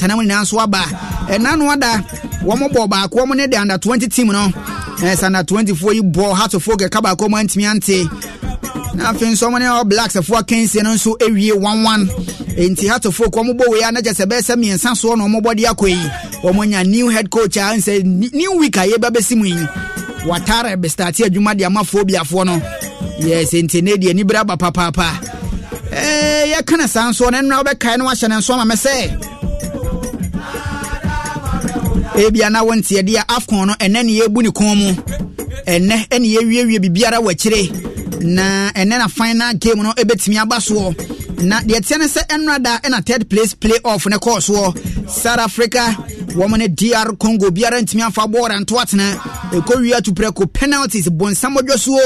tanamu nyinaa nso aba ɛna no ada wɔn bɔ baako wɔn ne de under twenty team no ɛsɛ under twenty foɔ yi bɔ hatofoɔ kɛkɛ baako wɔn ntumi ante na afei nso wɔn ne all blacks foɔ kɛnse no nso ewie one one nti hatofoɔ kɔ wɔn bɔ wei a na gyesɛ bɛyɛ sɛ mmiɛnsa soɔ na wɔn bɔ de akɔ yi wɔn nya new head coach a nsɛ new week a yɛba bɛsi mu yi watare bɛstaate adwuma de ama foɔ biafoɔ no yɛsɛ nti ne deɛ nibira papaapa ɛɛ yɛka na saa nso na nnura wɔbɛkae no ne nso ama mɛ sɛ ebia na wɔnteɛ deɛ afcon no ɛnɛ ne yɛbu ne kɔn mu ɛnɛ ɛne yɛwiewie biribiara wɔ akyire na ɛnɛ na final game no ɛbɛtumi aba soɔ na deɛ teɛ ne sɛ ɛnora da third place play off ne kɔɔ soɔ south africa wɔn ne dr congo biara ntumi afa bɔɔla nto atena ekowia tuprɛko penalties bɔnsam adwasuo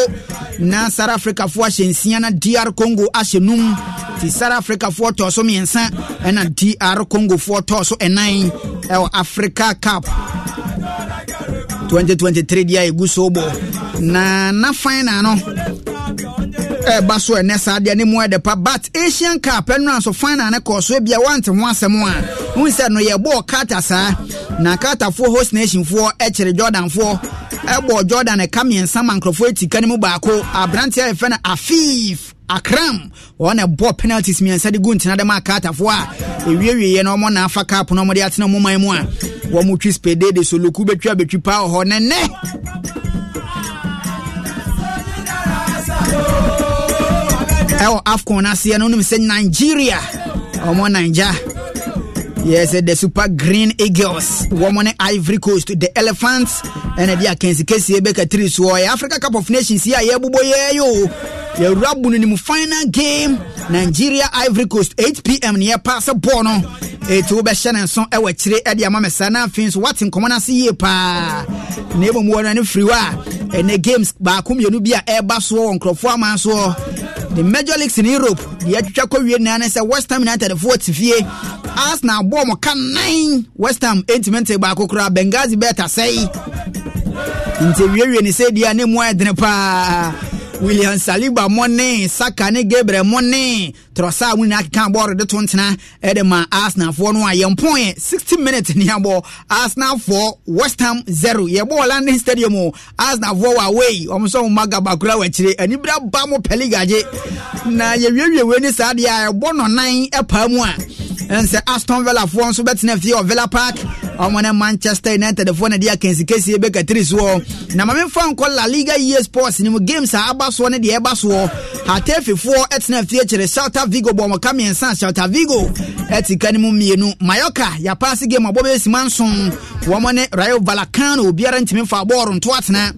na south africafoɔ ahyɛ nsia na dr congo ahyɛ num ti south africafoɔ tɔɔ so mmiɛnsa ɛna dr Congo tɔɔ so ɛnan ɛwɔ africa cup 2023 deɛ a egu so bɔ na nafan na ano ɛba so ɛnɛ saa deɛ ne mu ɛde pa but asian cup ɛno nso final ne kɔɔ so ebia wante ho asɛm a n sɛ no yɛbɔɔ kata saa na kata carterfoɔ host nationfoɔ ɛkyere jordanfoɔ ɛbɔ jordan ɛka mmiɛnsa ma nkurɔfoɔ etika ne mu baako aberanteɛ yɛfɛ no afif akram wɔn ɛbɔ penalties mmiɛnsa de gu ntina dɛm a carterfoɔ a ewiewie na wɔn na afa cup na wɔde atena wɔn man mu a wɔn twi spade de so loku betwi abetwi paa wɔ hɔ nɛnɛ. ɛwɔ afcon no aseɛ no nom sɛ nigeria ɔmɔ niger yɛsɛ the super green eagles wɔmɔ ne ivory coast the elephants ɛna de akansikɛsie bɛkatiri soɔ yɛ africa cup of nations yi a yɛbobɔ yɛyɛ o yɛwura bunu ne mu final game nigeria ivory coast 8pm ne yɛpa sɛ bɔɔ no ɛti wobɛhyɛ ne nso ɛwɔ akyire ɛde ama me saa na afei nso woate nkɔmmɔ no ase yie paa na mmom wɔ no ne firi hɔ a ɛnɛ games baako mmienu bi a ɛreba soɔ wɔ nkurɔfoɔ aman soɔ the major leagues in europe deɛ atwitwa kɔ wie nnaa ne sɛ west ham United unitedfoɔ te fie arsenal bɔɔ mo ka nan west ham ɛntimi nte baako koraa benghazi bɛɛta sɛe nti wiewie ne sɛ deɛ a ne mu ayɛ dene paa william saliba mo ne saka ne gabriel mo trɔsa a mu nyinaa keka bɔɔlo de to ntena ɛde ma arsenalfoɔ no a yɛn pɔn yɛ sixty minutes ni abɔ arsenalfoɔ west ham zero yɛbɔ wɔ london stadium arsenalfoɔ wɔ away wɔn nso wɔn maga bakura wɔ akyire anibira ba mo pɛli gaje na yɛwiewie wei ni saa deɛ a yɛbɔ nɔnan ɛpaa mu a ɛnsɛ aston villa foɔ nso bɛtena fie wɔ villa park ɔmo ne manchester united foɔ na de akansikasi ebɛka tiri soɔ na maame nfa nkɔ la liga year sports ni mu games a aba soɔ ne deɛ ɛba soɔ hatefifoɔ ɛtena fie celta vigo bɔmmɔka mmiɛnsa celta vigo ɛte ka no e mu mmienu mayoka yɛapaase game abɔbɛyɛ sima nson wɔmɔ ne rayo valacano obiara ntumi fa bɔɔro nto atena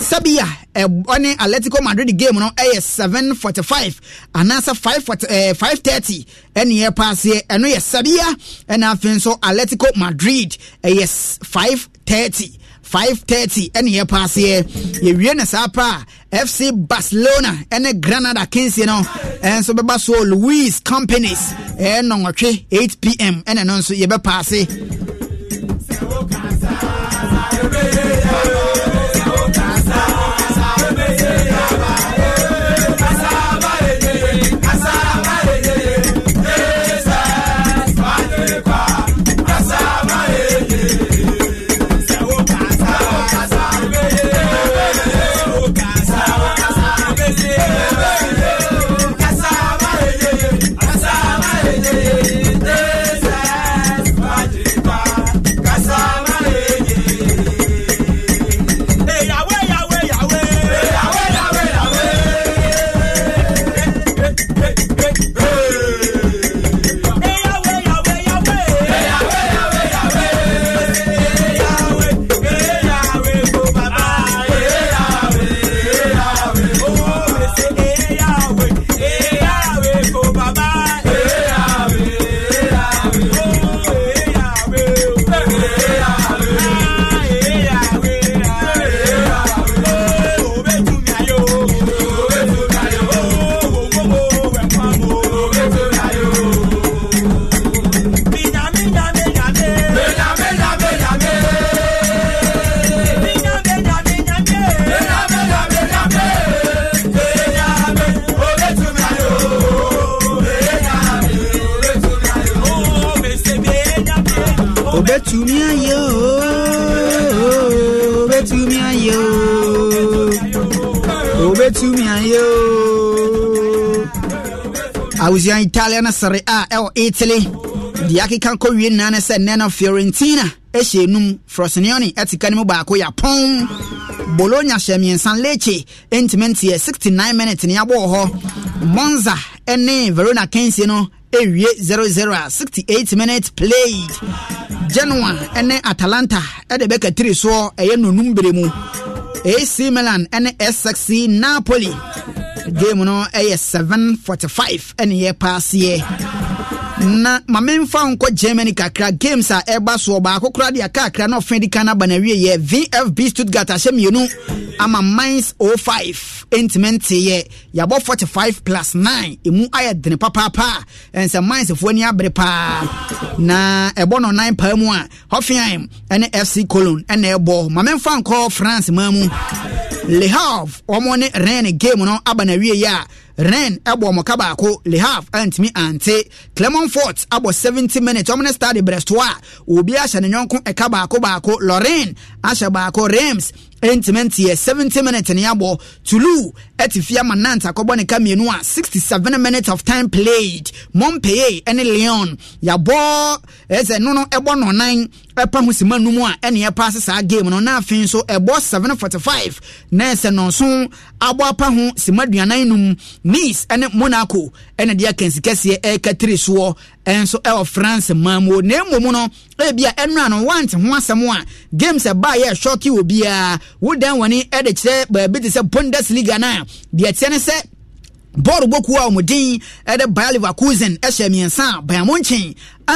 sabia ɛne e atletico madrid game no ɛyɛ 745 anaasɛ 530 ɛne yɛpaaseɛ ɛno yɛ sabia ɛna afei nso atletico madrid ɛyɛ e 530 five thirty ɛne yɛ paaseɛ yɛwie ne saa pa a fc barcelona ɛne granada Kings, no ɛnso bɛba so louis companies ɛɛ okay, eight pm ɛne no nso yɛbɛpaase. obetumi ayé o obetumi ayé o obetumi ayé o awusua italia sere a ɛwɔ italy deɛ akeka nkɔ wie nnaa ne sɛ fiorentina ɛhyɛ enum frosinioni ɛtika no mu baako yɛ apɔn bologna hyɛ mmiɛnsa leche ntumi nteɛ 69 minutes ne abɔɔ hɔ monza ɛne verona kensi no ewie 00 a 68 minutes played genoa ɛne atalanta ɛde bɛka tiri soɔ ɛyɛ nonum bere mu ac milan ɛne sxc napoli game no ɛyɛ 745 ɛne yɛ paaseɛ na mamemfa nkɔ germany kakra games a ɛba soɔ baako kora de akakra na ɔfe de ka no aba no awie yɛ vfb stuttgart ahyɛ mmienu ama mins 05 ɛntimi nteeɛ yɛabɔ 45 plus 9 ɛmu ayɛ dene papaapa ɛnsɛ minsfoɔ ani abere paa na ɛbɔ no nan paa mu a hoffenheim ɛne fc colon ɛna ɛbɔ mamemfa nkɔ france ma mu le havre wɔmo ne ren game no aba no awie yɛ a ren ɛbɔ mɔka baako lehaf antumi ante Clement fort abɔ seventy minutes ɔmo ne stade brɛstoa obi ahyɛ ne nyɔnko ɛka baako baako loren ahyɛ baako rams ntimintiɛ seventy minutes ni abɔ tulu ɛti fi ama nant akɔbɔ ne ka mmienu a sixty seven minutes of time played montpellier ɛne leon yabɔ ɛsɛ nono ɛbɔ nɔnan ɛpa ho sima num a ɛne ɛpa ase saa game no n'afei so. ɛbɔ seven forty five na ɛsɛ nɔnso abɔ apa ho sima duanan num nice ɛne monaco ɛna deɛ kɛnsikɛseɛ ɛɛka tiri soɔ nso ɛwɔ eh, france man mu na mmom no ebi eh, a ɛnura eh, no wante ho asɛm a games ɛbaa yɛ shɔki wɔ biara ah. wodan wɔne ɛde kyerɛ baabi te sɛ bundesliga na deɛ teɛ ne sɛ bɔɔl bokuo a ah, wɔn din ɛde bayer leverkusen ɛhyɛ mmiɛnsa a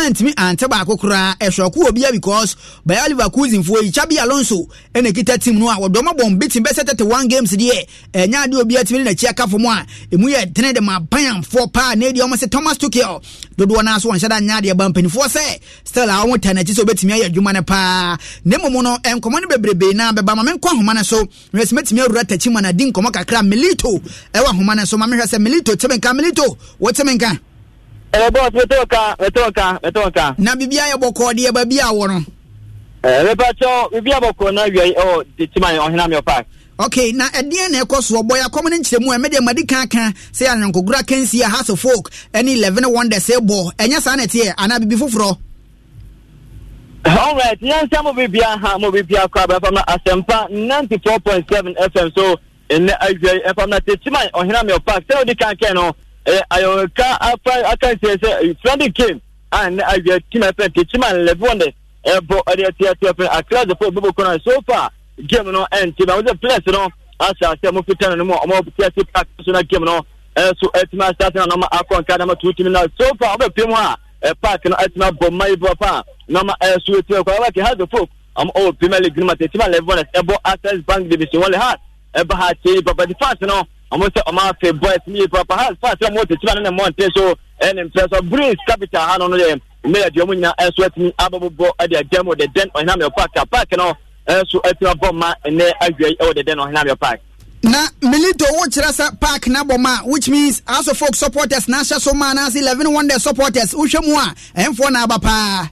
antimi ante baako koraa ɛhwɛko wɔ bia because bayer leverkusenfoɔ yi chabi alonso ɛna kita team no a wɔdɔm abɔ mbitim bɛsɛ tete one games deɛ ɛnya adeɛ obi atumi ne n'akyi aka fam a emu yɛ dene de ma abayamfoɔ paa na edi wɔn sɛ thomas tuchel dodoɔ naa so wɔn hyɛ da nya adeɛ ba mpanimfoɔ sɛ still a wɔn ta n'akyi sɛ obetumi ayɛ adwuma no paa na mmom no nkɔmɔ no bebrebe na bɛba maame nkɔ ahoma no so mɛsɛ mɛtumi awura takyi ma na di nkɔmɔ kakra melito ɛwɔ ahoma no so maame hwɛ sɛ melito tɛmɛnka melito wɔtɛmɛnka ɛwɔ bɔs metɔn ka metɔn ka metɔn ka. na bibi ayɛ bɔkɔɔ deɛ baabi a wɔ no. ɛɛ mepɛtɔ bibi ayɛ bɔkɔɔ na awia ɛwɔ timan ɔhena mi ɔpa. ok na ɛdeɛ na ɛkɔ soɔ bɔyɛ akɔm no nkyerɛmu ɛmɛ deɛ madi kankan sɛ anyankogora kansi a hase folk ɛne eleven wonders ɛbɔ ɛnyɛ saa na ɛteɛ anaa bibi foforɔ alright yɛnsa mo biribia ha mo biribia kɔ abɛfam na asɛmpa ninety four point seven fm so ɛnɛ awia ɛfam na tetiman ɔhena mi ɔpa sɛ odi kankan no ayọ̀wẹ̀ká akansi ẹsẹ̀ fúlàdì kéèm and ayọ̀ tìmọ̀ ẹ̀fẹ̀ kìtìmọ̀ lẹ́fún ọ̀dẹ̀ ẹ̀bọ̀ ọ̀dẹ̀ ẹ̀tìẹ̀tìẹ̀ fún akíláàsì fún ìbúbọ̀ kan so far game no ẹ̀ ń tì bá wọ́n sẹ́ players náà aṣọ ah, àṣẹ mo fi tẹ́nu nímọ̀ ọmọ pẹ́ẹ́sì park national game náà ẹ̀sùn ẹ̀tìmọ̀ aṣáájú náà ọmọ akọ̀ǹkà náà tuntun tìmí náà so far ọbẹ̀ pẹ́ mu a ẹ̀ eh, park náà ẹ̀tìmọ̀ mma ibọ̀ fà náà ẹ̀sùn ètò ẹ̀kọ́ ọbẹ̀ kì í hàzọ̀ fòk ọmọ ọwọ́ premier league nímọ̀ tẹ̀tìmọ̀ lẹ́fún ọ̀dẹ̀ ẹ̀bọ̀ access bank division wọlé hàt ọmọ sẹ ọmọ afẹ boys mi papa ha fa sẹ ọmọ tètè ní mọ ntẹ so ẹni mpẹ so brains capital ha nọ yẹ mmiri adi ọmọ nyinaa ẹsọ ẹtì abọbọbọ ẹdi ẹdẹ mu ọdẹ dẹn ọhinamiya park a park náà ẹsọ ẹtì ọbọ mma ẹnẹ awia ẹwọ dẹdẹ náà ọhinamiya park. na milito wo kyerɛ sɛ park na bɔ ma which means aso folk supporters na ahyɛ so ma anaasɛ eleven wonder supporters wohwɛ mu a ɛmfoɔ na aba paa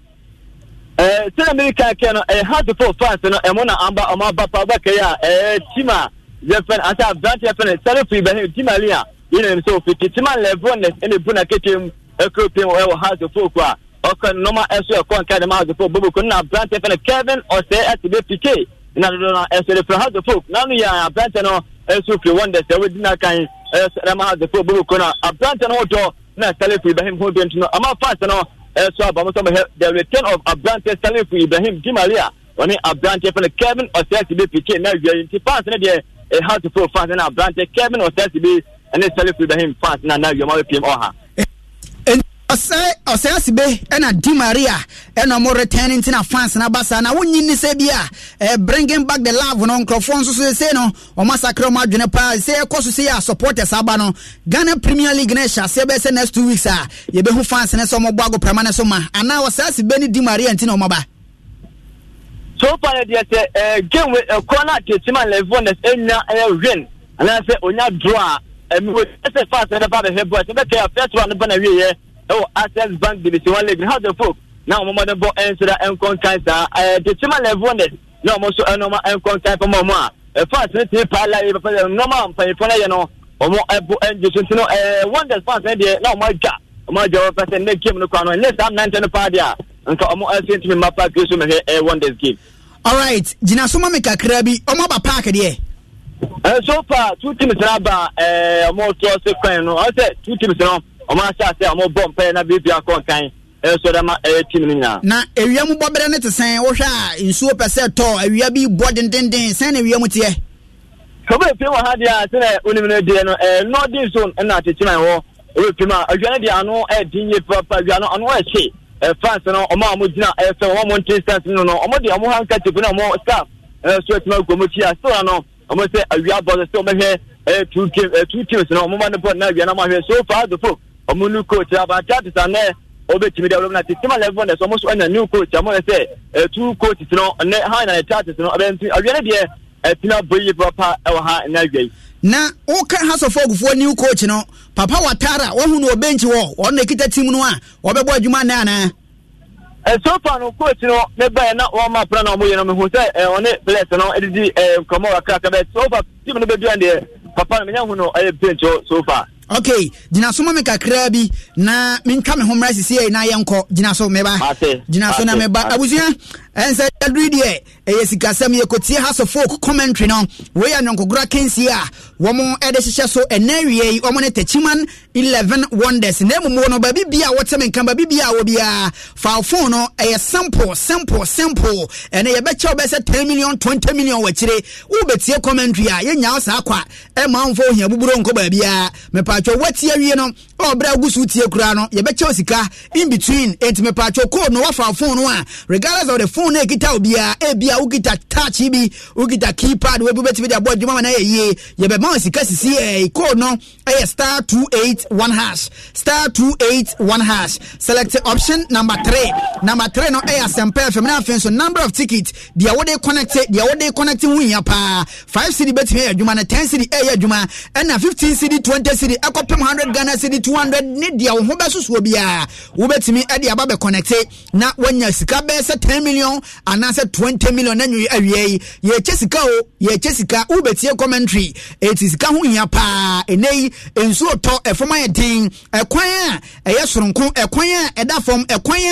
eh, sɛdeɛ mede kaakɛ no ɛyɛ eh, hard for fans no ɛmo na aba ɔmo aba paa wobɛkɛyɛ a ɛyɛ eh, tim a yɛfɛ asɛ aberanteɛ fɛ no sɛre firi bɛhɛ timali a yɛnam sɛ ofiti tima lɛvon ne ɛne bu na kete mu ɛkuro pem ɛwɔ house folk a ɔkɔ nɔma ɛso ɛkɔ nka ne ma house folk boboko na aberanteɛ fɛ no kevin ɔsɛ ɛte bɛ pike na dodo na ɛso de fɛ house folk na no yɛ aberanteɛ no ɛso firi wɔn dɛsɛ wɔdi na kan ɛsɛ ɛma house folk boboko na aberanteɛ no dɔ na sɛre firi ho bɛ ntino ama fans no ɛso abamusɔn bɛhɛ the return of aberanteɛ sɛre ibrahim timali a wɔne aberanteɛ fɛ no kevin ɔsɛ ɛte bɛ pike na awia yi nti fans no deɛ how to pro fans na aberante kevin osese bi ɛne sɛle firi bɛhim fans na na wiɔma bɛ piem ɔha ɔsɛe ase be ɛna ah, di maria ɛna ɔmo return eh, nti na fans na basa na wonyi ni sɛ bi a bringing back the love no nkurɔfoɔ nso so sɛ no ɔmo asakra ɔmo adwene paa sɛ ɛkɔ so sɛ yɛ a supporters aba ah, no ghana premier league no ɛhyɛ aseɛ bɛyɛ sɛ next two weeks a yɛbɛhu fans ne sɛ ɔmo bɔ agoprama no so ma anaa ɔsɛe Asibe be ne di maria nti na ɔmo aba so far ne deɛ sɛ ɛɛ game ɛkɔ na tetima lɛvɔ nɛ ɛnya ɛyɛ win anaasɛ onya oh, draw a ɛmu ɛsɛ fast ɛdɛ ba bɛhɛ bɔ ɛsɛ bɛkɛ first round bɔ na wie yɛ ɛwɔ access bank division one league house of folk na wɔn mɔden bɔ ɛnsira ɛnkɔnkan saa ɛɛ tetima lɛvɔ nɛ na wɔn nso ɛnɔma ɛnkɔnkan fama wɔn a ɛfast ne eh, ti paala yi pɛpɛ nɔma mpanyinfo ne yɛ no wɔn ɛbo ɛngye so nti no ɛɛ wonders fast ne deɛ na wɔn adwa wɔn adwa wɔn pɛ sɛ ne game no kora no ne saa nante no paa deɛ a nka wɔn ɛsɛ ntumi mma paaki so mɛhɛ ɛɛ wonders game alright gyina so ma me kakra bi ɔmo aba park deɛ. Eh, so far two teams na aba eh, ɔmo tó ɔsè kwan no ɔsè two teams na, ɔmo ahyɛ ase ɔmo bɔ mpɛn na biribi akɔ nkan ɛso eh, dɛ ma ɛyɛ team ni nyinaa. na ewia mu bɔbɛrɛ ne te sɛn wohwɛ a nsuo pɛ sɛ tɔ ewia bi bɔ dendenden sɛn na ewia mu teɛ. kɔbɛ pie wɔ ha deɛ sɛnɛ onim no deɛ no ɛɛ northern zone ɛna tete na ɛwɔ ewia pie mu a ewia no deɛ papa ewia no ano ɛɛ Eh, france no ɔmo a ɔmo gyina ɛsɛ ɔmo ɔmo ntin stars no no ɔmo de ɔmo handkerchief na ɔmo staff ɛɛ eh, so ɛtuma gu ɔmo akyi a so no ɔmo sɛ awia bɔ so ɔmo hwɛ ɛɛ two team eh, ɛɛ two teams no ɔmo ma ne bɔ na awia na ɔmo ahwɛ so far the folk ɔmo new coach abata tisa nɛ ɔbɛtumi de ɔmo na te sima level na so ɔmo so ɛna new coach ɔmo sɛ ɛɛ two coaches no ɛnɛ ha na ɛta tisa no ɔbɛnti awia ne deɛ ɛtina bɔ yi papa ɛwɔ ha na awia yi. na woka hasɔfo agufoɔ new coach no papa watara wohu no ɔbɛnkyi wɔ ɔno na ɛkita tim no a ɔbɛbɔ adwuma nnɛ anaa ɛsofa no coach no ne baɛ na wɔma pra na ɔmoyɛ no mehu sɛ ɔne bless no didi nkɔmmɔ wakraka bɛ sofa tim no bɛduan deɛ papa no menya hu no ɛyɛ benkyɛ sofa ok gyina so ma me kakraa bi na mentwa me ho mmra sisiei na yɛnkɔ gyina so meba gyina so na meba abusua ɛnsɛ yɛduru deɛ ɛyɛ sikasɛm yɛkɔtie house of folk commentary no wei anyɔnkogora kensie a wɔm ɛde hyehyɛ so ɛnɛ wie yi wɔm ne tachiman 11 wonders na mmom no baabi bia a wɔte me nka baabi bia a wɔ biara faofon no ɛyɛ simple simple simple ɛne yɛbɛkyɛ wo bɛsɛ 10 million 20 million wɔakyire wobɛtie commentary a yɛnya wo saa kwa ɛma wo mfa ohia buburo nkɔ baabiara mepatwɛ woatie awie no ɔbrɛ agu so tie koraa no yɛbɛkyɛ wo sika in between enti mepatwɛ code no wɔfaofon no a regardless of the phone phone na ɛkita obiara ebia wokita touch bi wokita keypad webi bɛtumi de abɔ adwuma ma na yɛ yie yɛbɛma wɔn sika sisi ɛɛ code no ɛyɛ star two eight one hash star two eight one hash select option number three number three no ɛyɛ asɛmpa fm na afei nso number of ticket deɛ wɔde connect deɛ wɔde connect ho yia paa five cd bɛtumi yɛ adwuma na ten cd ɛyɛ adwuma ɛna fifteen cd twenty cd ɛkɔpem hundred ghana cd two hundred ne deɛ wɔn ho bɛsoso biara wobɛtumi ɛde aba bɛ connect na wɔnya sika bɛyɛ sɛ ten million million anaasɛ twenty million na nwi awie yi yɛkyɛ sika o yɛkyɛ sika wobɛtie commentary ɛti sika ho hia paa ɛnɛ yi nsuo tɔ ɛfam ayɛ den ɛkwan a ɛyɛ soronko ɛkwan a ɛda fam ɛkwan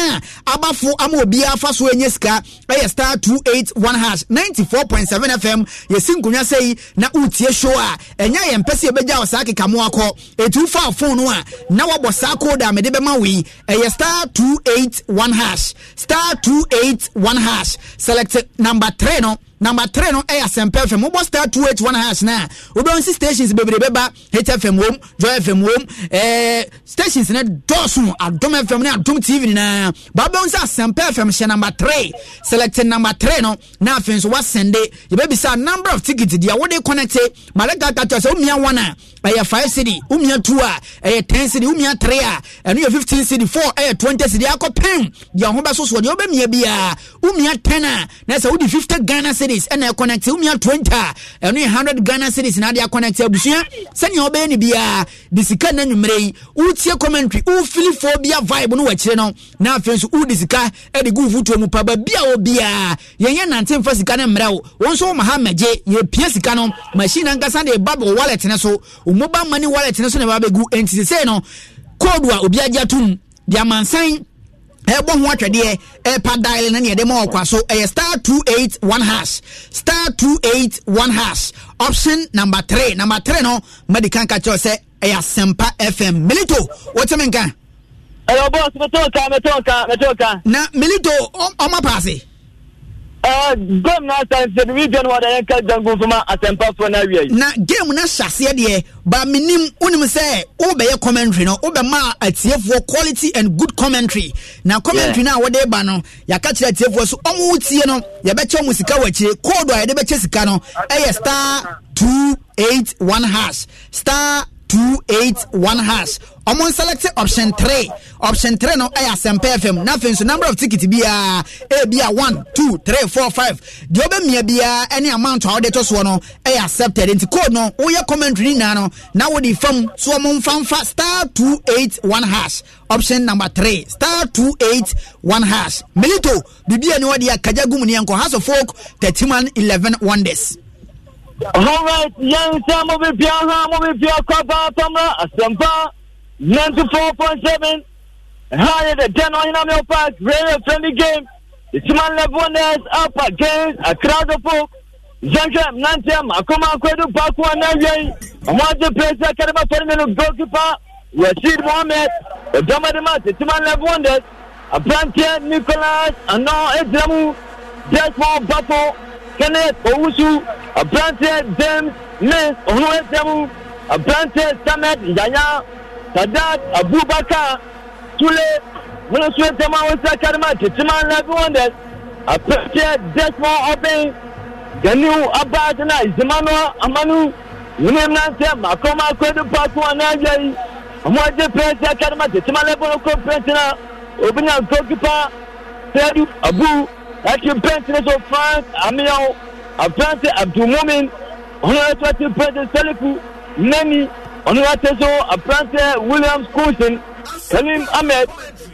a abafo ama obiara fa so ɛnyɛ sika ɛyɛ star two eight one hash ninety four point seven fm yɛsi nkonnwa sɛ yi na wotie show a ɛnyɛ yɛn mpɛ sɛ yɛbɛgya wɔ saa kekamoa kɔ ɛtu fa phone no a na wabɔ saa code a bɛma wo ɛyɛ star two eight one hash star two eight one one hash select number three no number three no ɛyɛ asɛmpa fm wobɔ star two eight one hash na wobɛhu si stations bebree bɛba hit fm wom joy fm wom ɛɛ eh, stations ne dɔɔso adom fm ne adom tv nyinaa babɛhu sɛ asɛmpa fm hyɛ number three Select number three no na afei nso wasɛnde yɛbɛbisa number of tickets deɛ wode connect maleka kata sɛ womia one ah? eh, a ɛyɛ five city womia two ah? eh, a ɛyɛ ten city womia three a ah? ɛno yɛ fifteen city four ɛyɛ twenty city akɔ pɛn deɛ ɔho bɛsosoɔ deɛ wobɛmia biara womia ten a na sɛ wode fifty ghana city cities ɛna ɛconnect womia 20 a ɛno yɛ hundred ghana cities na ade aconnect abusua sɛnea wobɛyɛ no biaa de sika no anwummerɛ yi wotie commentary wofili phobia vibe no wakyerɛ no na afei nso wode sika de gu fotuo mu pa baabi a wɔ biaa yɛnyɛ nante mfa sika no mmerɛ wo wo nso woma ha mmɛgye yɛpia sika no machine ankasa de ɛba bɔ wallet ne so wo mobile money wallet ne so na ɛba bɛgu enti sesei no code wa obi agye atom de amansan ɛbɔ ho atwɛdeɛ ɛpa e dial na neɛ de ma ɔkwa so ɛyɛ e star two eight one hash star two eight one hash option number three number three no mmadi kan ka kyerɛ sɛ ɛyɛ e asɛmpa fm milito wote me nka. ɛyɛ ɔbɔ mɛtɔn kan mɛtɔn kan mɛtɔn kan. na milito ɔma paase game na asan sɛ bibi dwa no wɔde yɛn ka gya nkosoma asɛmpafoɔ no awie na game no hyɛ aseɛ deɛ ba menim wonim sɛ wobɛyɛ commentary no wobɛma atiefoɔ quality and good commentary na commentary no a wode ba no yɛaka kyerɛ atiefoɔ so ɔmo wotie no yɛbɛkyɛ mu sika wɔ akyire code a yɛde bɛkyɛ sika no ɛyɛ e star 281 hash star 281 hash ɔmo nselect option three option three no ɛyɛ asɛmpa fm n'afɛn so number of ticket biara ebia one two three four five deɛ ɔbɛ mia biara ɛne amount a ɔde to soɔ no ɛyɛ accepted nti code no woyɛ commentary nyinaa no na wode fam so ɔmo nfanfa star two eight one hash option number three star two eight one hash milito biribi a ni wɔde akagya gum ne yɛn house of folk thirty man eleven wonders. all right yẹn sẹ́ mo bí bíi ahọ́n mo bí bíi ọkọ̀ bá tọ́ mọ́ àṣẹ̀mbá. 94.7. four point seven higher than ten on Yinamio Park. Very friendly game. The Timan Levones up against a crowd of folk. Zankam Nantiam Akuma Kwedu Bakwa Naye. Amwaje Pesa Kadaba Fernando goalkeeper Rashid Mohamed. Odamadema the match. Timan Levones. Abrantia Nicholas Ano Edlamu. Desmond Bapo. Kenneth Owusu. Abrantia James Miss Onu Edlamu. Abrantia Samet Yaya sadat abubakar tule ministry tema wosa kadima titima eleven hundred apɛtɛ desmond obin ganiu abaadina izimanu amanu nyinimnante makoma akwedi paako anayɛ yi ɔmo agye pɛnti akadima titima eleven okoro pɛnti na obi nya nkokipa sɛdu abu ɛti pɛnti ne so frank amiyaw apɛnti abdulmumin ɔno ɛtɔ ti pɛnti sɛlifu nani ɔno wate so aberanteɛ william schoolson kalim ahmed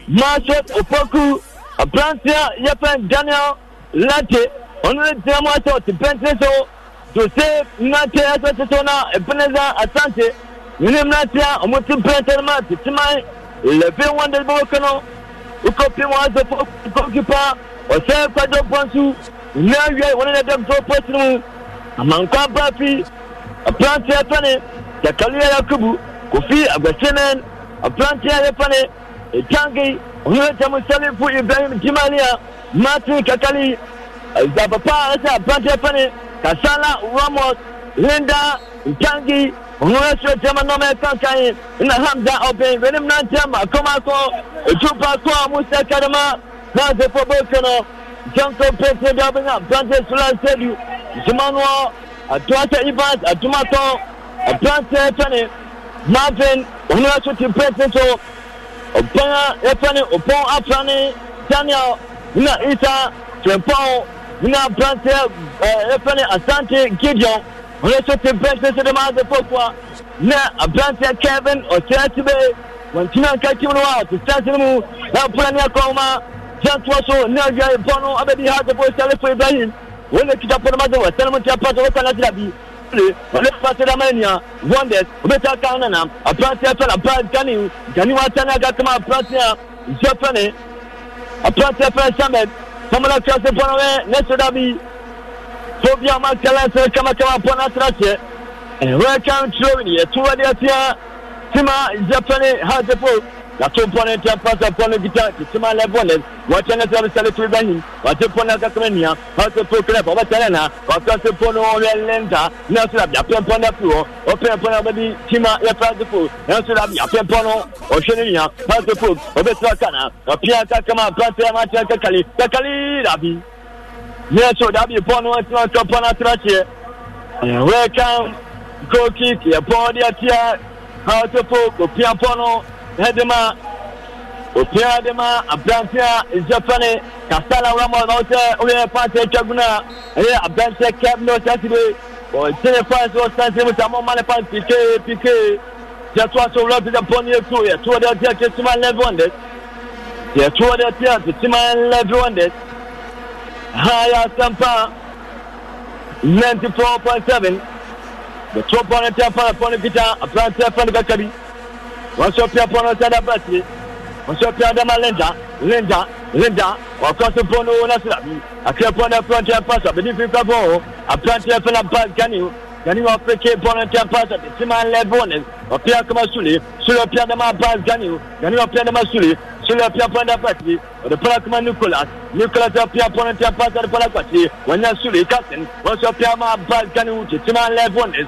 marshall opoku aberanteɛ yɛfɛn daniel late ɔno ne gyina mu ahyɛ ɔte so jose mmerante ɛsɛ te so na ebeneza asante mene mmerante a ɔmote bɛnkye no ma teteman lɛbe wande bɔbɔkɛ no wokɔpi wɔn asɛ fɔ goalkeeper ɔsɛ kwadwo bɔ nso nyinaa wie wɔne amankwa baafi aberanteɛ fɛne tatɔli na yakubu kofi agbɛsɛmɛn aberanteɛ a yɛfa ne etanke ɔhunatɛm sɛlifu ibrahim dimania martin kakali ɛzabapa a ɛsɛ aberanteɛ fa ne kasala ramos linda ntanke ɔhunatɛm nɔmɛ kankan na hamza ɔbɛn renim nantɛm akɔmakɔ etumpakɔ a musa kadama na adefo bɔɔkɛ no jɛnko pɛtɛ dɔbɛn aberanteɛ sulan sɛdu zumanuɔ atuwasɛ ibas atumatɔ aberanteɛ yɛfɛ ne marvin ɔno nso te president so ɔbɛn a yɛfɛ ɔpɔn afra daniel na isa twɛmpɔn na aberanteɛ eh, yɛfɛ ne asante gideon ɔno nso te president so de ma ase fɔkua na aberanteɛ kevin ɔkyerɛ ti bee wɔntena nka tim no a ɔtesɛ se no mu na ɔpona ne akɔma gyɛntoɔ so ne awiae bɔ no abɛdi ha sɛ fo sɛle fo ibrahim kita pɔ ma sɛ wɔsɛne play ɔne fasɛdama nia wonders obɛta kan nana aberanteɛ fɛ aberan gani gani watane agakama aberanteɛ zɛfɛ ne aberanteɛ fɛ samuel famala kiase bɔna wɛ ne soda bi so bi a e e ma kala sɛ kamakama bɔna sira tiɛ ɛwɛ kan turo ne yɛ tuwɛdeɛ tiɛ tima zɛfɛ ne hazefo yàtò mpɔ ne ntɛ mpɔ sɛ mpɔ ne kita tituma lɛ bɔlɛ wɔtɛ ne sɛ ɔbɛ sɛlɛ turu bɛ hin wɔtɛ mpɔ ne kakra nia ɔtɛ mpɔ kura mpɔ ɔbɛ sɛlɛ na ɔtɔ se mpɔ ne ɔbɛ lɛ nta ne nso dabi apɛ mpɔ ne fi hɔ ɔpɛ mpɔ ne ɔbɛ di tima yɛfɛ adifo ne nso dabi apɛ mpɔ no ɔhwɛ ne nia ɔtɛ mpɔ ɔbɛ sɛ ɔkana ɔpia kakama apɛntɛ ma kyerɛ kakali kakali dabi ne nso dabi mpɔ no ɛtena ɔtɔ mpɔ no atena kyerɛ ɛwɛ kan goal kick yɛ pɔn de atia ɔtɛ mpɔ ɔpia mpɔ no hedema opia hedema abranteɛ nsɛfɛne kasala wramɔ na wosɛ woyɛ fante atwa gono a ɛyɛ abranteɛ kɛp ne ɔsɛsi be ɔkyene fans ɔsɛnse mu sɛ mɔma ne fans pikee pikee deɛ toa so wura bi sɛ bɔne yɛtu yɛtoɔ deɛ ɔteɛ kye sima eleven hundred yɛtoɔ deɛ ɔteɛ kye sima eleven hundred ha yɛ asɛm paa ninety four point seven yɛtoɔ bɔne tɛ fa ɛfɔ ne kita abranteɛ fɛne bɛka bi wɔsɔ pia pɔnɔ sɛdɛ bɛtiri wɔsɔ pia dama linda linda linda wɔkɔso pɔnɔ wo nasira bi akyerɛ pɔnɔ pɔnɔ pasɔ bidi fi kɔfɔ o apɛntiɛ fɛnɛ pas gani o gani wɔ peke pɔnɔ tɛ pasɔ ti ma lɛ bɔnɛ ɔpia kama sule sule pia dama pas gani o gani wɔ pia dama sule sule pia pɔnɔ bɛtiri ɔdi pɔnɔ kuma nicolas nicolas wɔ pia pɔnɔ tɛ pasɔ ɔdi pɔnɔ kɔtiri wɔnyɛ sule kasin wɔsɔ pia ma pas gani o ti ma lɛ bɔnɛ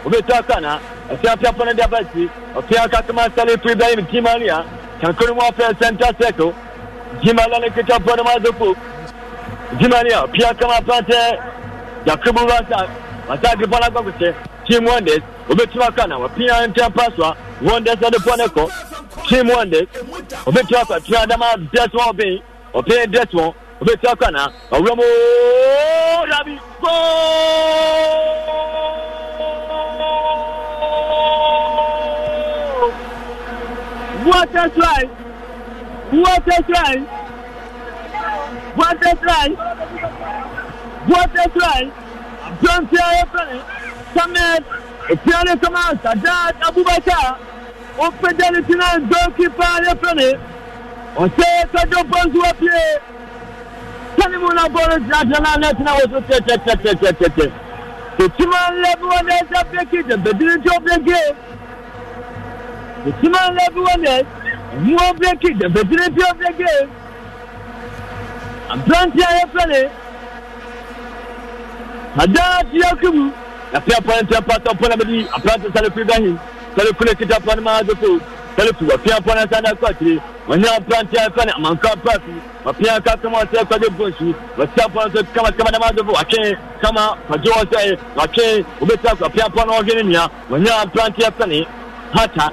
a obetu akana ɛfiafia pɔnne de abɛsi ɔfia kakama sali firi bɛyi mi kimania kankuru mu afɛ sɛnta sɛko jimala ne kita pɔnne ma zopo jimania ɔfia kama pante yakubu wasa wasa agibɔla gbɔgusɛ team wonders obetu akana ɔfia ntɛ pasua wonders ɛde pɔnne kɔ team wonders obetu akɔ tura dama dɛs wɔn bɛyi ɔfia dɛs wɔn obetu akana ɔwura mu rabi gooo. buwate try buwate try buwate try buwate try Don't don't tell your your friend, friend. come If Dad open and keep on abirante ayefere samed efiare sama sadat abubakar opede lieutenant goalkeeper ayefere ọsẹ tọjọ bọọsù wọpie sani mu na bọọlù sinadẹ náà nẹẹsì náà wọsọ tẹtẹtẹtẹtẹtẹ ètùmọ̀ ńlẹ́bí wọn ní ẹsẹ̀ bẹ́ẹ̀kì dẹ̀bẹ̀dìrín tí ó bẹ́ẹ̀kì the human level wellness mu o breki the fertility o breki aberanteɛ a yɛfrɛ ne adaa te akumu yɛfɛ apɔnte patɔ pɔn bɛdi aberante sale kuri ibrahim sale kuri kita pɔn ma adoko sale kuri wɔpea pɔn nsa na kɔ akyire wɔnyɛ aberante a yɛfrɛ ne amanka paafi wɔpea ka kama ɔsɛ kɔde bonsu wɔsia pɔn nso kama kama dama adoko wɔatwe kama pagye wɔ sɛ wɔatwe wɔbɛtia wɔpea pɔn na wɔhwɛ ne nua wɔnyɛ aberante yɛfrɛ ne hata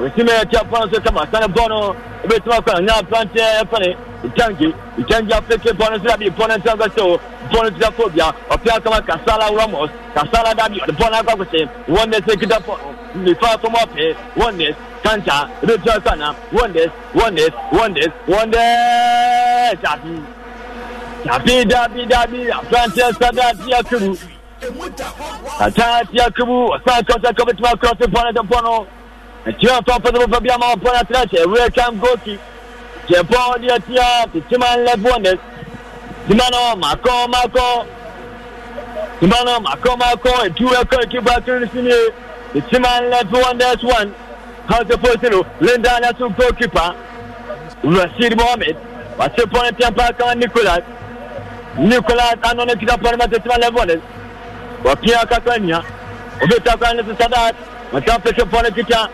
wòtúmí ẹtí afọ́nà sọ kama sani bọ́ọ̀nù ebi tí wọ́n kọ́ ẹ̀yìn apáńtì ẹ̀fọ́nì ìkẹ́ǹgì ìkẹ́ǹgì afẹ́kẹ́ bọ́ọ̀nù sí dàbí bọ́ọ̀nù tí wọ́n kọ́ sẹ́wọ́ bọ́ọ̀nù tí wọ́n kọ́ bíà ọ̀pẹ́ akama kasala ramos kasala dàbí bọ́ọ̀nù akọ́kọ̀sẹ̀ wọ́n nẹ́sẹ̀ gíga nìfà fọmọ́ pẹ́ wọ́n nẹ́s kàńtà ebi tí wọ́n sànà wọ́n nẹ́s wọ́n nẹ́s wọ́n nẹ́s wọ́n nẹ́s àbí àbí dàbí dàbí apáńtì ẹ̀sádà àti akuru àtàtì akuru ọ̀sán kọ́sẹ́ kọ́bẹ́tìmá kọ́sẹ́ bọ́ọ̀nù ɛtua fa pɛtɛ pɛpɛ bi ama ɔpɔ n'atena kyɛ ewura kam goki jɛpɔ ɔdi ɛtia tetima nlɛ bɔnɛ tima no makɔ makɔ tima no makɔ makɔ etu ɛkɔ ekibu akiri si nie tetima nlɛ bɔnɛ one house of post no linda anaso goalkeeper rasheed mohammed wase pɔn tiɛnpa kan nicolas nicolas anɔ ne kita pɔn ma tetima nlɛ bɔnɛ wɔpia kakra nia obi takora ne sisadaa wɔtɛn pɛsɛ pɔn ne kita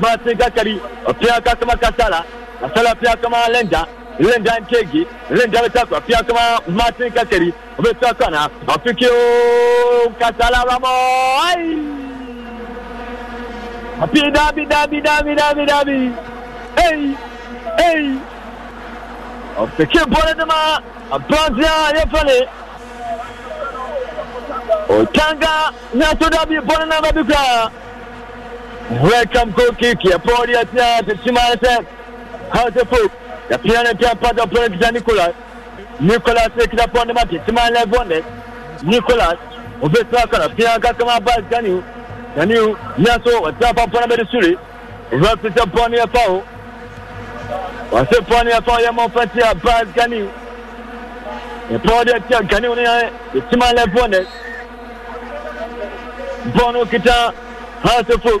martin kakari pia kama kasala kasala pia kama lenda lenda nkegi lenda betako pia kama martin kakari betakana afiki kasala ramo ai api dabi dabi dabi dabi dabi ei ei afiki bole dema abrantia yefale otanga nyatodabi bole na babi kwa welcome goal kick yɛpɔ deɛ tea tetima sɛ hausefo yɛpea no pia pada pɔ no kita nicolas nicolas ne kita pɔ ne ma tetima lɛ bɔnɛ nicolas obɛsira kana pia kakama ba gani nani nyaso ɔtea pa pɔ no bɛde sure rɔpi sɛ pɔ no yɛfa o wɔse pɔ no yɛfa o yɛma ɔfa tia ba gani yɛpɔ deɛ tia gani wo ne tetima lɛ bɔnɛ bɔɔl no kita hausefo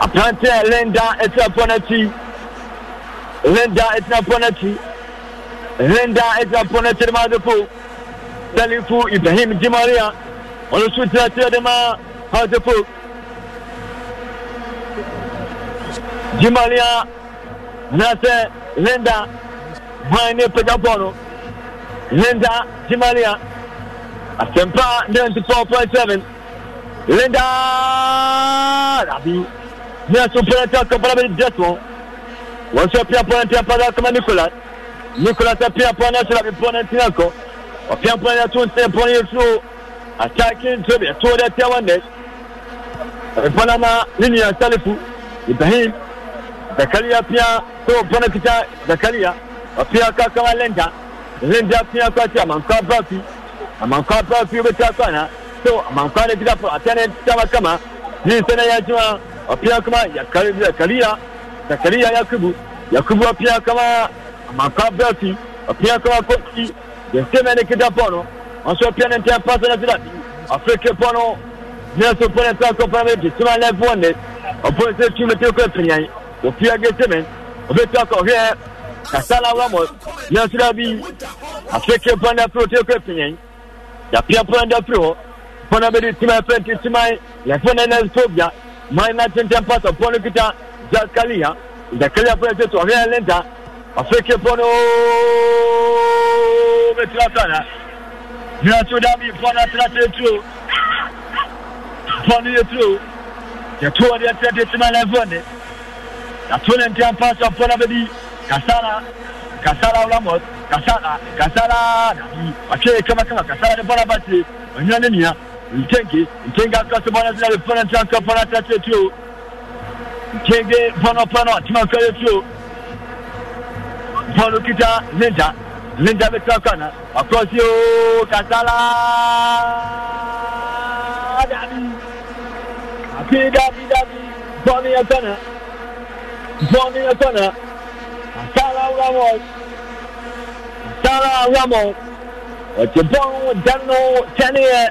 aberanteɛ eh, a linda ɛtena pɔ n'akyi linda ɛtena pɔ n'akyi linda ɛtena pɔ n'akyi de ma de po salifu ibrahim jimaria ɔno nso tena tena de ma ha de po jimaria n'asɛ linda hwan ne pɛgya pɔ no linda jimaria asɛmpa ninety four point seven linda rabi. ni asopolati akapalabeli diaso le apia pona ntina pada comme nicolas nicolas apia pona de bipona ntinako wapia pona yatu ntine le yesu de ntobe yatu wada tia Et abipona na le ya salifu ibrahim zakaria pia so pona zakaria kwa a so ne kama ni sene ya pia kama Zakaria Zakaria Yakubu Yakubu pia kama Makabati pia kama Koki Yesemene Kidapono Ensuite pia nente passe na zidati Afrique pono Nyeso pone ta ko pame de tuma le bonne Opone se tu mete ko pnyai O pia gesemen O beta ko he Kasala Ramos Nyeso dabi Afrique pone prote ko pnyai Ya pia pone da pro Pone be de tuma pente tuma Le pone na zobia maina tenten pass ɔpɔ no kita zakali ha zakali apɔ ɛtɛ so ɔhwɛ lenta ɔfɛke pɔ no bɛtira sana nyinaso da mi pɔ no atrate tuo pɔ no yɛ tuo yɛto ɔde ɛtrɛte sima lɛfɔ ne yato ne ntɛn pass ɔpɔ no bɛdi kasara kasara wlamɔ kasara kasara nabi ɔhwɛ kamakama kasara ne bɔra batire ɔnyina ne nia Nkenke, Nkenke akasi bɔnɛ ti na de pɔnɔ ti na kɛ pɔnɔ ta ti o. Nkenke pɔnɔ pɔnɔ ti na kɛ ti o. Pɔnɔ kita ninja, ninja bi tɔ kana, akɔsi o kasala dabi. Afi dabi dabi, bɔnni yɛ tɔnɔ, bɔnni yɛ tɔnɔ, kasala wlamɔ, kasala wlamɔ, ɔti bɔn dano tɛni yɛ.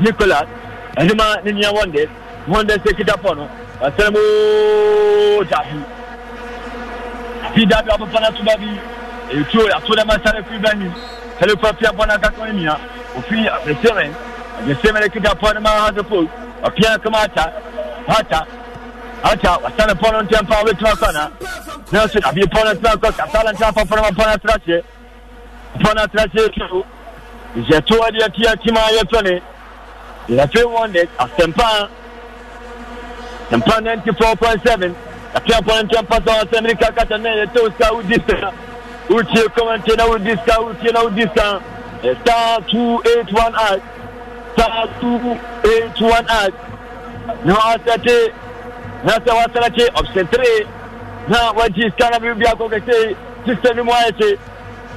nicolas adwuma ne nua wɔnde wɔnde sɛ kitafo no ɔsɛn mu dabi afi dabi abɔfra no atuba bi etuo ato dɛm asare firi bɛ nim telefa fia bɔ no akakɔ ne nua ofi abɛsɛmɛ abɛsɛmɛ ne kitafo no ma hasefo ɔpia kama ata ata ata wasane pɔn no ntɛm pa wɔbɛtumi akɔ na nanso dabi pɔn no tena akɔ kasala ntena afɔ pɔn no pɔn no atena hyɛ pɔn no atena hyɛ tuo nhyɛ toɔ deɛ tia tima yɛtɔ ne yɛfɛ wɔn de asɛmpa mpa ninety four point seven yɛfɛ apɔnɛntɛ mpasa wɔn asɛm ni kakata na yɛtɛ o sika wodi sika wotie kɔmɛntɛ na wodi sika wotie na wodi sika star two eight one ash star two eight one ash na wasɛte na sɛ wasɛrɛkye option three na wagye sika na biribi akɔ kɛse sista ni mu ayɛ se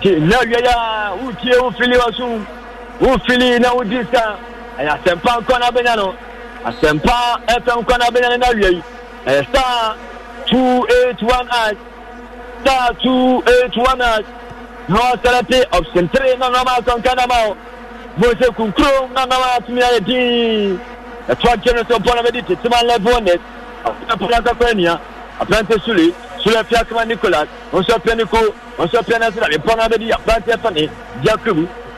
ti na wia ya wotie wofili wa so wofili na wodi sika. ɛyɛ eh, asɛmpa nkɔ na no asɛmpa ɛpɛ nkɔ na no yi ɛyɛ star two eight one Non, star two eight one ash très ɔsɛrɛte option three na je akɔnka na ma o mose kunkuro na nɔɔma atumi ayɛ dii ɛtoa gye no so bɔɔl bɛdi tetema level net ɔpɛpɛ Sur sule sule nicolas ɔnsɔ niko ɔnsɔ nɛsɛ la ne bɔɔl bɛdi bien bien que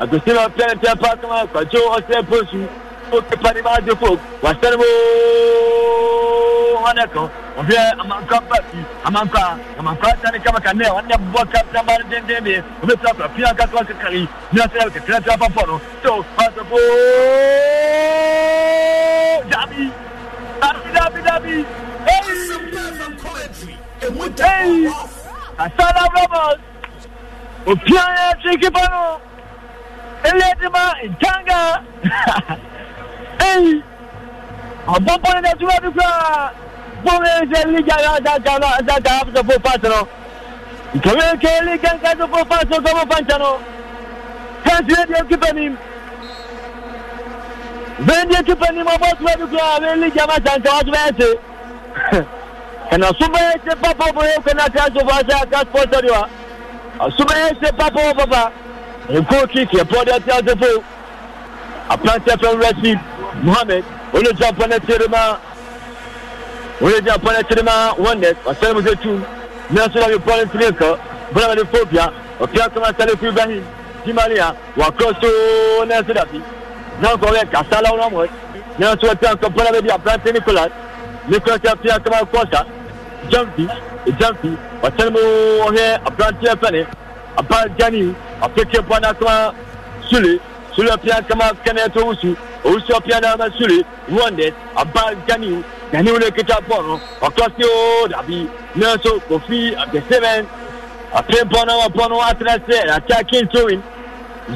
akosi na pɛntɛ pakama kpatso ɔsɛ posu oke pani maa do fo wasɛn mo ɔnɛ kan ɔfɛ amankwa pati amankwa amankwa tani kamaka nɛ ɔnɛ bɔ kapita ba ni denden de o bɛ fila fila fiya ka tɔgɔ kakari fiya sɛgɛ kɛ kira fila fɔ no so ɔsɛ fo dabi dabi dabi dabi eyi eyi asalamu alaikum opiyan yɛ tiki panu elédìmọ ìjàngà ẹyìn àbọ̀bọ̀ ní ẹtú wẹ́ẹ́dì fún wa bóun ẹni sẹ ẹlẹ́jà ẹ̀dájà náà ẹ̀dájà àbùsọ̀ fún pàṣẹ náà ìkẹ̀wé ẹ̀kẹ́ ẹlẹ́jà ẹ̀dájà fún pàṣẹ ọ̀gá fún pàṣẹ náà fẹ́ǹsì ẹ̀dí ẹ̀kí pẹ̀lú bẹ́ẹ̀ni ẹ̀kí pẹ̀lú ọbọ̀ tí wẹ́ẹ́dì fún wa ẹlẹ́jà máa ṣàǹtẹ̀ wá tó bẹ́ẹ̀ ṣe ẹ̀nà súnmọ́ ẹ̀ ṣe pápá nkó kick yẹ pọ́ọ́dẹ́ tí a ṣe fún aprantiɛ fɛn rɛsi muhammed olu jẹ apɔnɛ tirima olu jẹ apɔnɛ tirima wɔndɛ ɔsɛn muso tu nɛɛsɔrɔ mi pɔnɛ tiri nkɔ bɔlɔmɔdi fobia ɔfiɛ kɔmɔ sɛlɛ fún ibrahim timaliya wà kúrò sóó nɛɛsɔ dàbí n'ankɔ wɛ kasala wọn mɔ nɛɛsɔrɔ tí a kɔ bɔlɔmɔdi aprantiɛ nikola nikola tí a fiɛ kɔmɔ kɔsa jampi jampi ɔsɛn mu ɔhɛ aprantiɛ fɛnɛ. Abadjani apeke bwana sur Sule Sule pia sur Kenneth Owusu Owusu pia na Sule Wonders Abadjani Jani le kita au wakati o dabi Nelson Kofi Abdesemen apeke bwana wa a wa Atrasel attacking to win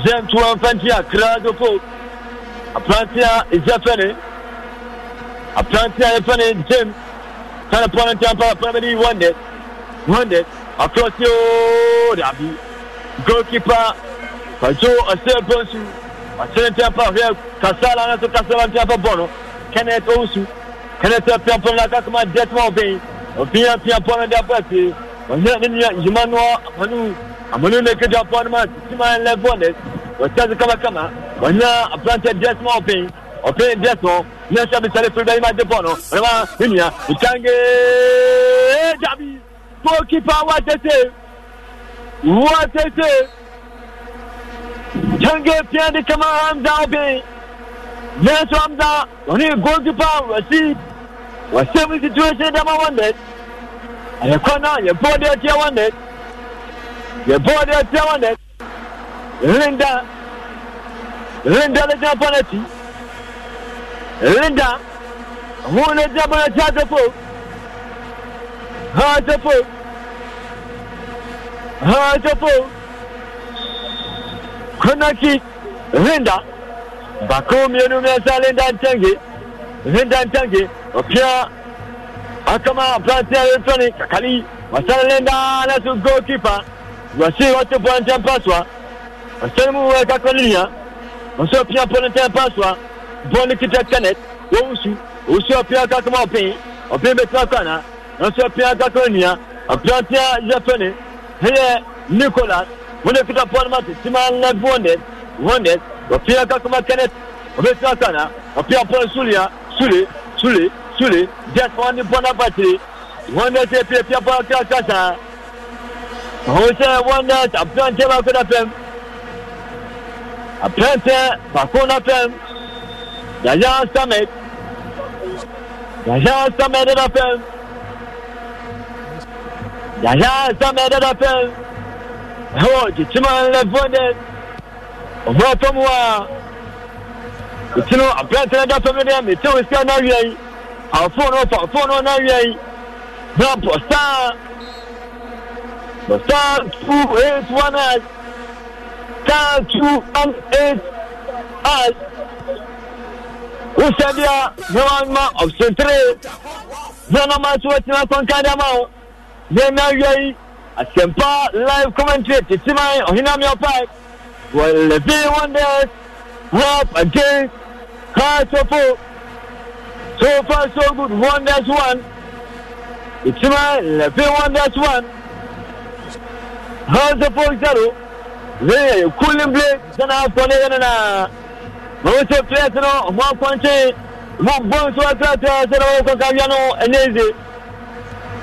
Zem tu enfanti ya Krado Folk Apranti ya Izafene Apranti ya Efene Zem Kana premier One Pamedi One afurasi ooo dabi goalkeeper pàjọ ọsẹ bọnsu ọsẹ ntẹpa ọhẹ kasala náà tó kasala ntẹpa bọ no kenneth owusu kenneth piapọ náà kakama jẹtuma ọbẹn ọbẹn piapọ náà dẹ abẹsẹ ọhẹ ne nua yimanuwa amanu amanu ne kejì apọ náà máa títí máa ń lẹ bọọlẹ ọsẹ ati kamakama ọhẹ abrante jẹtuma ọbẹn ọbẹn jẹtuma ní ẹsẹ bisẹ ní fúlùbẹ yìí máa dé bọ no ọhẹ máa nínú ya ìtàngé dàbí goalkeeper wa tete wa tete jange piyani kama hamza bi nanso hamza wani goalkeeper wasi wasɛm situation dama one net ɛyɛ kɔ na yɛ bɔɔl de atia one net yɛ bɔɔl de atia one net rinda rinda le gyina penalty rinda ɔmo le gyina penalty asefo ha kunaki rinda bako mienu mi sa rinda ntangi rinda ntangi opia akama plantia retoni kakali wasala rinda nasu gokipa wasi watu polantia mpaswa wasali mu weka kolinia wasi opia polantia mpaswa boni kita kanet wawusu wusi opia kakama opi opi betuwa kana wasi opia kakolinia plantia retoni here nicholas wonafika bournemouth timanga wonders wonders wapia kakuma kenneth wabɛsina kana wapia paul sulia sule sule sule jet wɔn ni bɔnna batiri wonders yɛ pie pie bɔn kira kira saa wɔn sɛ wonders abiranteɛ baako na fɛm abiranteɛ baako na fɛm yaya samet yaya samet la fɛm yàyà sàmì ẹdẹdẹ fẹ ẹwọ jìtìmọ ẹlẹfọ dẹ ọmọ ẹtọ mu a ìtìnú abirante ẹdẹ fẹmi dẹ mi tí o sì ẹnà wíyà yìí àwọn fóònù ọfọ fóònù ọnà wíyà yìí náà bọ̀sán bọ̀sán two eight one eight star two one eight eight wosɛ bia ne wa ma ɔsontere ne wa ma so wa tena kɔnkan dɛ ma o yẹn náà yẹ yìí asempa live commentary titiman ọ̀hínàmì ọ̀pá wọ́n lè bí wonders help against kaasofo so far so good wonders one titiman lè bí wonders one kaasofo zero lẹ́yìn ẹ̀yẹ cooling blade sani afọ ne yẹn nana mọ wọ́n ṣe players náà ọmọ akọ́ńtì mọ bọ́ọ̀nsì wá kíláàsì ọ̀sẹ̀ náà wọ́n kọ́ káwíyá náà ẹ̀ ní ẹ̀zẹ̀.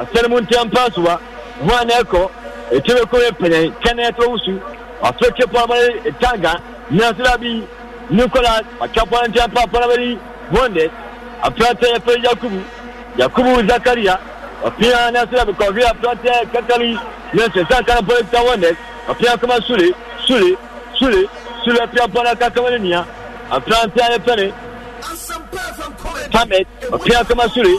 asɛn pa so ho a ɛkɔ ɛtɛ bɛ kɔn kɛnɛ tanga nyasira bi nikola de pa yakubu yakubu zakaria ɔpia nyasira bi kɔfi apɛntɛ kakali nyasira sankara pɔn wɔndɛ ɔpia kama sule sule sule sule ɛpia pɔn ɛka ne nia apɛntɛ ɛfɛ ne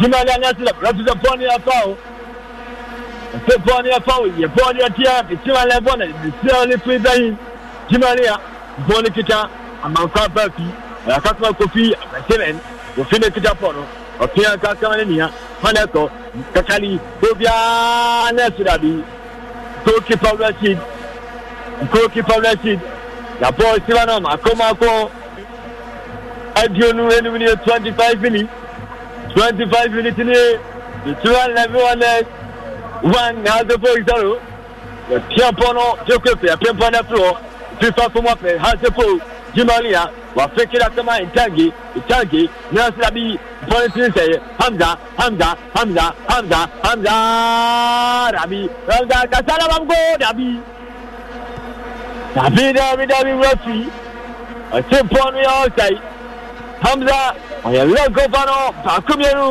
jimali anyasila rafisa bɔɔl ni ɛfa o ɛfɛ bɔɔl ni ɛfa o yɛ bɔɔl yɛ tia jimali ɛbɔ na sira ni fi bɛyi jimali ya bɔɔl kita amanfa baafi ɛyakasuma kofi abɛsɛnɛ kofi ne kita pɔ no ɔfiya kakama ne nia fana ɛtɔ kakali tobiaa anyasila bi goalkeeper rashid goalkeeper rashid yabɔ sira na ma akomako adionu enum ni twenty five minutes twenty five minutes ni two eleven one one na ase four zero yɛpiɛmpɔ no jokefre yɛpiɛmpɔ no afiri hɔ fifa fom apɛ ase four jimalia wafeke da sɛma ntange ntange nansi da bi bɔne tini sɛ hamza hamza hamza hamza hamza dabi hamza kasala bam go dabi dabi dabi dabi wafi ɔse mpɔ no yɛ ɔsɛe hamza ɔyɛ lɛnkɔfa no baako mmienu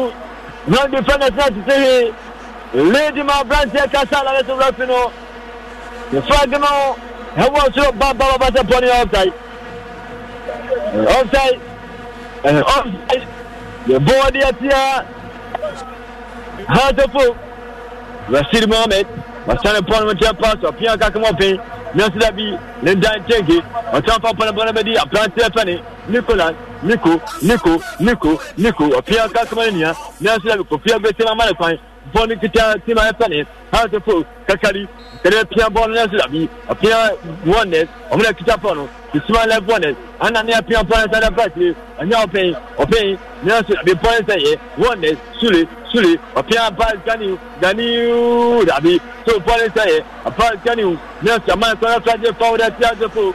non defenders na tete he lady ma aberanteɛ kasa alare so rafi no ne flag no ɛwɔ soro babababa sɛ bɔne yɛ offside offside ɛɛ offside yɛ bɔɔde atia hasefo rasheed mohammed wɔkyɛne pɔn mu kyɛ paasɔ pia kake mɔ pɛn nyɛnso da bi ne dan kyɛnke wɔkyɛn fa pɔn bɔn bɛdi aberanteɛ fɛ ne nikolas niko niko niko niko ɔpia kake mɔ ne nia nyɛnso da bi kofia bɛsi na ma ne kwan bɔɔl ni fitaa ti ma ɛfɛ ne hansi fo kakari kɛlɛ pia bɔɔl ne sira bi a pia wɔnɛ o mina kita fɔ no isuma lɛ wɔnɛ an na ne ya pia bɔɔl ne sira fɛ tile a nya o pɛ yen o pɛ yen ne ya sira bi bɔɔl ne sira yɛ wɔnɛ sule sule a pia ba gani gani rabi so bɔɔl ne sira yɛ a ba gani ne ya sira ma sɔrɔ fila de fa o de tia de fo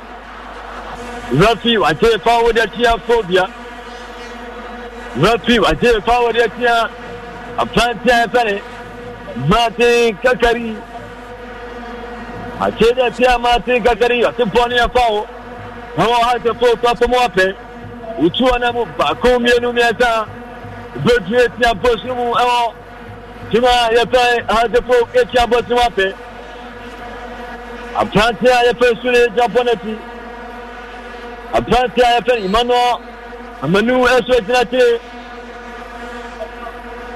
rafi wa te fa o de tia fo bia rafi wa te fa o de apprentice ɛfɛre martin kakari akyɛ dɛ tia martin kakari ɔte bɔne ɛfa wo na wɔ ha sɛ fo tɔ fom ɔpɛ wotuɔ no mu baako mmienu mmiɛnsa bɛdue tia bɔsu mu ɛwɔ tim a yɛfɛ ha sɛ fo ɛtia bɔsu mu apɛ apprentice a yɛfɛ su ne gya bɔne ti a yɛfɛ emmanuel amanu ɛso agyina kyire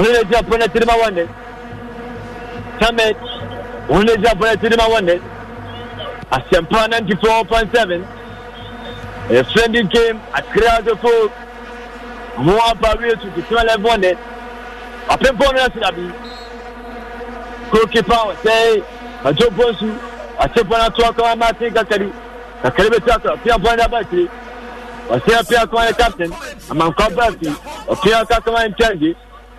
wɔn ezi afɔ na tirima wɔn de tamet wɔn ezi afɔ na tirima wɔn de asɛmpa ninety four point seven a friendly game akiri adefo mo aba wiye tutu tirima eleven wɔn de apempo no ɛsi dabi goalkeeper wɔsɛ ajo bonsu ate bɔn ato akɔn ama ati kakari kakari bɛ ti akɔ apia bɔn daba akyire wɔsɛ apia akɔn ayɛ captain amankwa baafi apia kakama nkyɛnji.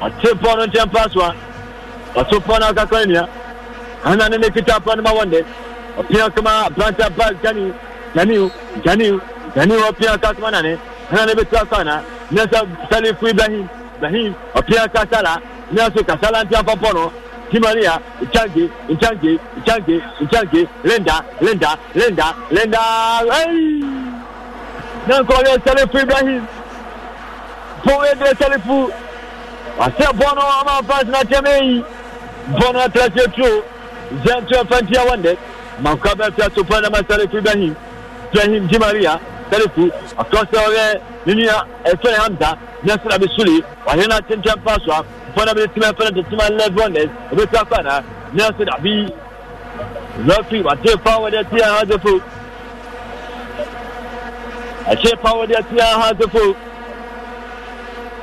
ate pɔ no nkyɛn pa so a ɔto pɔ no akakra nnua ana ne ne kita pɔ no ma wɔn dɛ ɔpea kama aberante aba gani gani gani gani ɔpea ka kama nane ana ne bɛtu akɔ ana ne sɛ sɛle fu ibrahim ibrahim ɔpea kasala ne so kasala ntia pɔpɔ no Kimania, Changi, Changi, Changi, Changi, Linda, Linda, Linda, Linda. Hey! Nankole Salifu Ibrahim. Pour aider Salifu asɛ bɔnɔ ama fans na tɛmɛ yi bɔnɔ tɛrɛsɛ tuo zɛn tuo fɛn tiya wɛndɛ mankuka bɛ fɛ so pɛn dama sɛrifu ibrahim ibrahim jimaria sɛrifu akɔsɛ ɔyɛ ninuya ɛfɛn hamza nyɛsira bi suli wahena tɛntɛn pa so a fɔnɔ bi tɛmɛ fɛnɛ tɛ tɛmɛ lɛ bɔndɛ o bɛ taa kwana nyɛsira bi lɔfi wa te fa wɛrɛ tiya ha zɛfo a se fa wɛrɛ tiya ha zɛfo.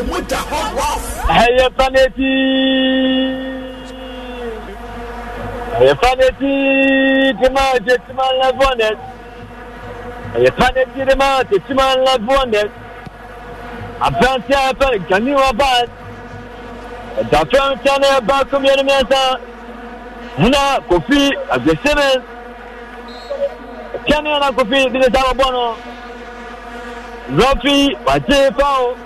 emu da hɔ rɔf. ɛyɛ faneti ɛyɛ faneti tima je tima nla tu ɛyɛ faneti tima je tima nla bɔnɛt abirante a gani wa ba ɛdafɛn ba kɔmiɛ no mmiɛnsa kofi agbesemen kyɛn na kofi de bɔ Je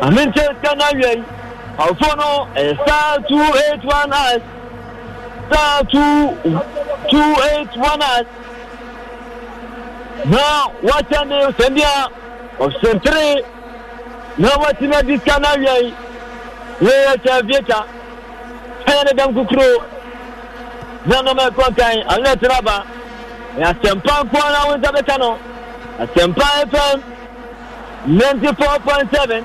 amenkyɛ sika no awia yi awofo no ɛyɛ star two eight one as star two two eight one as na wakyɛ ne sɛbi a ɔsentere na watena di sika no awia yi yɛyɛ kyɛ avieta ɛyɛ ne dɛm kokuro na nɔma ɛkɔ nkan ano ɛtena ba ɛyɛ asɛmpa nkoa na wo nsa bɛka no asɛmpa fm ninety four point seven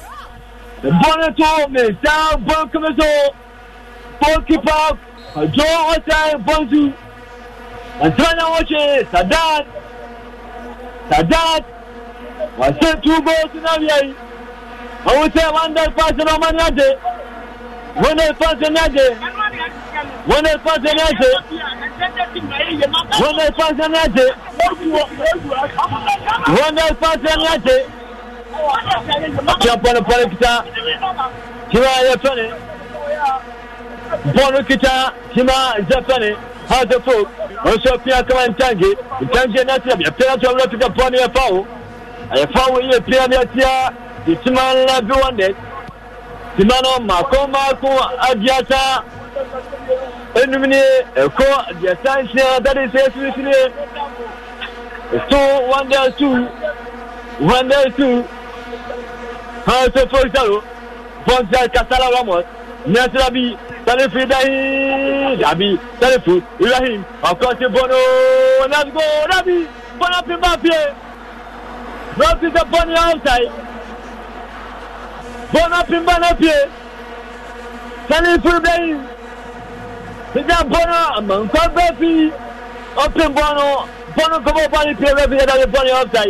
Bonato mais ça bon comme ça bon qui pop Joe Hotel bon du Antoine Roche ça date ça date wa se tu bo tu na vie on te manda pas no manade on est pas nade on est pas nade on est pas nade on est pas nade tiɲɛ pɔnne pɔnne kita tima yɛ fɛnɛ pɔnne kita tima zɛ fɛnɛ de fo ɔsɛ fiɲɛ kama ntange ntange n'a ti la bi a pɛrɛn tɔ wɛrɛ ti ka pɔnne yɛ fa o a yɛ fa o yɛ pɛrɛn yɛ tia tima la bi wɔn dɛ tima nɔ maako maako adiasa enum ni ɛkɔ eh, adiasa nsia dadi sɛ sinisini etu one day two one day two hàn ṣe forisaro bọ́ńtẹ́ kasala ramos nẹ́sẹ̀rẹ́ bíi tẹlifí dẹ́yìn dàbí tẹlifí ibrahim ọ̀kan ti bọ́nú lẹ́gbọ́ dàbí bọ́nà fi bá fi ẹ̀ lọ́sí tẹ bọ́nì áùtàì bọ́nà fi bá náà fi ẹ̀ tẹlifí dẹ́yìn tẹjá bọ́nà àmọ́ nǹkan bẹ́ẹ̀ fi ọ̀pẹ̀ bọ́nù bọ́nù kọ́mọ́ bá ní pẹ̀lú ẹ̀fẹ̀ yẹn dàbí bọ́nì áùtàì.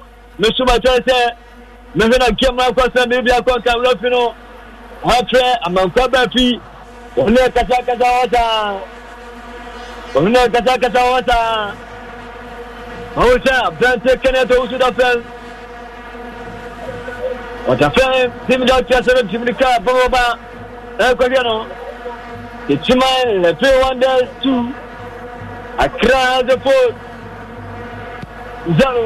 mesoma kyerɛ sɛ mehwɛ na kiama akɔsɛ biribi akɔnka wurafi no hɔtrɛ amankwa baafi ɔno yɛ kasakasa hɔ saa ɔno yɛ kasakasa hɔ saa ɔho sɛ aberante kɛnɛ tɛ wosu da fɛn ɔtafɛn timi da wotua sɛ bɛtimi de kaa bɔbɔ ba ɛkɔhwɛ no ɛtima lɛpe wonders two akra the four zero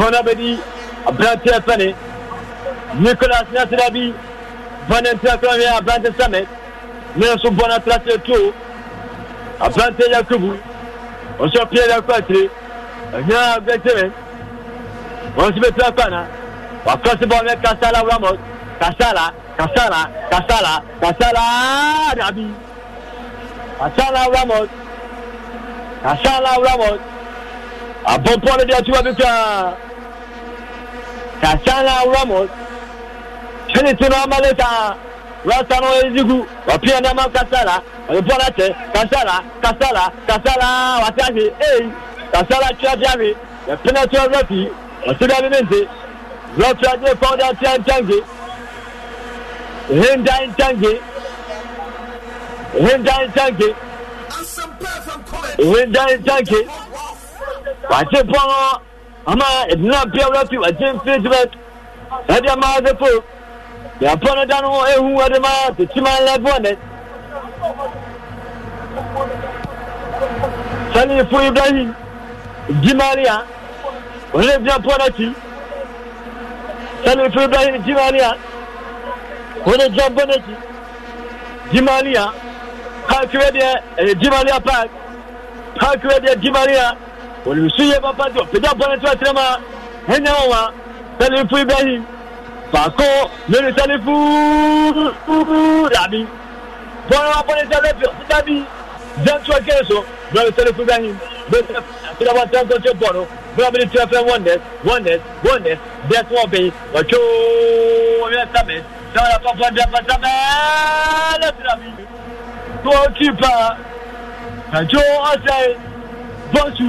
à Abedi, la Sané, Nicolas nous Samet, Nelson à Tour, la Yakubu, on se pied la on se met la Kassala kasala Kassala, Kassala kasala kasala Kassala kasala kasala ah, point point de Cassiana Ramos ɛne ti na ɔma leta rasta no ɛdigu ɔpia ne ma kasala ɔyɛpɔ na kyɛ kasala kasala kasala wate ahwe ei kasala tia bi ahwe yɛpena tia rɔpi ɔsida bi ne nse rɔpi agye pɔwda tia ntange hinda ntange hinda ntange hinda ntange wate ama ɛdina piawura fi wa jɛn fi jibɛ ɛdi ama ɛdi fo yàtɔ ne danu ehu ɛdi ma tètè ma lɛ fún ɛdɛ sani fún ibrahim jimaria wòle bia pɔ n'akyi sani fún ibrahim jimaria wòle bia pɔ n'akyi jimaria paaki wɛ deɛ ɛyɛ jimaria paaki paaki wɛ jimaria olùsí yẹ bá pàtó péjọ bọ́lá tí wọ́n ti rẹ́ máa ẹ̀yẹ́ wọn wá sẹ́lẹ̀fù ibrahim fàkó lórí sẹ́lẹ̀fù rami bọ́lá wà bọ́lá sẹ́lẹ̀fù dábì jẹ́ntu ẹgbẹ́ èso lórí sẹ́lẹ̀fù ibrahim bẹ́ẹ̀ sẹ́lẹ̀ wọ́n tẹ́ ń tọ́jú bọ̀rọ̀ bẹ́ẹ̀ bí tí wọ́n fẹ́ wọ́n nẹ́t wọ́n nẹ́t wọ́n nẹ́t bẹ́ẹ̀ tí wọ́n bẹ̀yìn wọ́n tó wọ́n yẹ sábẹ̀ sábẹ̀ fọ́fọ́ dẹ́pẹ́ sábẹ̀ lẹ́sìn rami tó kí pa àjọ ọ̀sẹ̀ bọ́ọ̀sù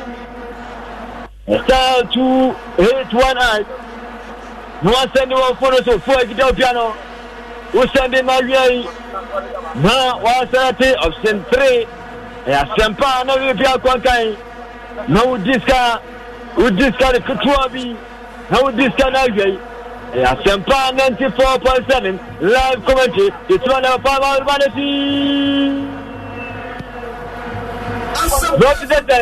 star two eight one eight. ni wọn sẹni wọn fọnù so fún ẹgidẹ òbíà nọ wọn sẹni máa wíyà yìí na wọn sẹni ti option three ẹyà sẹmpa náà wíyà bí akọkàn yìí na wọn di sika wọn di sika ní ketewa bi na wọn di sika náà wíyà yìí ẹyà sẹmpa ninety four point seven live commentary ìtura náà fáwọn àwọn olùbánisí. Lọ́ọ̀tì tẹ̀tẹ̀.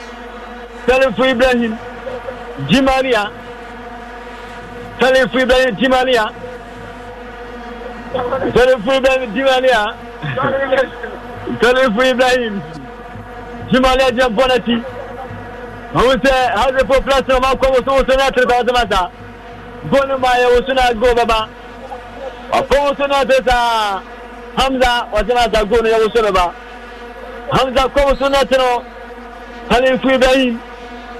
sẹlẹfu ibrahim jimania sẹlẹfu ibrahim jimania sẹlẹfu ibrahim jimania sẹlẹfu ibrahim jimania jẹ bọnẹti òun sẹ hazefo plasma ọmọ akọ wosó wosó ní àtẹrẹ bàbá sẹmàtà góòlù máa yẹ wosó náà gbó bàbá ọkọ wosó náà tẹ sáà hamza wàsẹmàtà góòlù yẹ wosó bàbá hamza kọ wosó náà tẹ náà sẹlẹfu ibrahim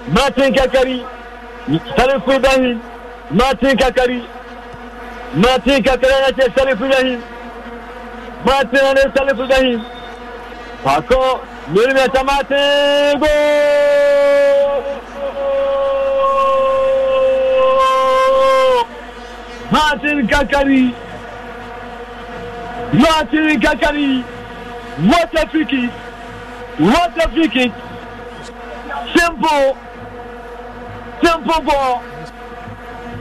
martin kakari salifu ibrahim martin kakari martin kakari ya ce salifu ibrahim martin ne salifu ibrahim fako mirme ta martin go martin kakari martin kakari what a free kick what a free kick simple bon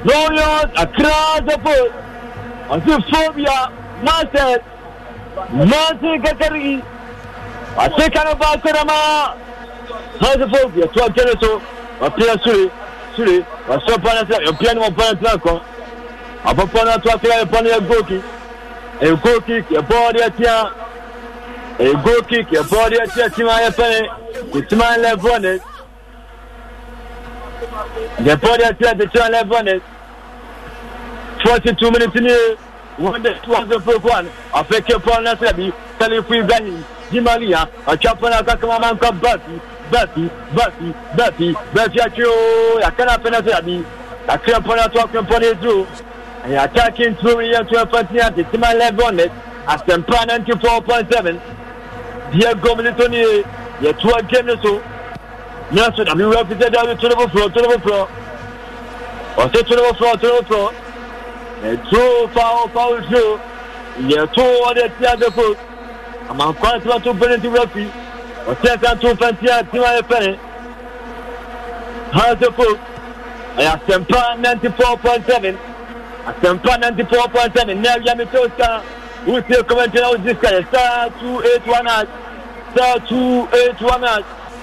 Lorient a crase peu Anse Fobia Nasser Nancy Kakari Anse Kanaba Karama Anse Fobia Toi Keneso Va pire Soulé Soulé on se prendre un Et puis on un plan quoi On peut prendre un toit qui va prendre un goki Et de Et go-kick est de Tu m'as The body at the two eleven is forty two minutes in here. One day, two hundred foot one. I fake your phone as I be telling free Benny, Jimalia, a chopper like a man called Bertie, Bertie, Bertie, Bertie, Bertie at you. I cannot finish it. I can't put a talking for it through. And you're attacking through here to a party at the team eleven is at the plan ninety four point seven. Dear Governor Tony, you're two again so nurse na mi wura fi sẹ́dá mi tónú fúnfúnrọ tónú fúnfúnrọ ọ̀sẹ̀ tónú fúnfúnrọ tónú fúnfúnrọ ẹ̀tú fáwọn fáwọn tó yẹ̀tú ọdẹ tí a dẹ́kọ àmàkọ́ àti wọn tó bẹ́rẹ̀ ti wura fi ọ̀sẹ̀ kan tó fẹ́ tí a ti wọ́n yẹ fẹ́ hàn sẹ́kọ ẹ̀yà sẹ̀mpa ninety four point seven àsẹ̀mpa ninety four point seven ní ẹ̀yà mi tó sàn wúti kọ́mẹ́ntì náà ó di sàn star two eight one nine star two eight one nine.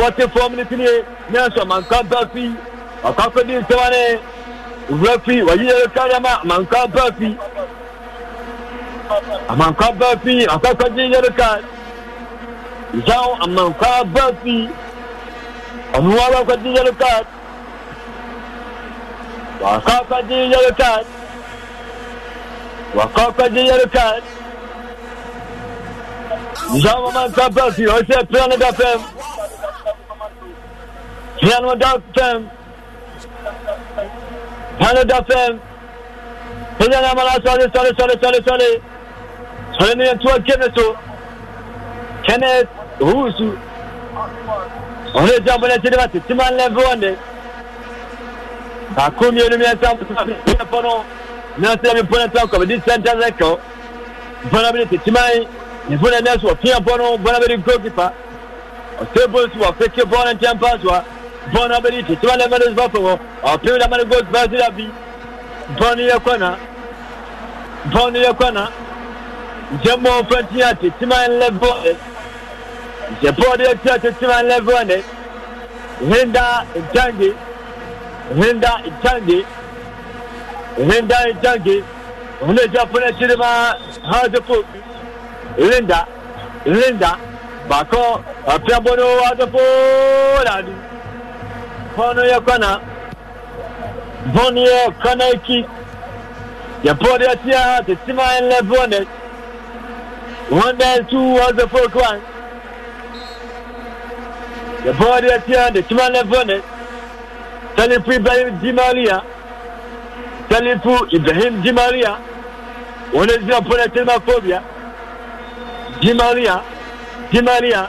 forty four minutes nie nelson manka bafi ɔkakɔdi nsɛm ne wurafi wɔyiyɛ kanyama manka bafi amanka bafi ɔkakɔdi yɛrika zan amanka bafi ɔmo akakɔdi yɛrika wakakɔdi yɛrika wakakɔdi yɛrika zan amanka bafi ɔsɛ se ne da fɛm. Piano dafem. Piano dafem. Hezana mala bɔnna bɛ di tituma lɛ mɛlɛ zba fɔwɔ ɔ pewu la mɛlɛ gosi bɛ zira bi bɔnni yɛ kɔna bɔnni yɛ kɔna jɛmɔ fɛntiya tituma lɛ bɔnɛ jɛbɔɔdi yɛ tiya tituma lɛ bɔnɛ hinda itange hinda itange hinda itange wone ja fɛnɛ sirima hɔnsi fo linda linda baako ɔfɛn bɔnni o wa dɔ vɔno yɛ kɔna vɔno yɛ kɔna eki yɛpɔ deɛ tia tetima yɛn lɛ vɔne wɔn dɛ tu wɔn zɛ fo kwan yɛpɔ deɛ tia tetima lɛ vɔne talipu ibrahim dimaria talipu ibrahim dimaria wɔn ezina pɔnɛ tetima fobia dimaria dimaria.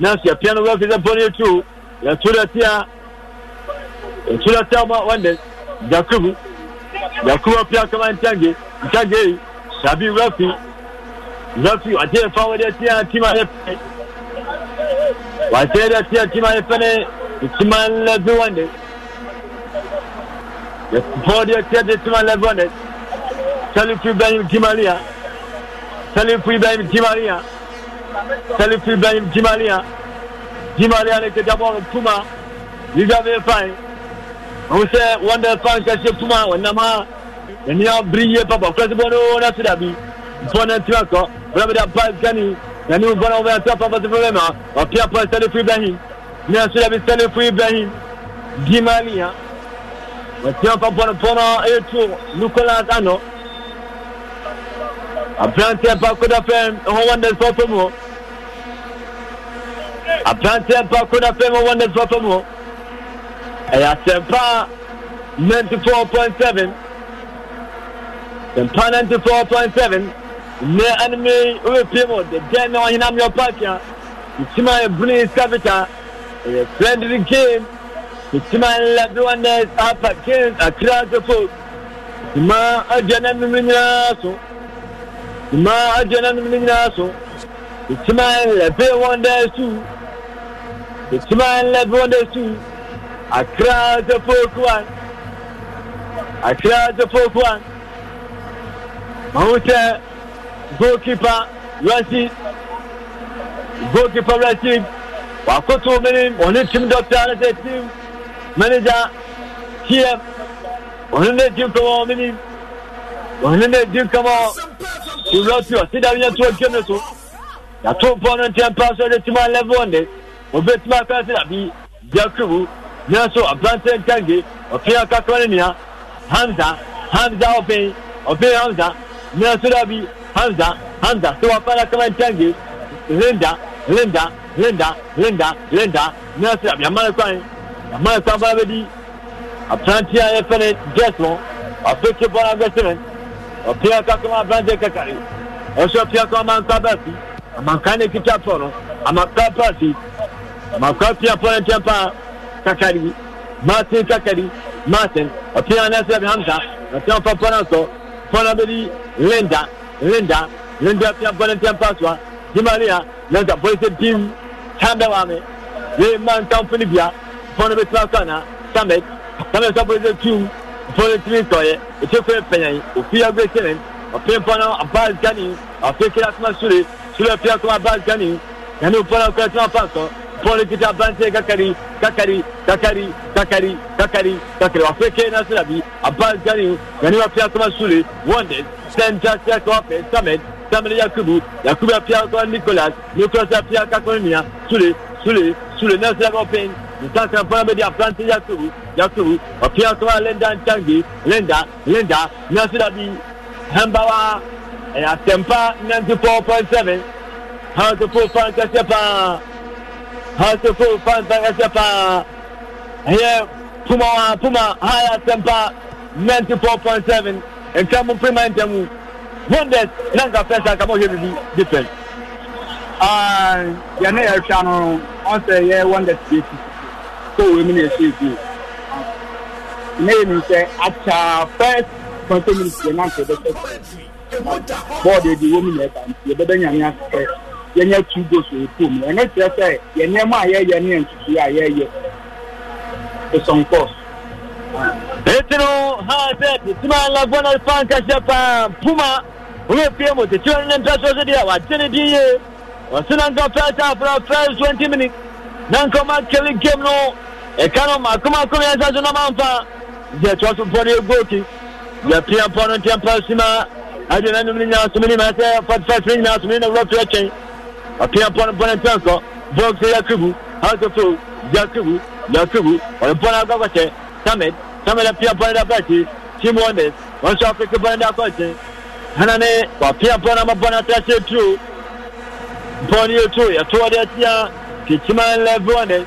nanso yɛpia no wɛfi sɛ bɔne ɛtu yɛto da ti a ɛtu da ti a wɔndɛ yakubu yakubu apia kama ntange ntange yi sabi wɛfi wɛfi wate yɛ fa wɔde ti a tima yɛ pɛ wate yɛ ti a tima yɛ pɛ ne tima lɛbi wɔndɛ yɛfɔde ti a tima lɛbi wɔndɛ salifu bɛn timaliya salifu bɛn timaliya. Salif Ibrahim Djimalia. Djimalia était d'abord Touma. Il avait faim. On sait, on a faim caché Touma. On a ɛni abiriye papa kɔsi bɔ n'o na ti dabi bɔnɛ ti ma kɔ wala bɛ da ba gani yanni o bɔnɛ o bɛ taa papa ti fɛn ma wa pia pa sɛli fu ibrahim ni a sɛli bi sɛli fu ibrahim dimali yan wa tiɲɛ pa bɔnɛ bɔnɛ e to nukola ta nɔ aberanteɛ mpa koda fɛm ɛhɔ wɔn dɛsɛ ɔfɛ mu hɔ aberanteɛ mpa koda fɛm ɛhɔ wɔn dɛsɛ ɔfɛ mu hɔ ɛyɛ asɛmpa ninety four point seven asɛmpa ninety four point seven ne anime ɔbɛpie mu dɛdɛn na ɔhena mi ɔpaaki a ntima ebuni sabita ɛyɛ friendly game ntima nlabi wɔn dɛs apa games akira asefo ntima aduane anum nyinaa so mmaa adwa nanom no nyinaa so ɛtima lɛbe wɔn da su ɛtima lɛbe wɔn da su akra dɛfokuan akra dɛfokuan mahu sɛ goalkeeper rashid goalkeeper rashid wakoto mene ɔne team doctor ne sɛ team manager tm ɔne ne team fɛ wɔn ɔhene no adi nkama siwurati ɔsi da nyɛ to akem ne so yato mpɔ no ntɛm pa so de tuma level one de obetuma akɔyɛ sɛ dabi jakubu nyɛnso aberante nkange ɔpɛn akakora ne nua hamza hamza ɔpɛn ɔpɛn hamza nyɛnso dabi hamza hamza so wafa na kama nkange linda linda linda linda linda nyɛnso dabi amane kwan amane kwan bana bɛ di aberante a yɛfɛ ne jɛs no wafɛ kye bɔn agbɛsɛmɛ ɔpeaka kama aberante kakari ɔsɛ ɔpeaka amanka baasi amanka ne kita fɔ no amanka paasi amanka pia fɔ ne tɛ paa kakari maasin kakari maasin ɔpea ne sɛ hamsa ɔsɛ ɔfa fɔ na sɔ fɔ na bɛ di linda linda linda pia fɔ ne tɛ paa sɔ dimaria lanta polisi dim tan bɛ waa mi ye man tan fili bia fɔ ne bɛ tura sɔ na samet samet sɔ polisi tum politimi tɔyɛ ekyefo pɛnyɛn ofi agbesenen ɔpempɔnɔ abaz gani ɔpekele akoma sure sure pe akoma abaz gani yanni opɔnɔ kura tuma pansɔn pɔlikiti abante kakari kakari kakari kakari kakari kakari ɔpekele na sura bi abaz gani yanni ɔpe akoma sure wɔnde sɛnta sɛkɛ ɔpɛ samet samiri yakubu yakubu apia akoma nikolas nikolas apia kakɔnmiya sure sure sure nɛsira kɔpɛn nsansan fana bɛ di afilante yasuru yasuru ɔfiya sɔrɔ lenda ntange lenda lenda nyasira bi hɛnbawa ɛɛ asɛmpa ninety four point seven hansi fo fan kɛsɛ paa hansi fo fan kɛsɛ paa ɛyɛ puma wa puma haya asɛmpa ninety four point seven ntɛmu pirima ntɛmu wonders nanka fɛn san kama o yɛ bibi different. yɛne yɛhwɛ no ɔsɛ yɛ wonders bi so wei mu na ɛsɛ ebi ne yɛ nim sɛ akya first twenty minutes yɛ nan tɛ bɛtɛ bɔɔl yɛ di wo mu na ɛka yɛ bɛbɛ nyame asɛ yɛnyɛ two goals wɔ epo mu ɛno kyerɛ sɛ yɛ nneɛma a yɛyɛ ne yɛn tutu a yɛyɛ esom course. Etinu Hazard Tumala Bonal Fankasha Puma wofie mu tete ne mpɛ so so deɛ wagye ne din yie wɔse na nka first half na first twenty minutes na nkɔma game no ɛka no makomakom yɛnsa so na mamfa deɛ ɛtoa so mpɔ no yɛ gooki yɛpea mpɔ no ntɛmpa sima adeɛ nanom no nyinaa somene ma sɛ fɔtifɛs no nyinaa somene na wurɔto akyɛn ɔpea mpɔ no mpɔ no ntɛnkɔ bɔk sɛ yakubu hasofo yakubu yakubu ɔde mpɔ no agɔkɔkyɛ samet samet apea mpɔ no da bɛte team wonders wɔn nso afeke mpɔ no da akɔkyɛ hana ne wapea mpɔ no amabɔ no atrasɛ tuo mpɔ no yɛ tuo yɛtoɔ de atia kyekyima level wonders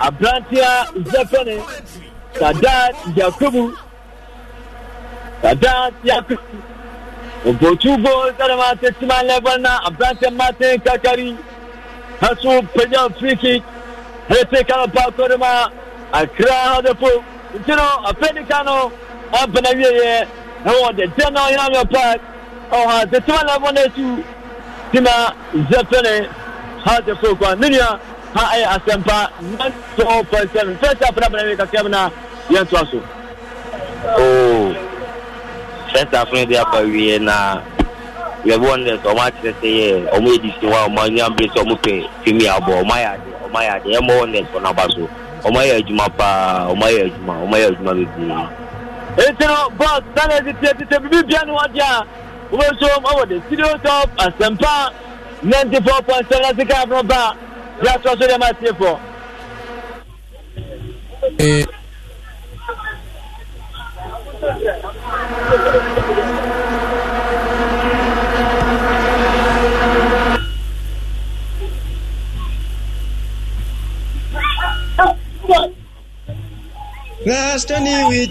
aberantea zɛfɛne sada yakobo sada yakobo ɔbɔtubo sɛdema tetima lɛbɛ na aberantea martin kakari hasu pɛgya friki hɛte kano pa kɔdema akra hɔdepo nti no apɛni ka no abɛna wieyɛ na wɔ de dɛ na ɔyɛna wɛ park ɔha tetima lɛbɛ na su tima zɛfɛne ha te fo kwa ne nua ha ayɛ asɛmpa nantɔ pɔnsɛn fɛsɛ apenapena ne kakɛm na yɛntoa so first half no de aba wie na yɛbi wɔn dɛ ɔmo akyerɛ sɛ yɛ ɔmo yɛ disi hɔ a ɔmo anyam bi sɛ ɔmo pɛ fimi abɔ ɔmo ayɛ ade ɔmo ayɛ ade ɛmo wɔn dɛ ɔno aba so ɔmo ayɛ adwuma paa ɔmo ayɛ adwuma ɔmo ayɛ adwuma bebree. eti no bɔs sanni esi tie tete bibi bia ni wɔn di a wɔn nso wɔwɔ de studio top asempa ninety four point seven sika afro ba yà sọ sọ de ma tiẹ fọ. Last time we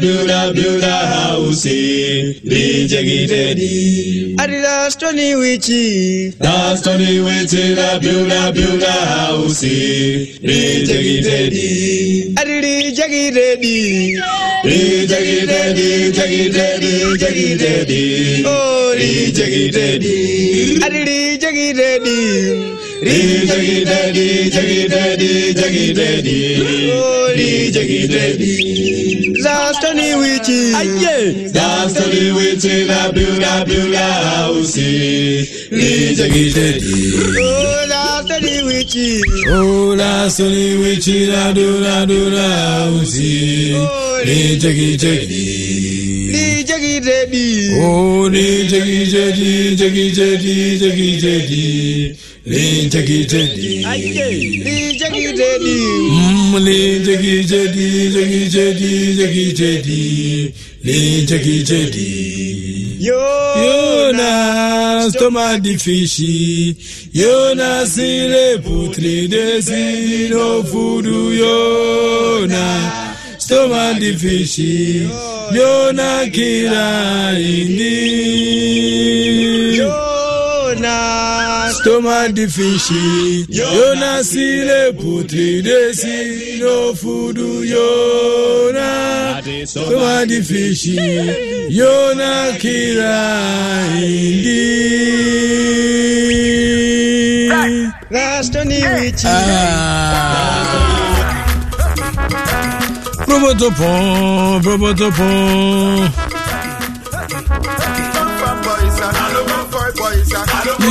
Builder, builder houses, they jaggy At the last twenty witchy, last twenty witchy, the builder, builder houses, they jaggy daddy. At the jaggy daddy, they jaggy daddy, jaggy daddy, jaggy daddy. Oh, the jaggy daddy, at the jaggy daddy, the jaggy daddy, jaggy daddy, jaggy daddy. Oh. wuri jigi debi. Laughter ni witi. Aye. Laughter ni witi na biula biula hausi. Ni jigi debi. Oh, laughter ni witi. Oh, laughter ni witi na dula dula hausi. Ni jigi debi jagi jadi oh ni jegi jadi jegi jadi jegi jadi ni jagi jadi ni jagi jadi mm ni jagi jadi jagi jadi jagi jadi ni jagi jadi Yona stoma di fishi Yona sile putre desino fudu Yona so many fishes. Jonah killer indeed. Jonah. Stoma di fishy, Yona sile putri desi, no fudu Yona. Stoma di fishy, Yona kira indi. Rastoni wichi. Ah. Robotopon, Robotopon.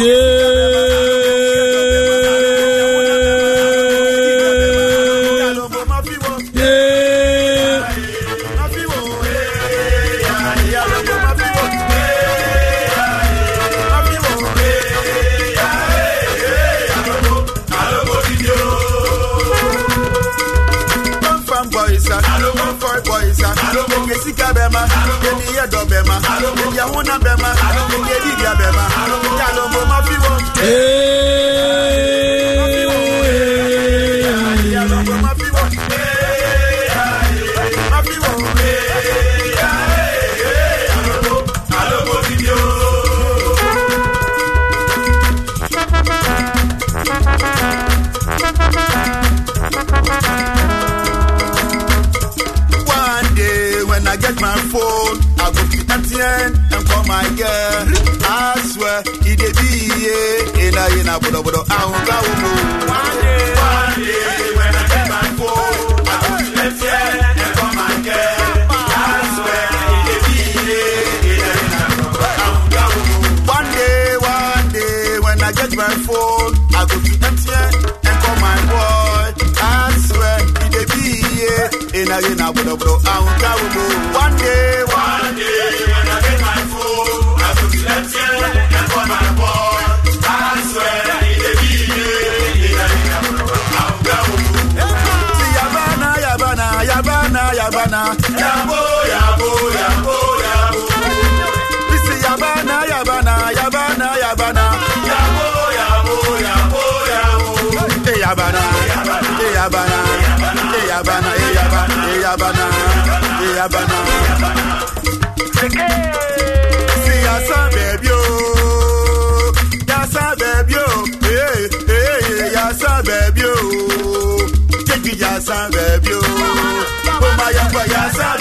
Yeah. Ika bema, ebi yedo bema, ebi yahuna bema, ebi edidia bema, ebi alomo mafiwo. Hey. obodo ahụ gawo m My phone, I go to MTN and call my boy. I swear, it be here. In a in a, but I won't go. One day, one. Eyabana, Eyabana, Eyabana, Eyabana, Eyabana. See ya, son, baby, oh. Ya, son, baby, oh. Hey, hey, ya, son, baby, oh. Take it, ya, son, baby, oh. Oh, my, ya, son,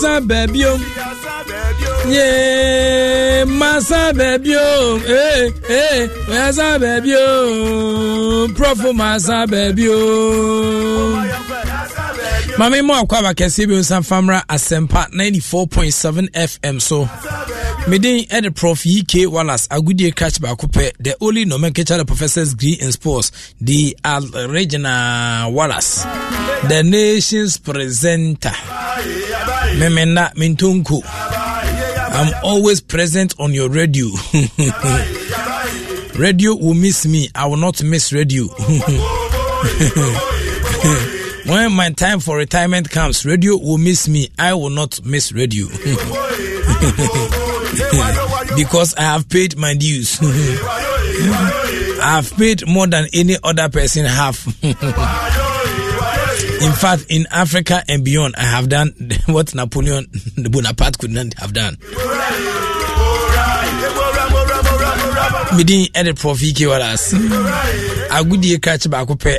masa baabi o yee masa baabi o ee eh, ee eh, masa baabi o prɔfo masa baabi o. maame mu akɔ abakɛseɛ bi nsa asɛmpa 94.7 fm so. meden ɛne prof ek wallas agudie catch baako pɛ the only nomenclature professors G in sports the al Wallace, wallas the nations presenter memena mentonko i'm always present on your radio radio will miss me i will not miss radio when my time for retirement comes radio will miss me i will not miss radio because I have paid my dues. I have paid more than any other person have. in fact, in Africa and beyond, I have done what Napoleon Bonaparte could not have done. medin ɛde prɔf yi ke walas agodie krakye baako pɛ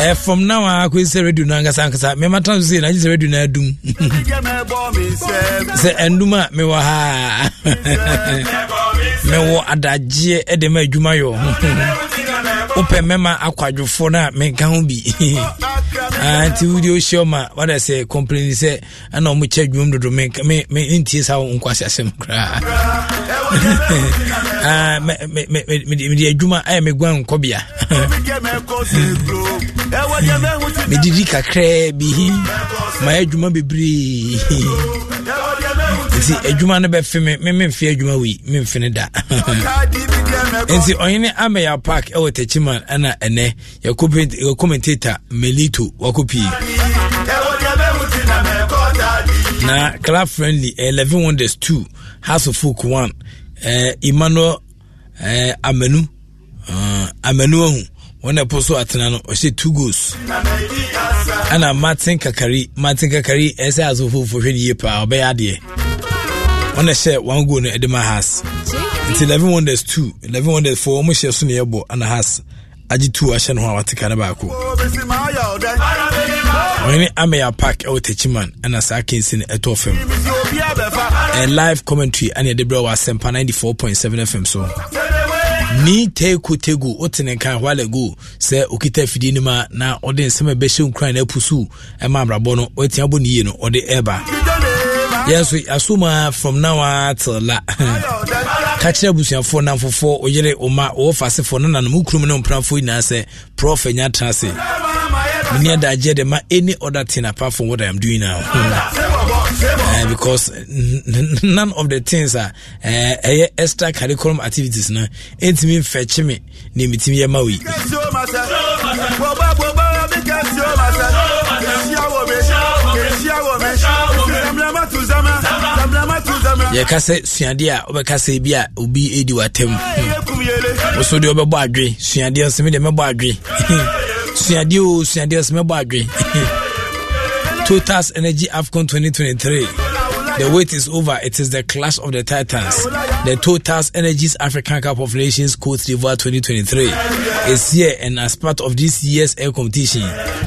eh, from now on akɔyi sɛ radio no ankasa ankasa memata so sei na gye sɛ radio no adum sɛ andum a mewɔ haa mewɔ adagyeɛ de ma adwuma yɛ ho wopɛ mɛma akwadwofoɔ no a menka ho bi nti wode ɔhyia ma wada sɛ complaini sɛ ana ɔmokyɛ adwumam dodo mentie saa nkwase asɛm koraa mede adwuma ayɛ megua nkɔbea medidi kakraa bi mayɛ adwuma bebree nti adwuma no bɛfe me me adwuma wei memfe da nti ɔhene amaya park ɛwɔ tachiman ana ɛnɛ yɛ melito wakɔ na club friendly 11 eh, wonders 2 house of folk 1 eh, emmanuel eh, amanu amanu ahu wɔn na ɛpo so atena no ɔhyɛ two goals ɛna martin kakari martin kakari ɛsɛ aso fofo hwɛ ne yie paa ɔbɛyɛ adeɛ wɔn na ɛhyɛ one goal no ɛde ma has nti eleven wonders two eleven wonders four wɔn hyɛ so na ɛbɔ ɛna has agye two ahyɛ no ho a wateka ne baako ɔhene ameya park ɛwɔ techiman ɛna saa kensi no ɛtɔ fam ɛlive commentary ɛna ɛde brɛ wɔ asɛmpa ninety four point seven fm so ni teku tegu wote ne nkan hwale go sɛ okita afidie no ma na ɔde nsɛm a ɛbɛhyɛ nkura no apu ɛma abrabɔ no watia bɔ ne yie no ɔde ɛba yɛn asoma from now on. till la ka kyerɛ abusuafoɔ namfofoɔ oyere oma ɔwɔ fasefoɔ no nanom wo kurom ne mprafoɔ nyinaa sɛ prɔf anya tena ase meni adagyeɛ de ma any other thing apart from what i am doing now uh, because none of the things are uh, eh, uh, eh, extra curriculum activities na ɛntumi mfɛkye me ne metumi yɛ ma wei yɛka sɛ suadeɛ a wobɛka sɛ bi a obi ɛdi watam wo so deɛ wobɛbɔ adwe suadeɛ nsɛme deɛ mɛbɔ adwe suadeɛ o suadeɛ nsɛ mɛbɔ adwe Totas Energy AFCON 2023. The wait is over. It is the clash of the titans. The Totas Energy's African Cup of Nations Cote d'Ivoire 2023 is here, and as part of this year's air competition,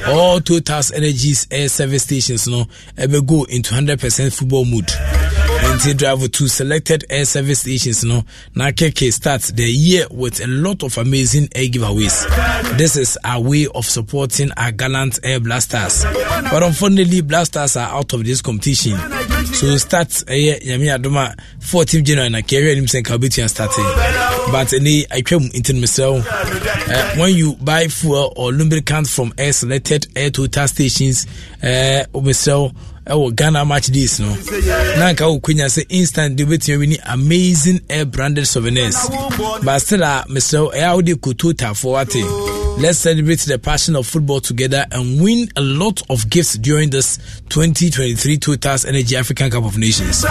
all Totas Energy's air service stations now ever go into 100% football mood. NT Drive to selected air service stations. No, now KK starts the year with a lot of amazing air giveaways. This is our way of supporting our gallant air blasters. But unfortunately, blasters are out of this competition. So start ɛyɛ eh, nyame adoma 14 January na kɛwɛ anim sɛ nka wobɛtua starte but ɛne atwam nti no mesrɛ wo when you buy fuel or lubricant from air selected air total stations uh, eh, oh, mesrɛ wo oh, ɛwɔ ghana match days no na nka wokwanya sɛ instant de wobɛtumi wini amazing air branded souvenirs but still ah, a mesrɛ ɛyɛ wode kototafoɔ ate Let's celebrate the passion of football together and win a lot of gifts during this 2023 Total Energy African Cup of Nations.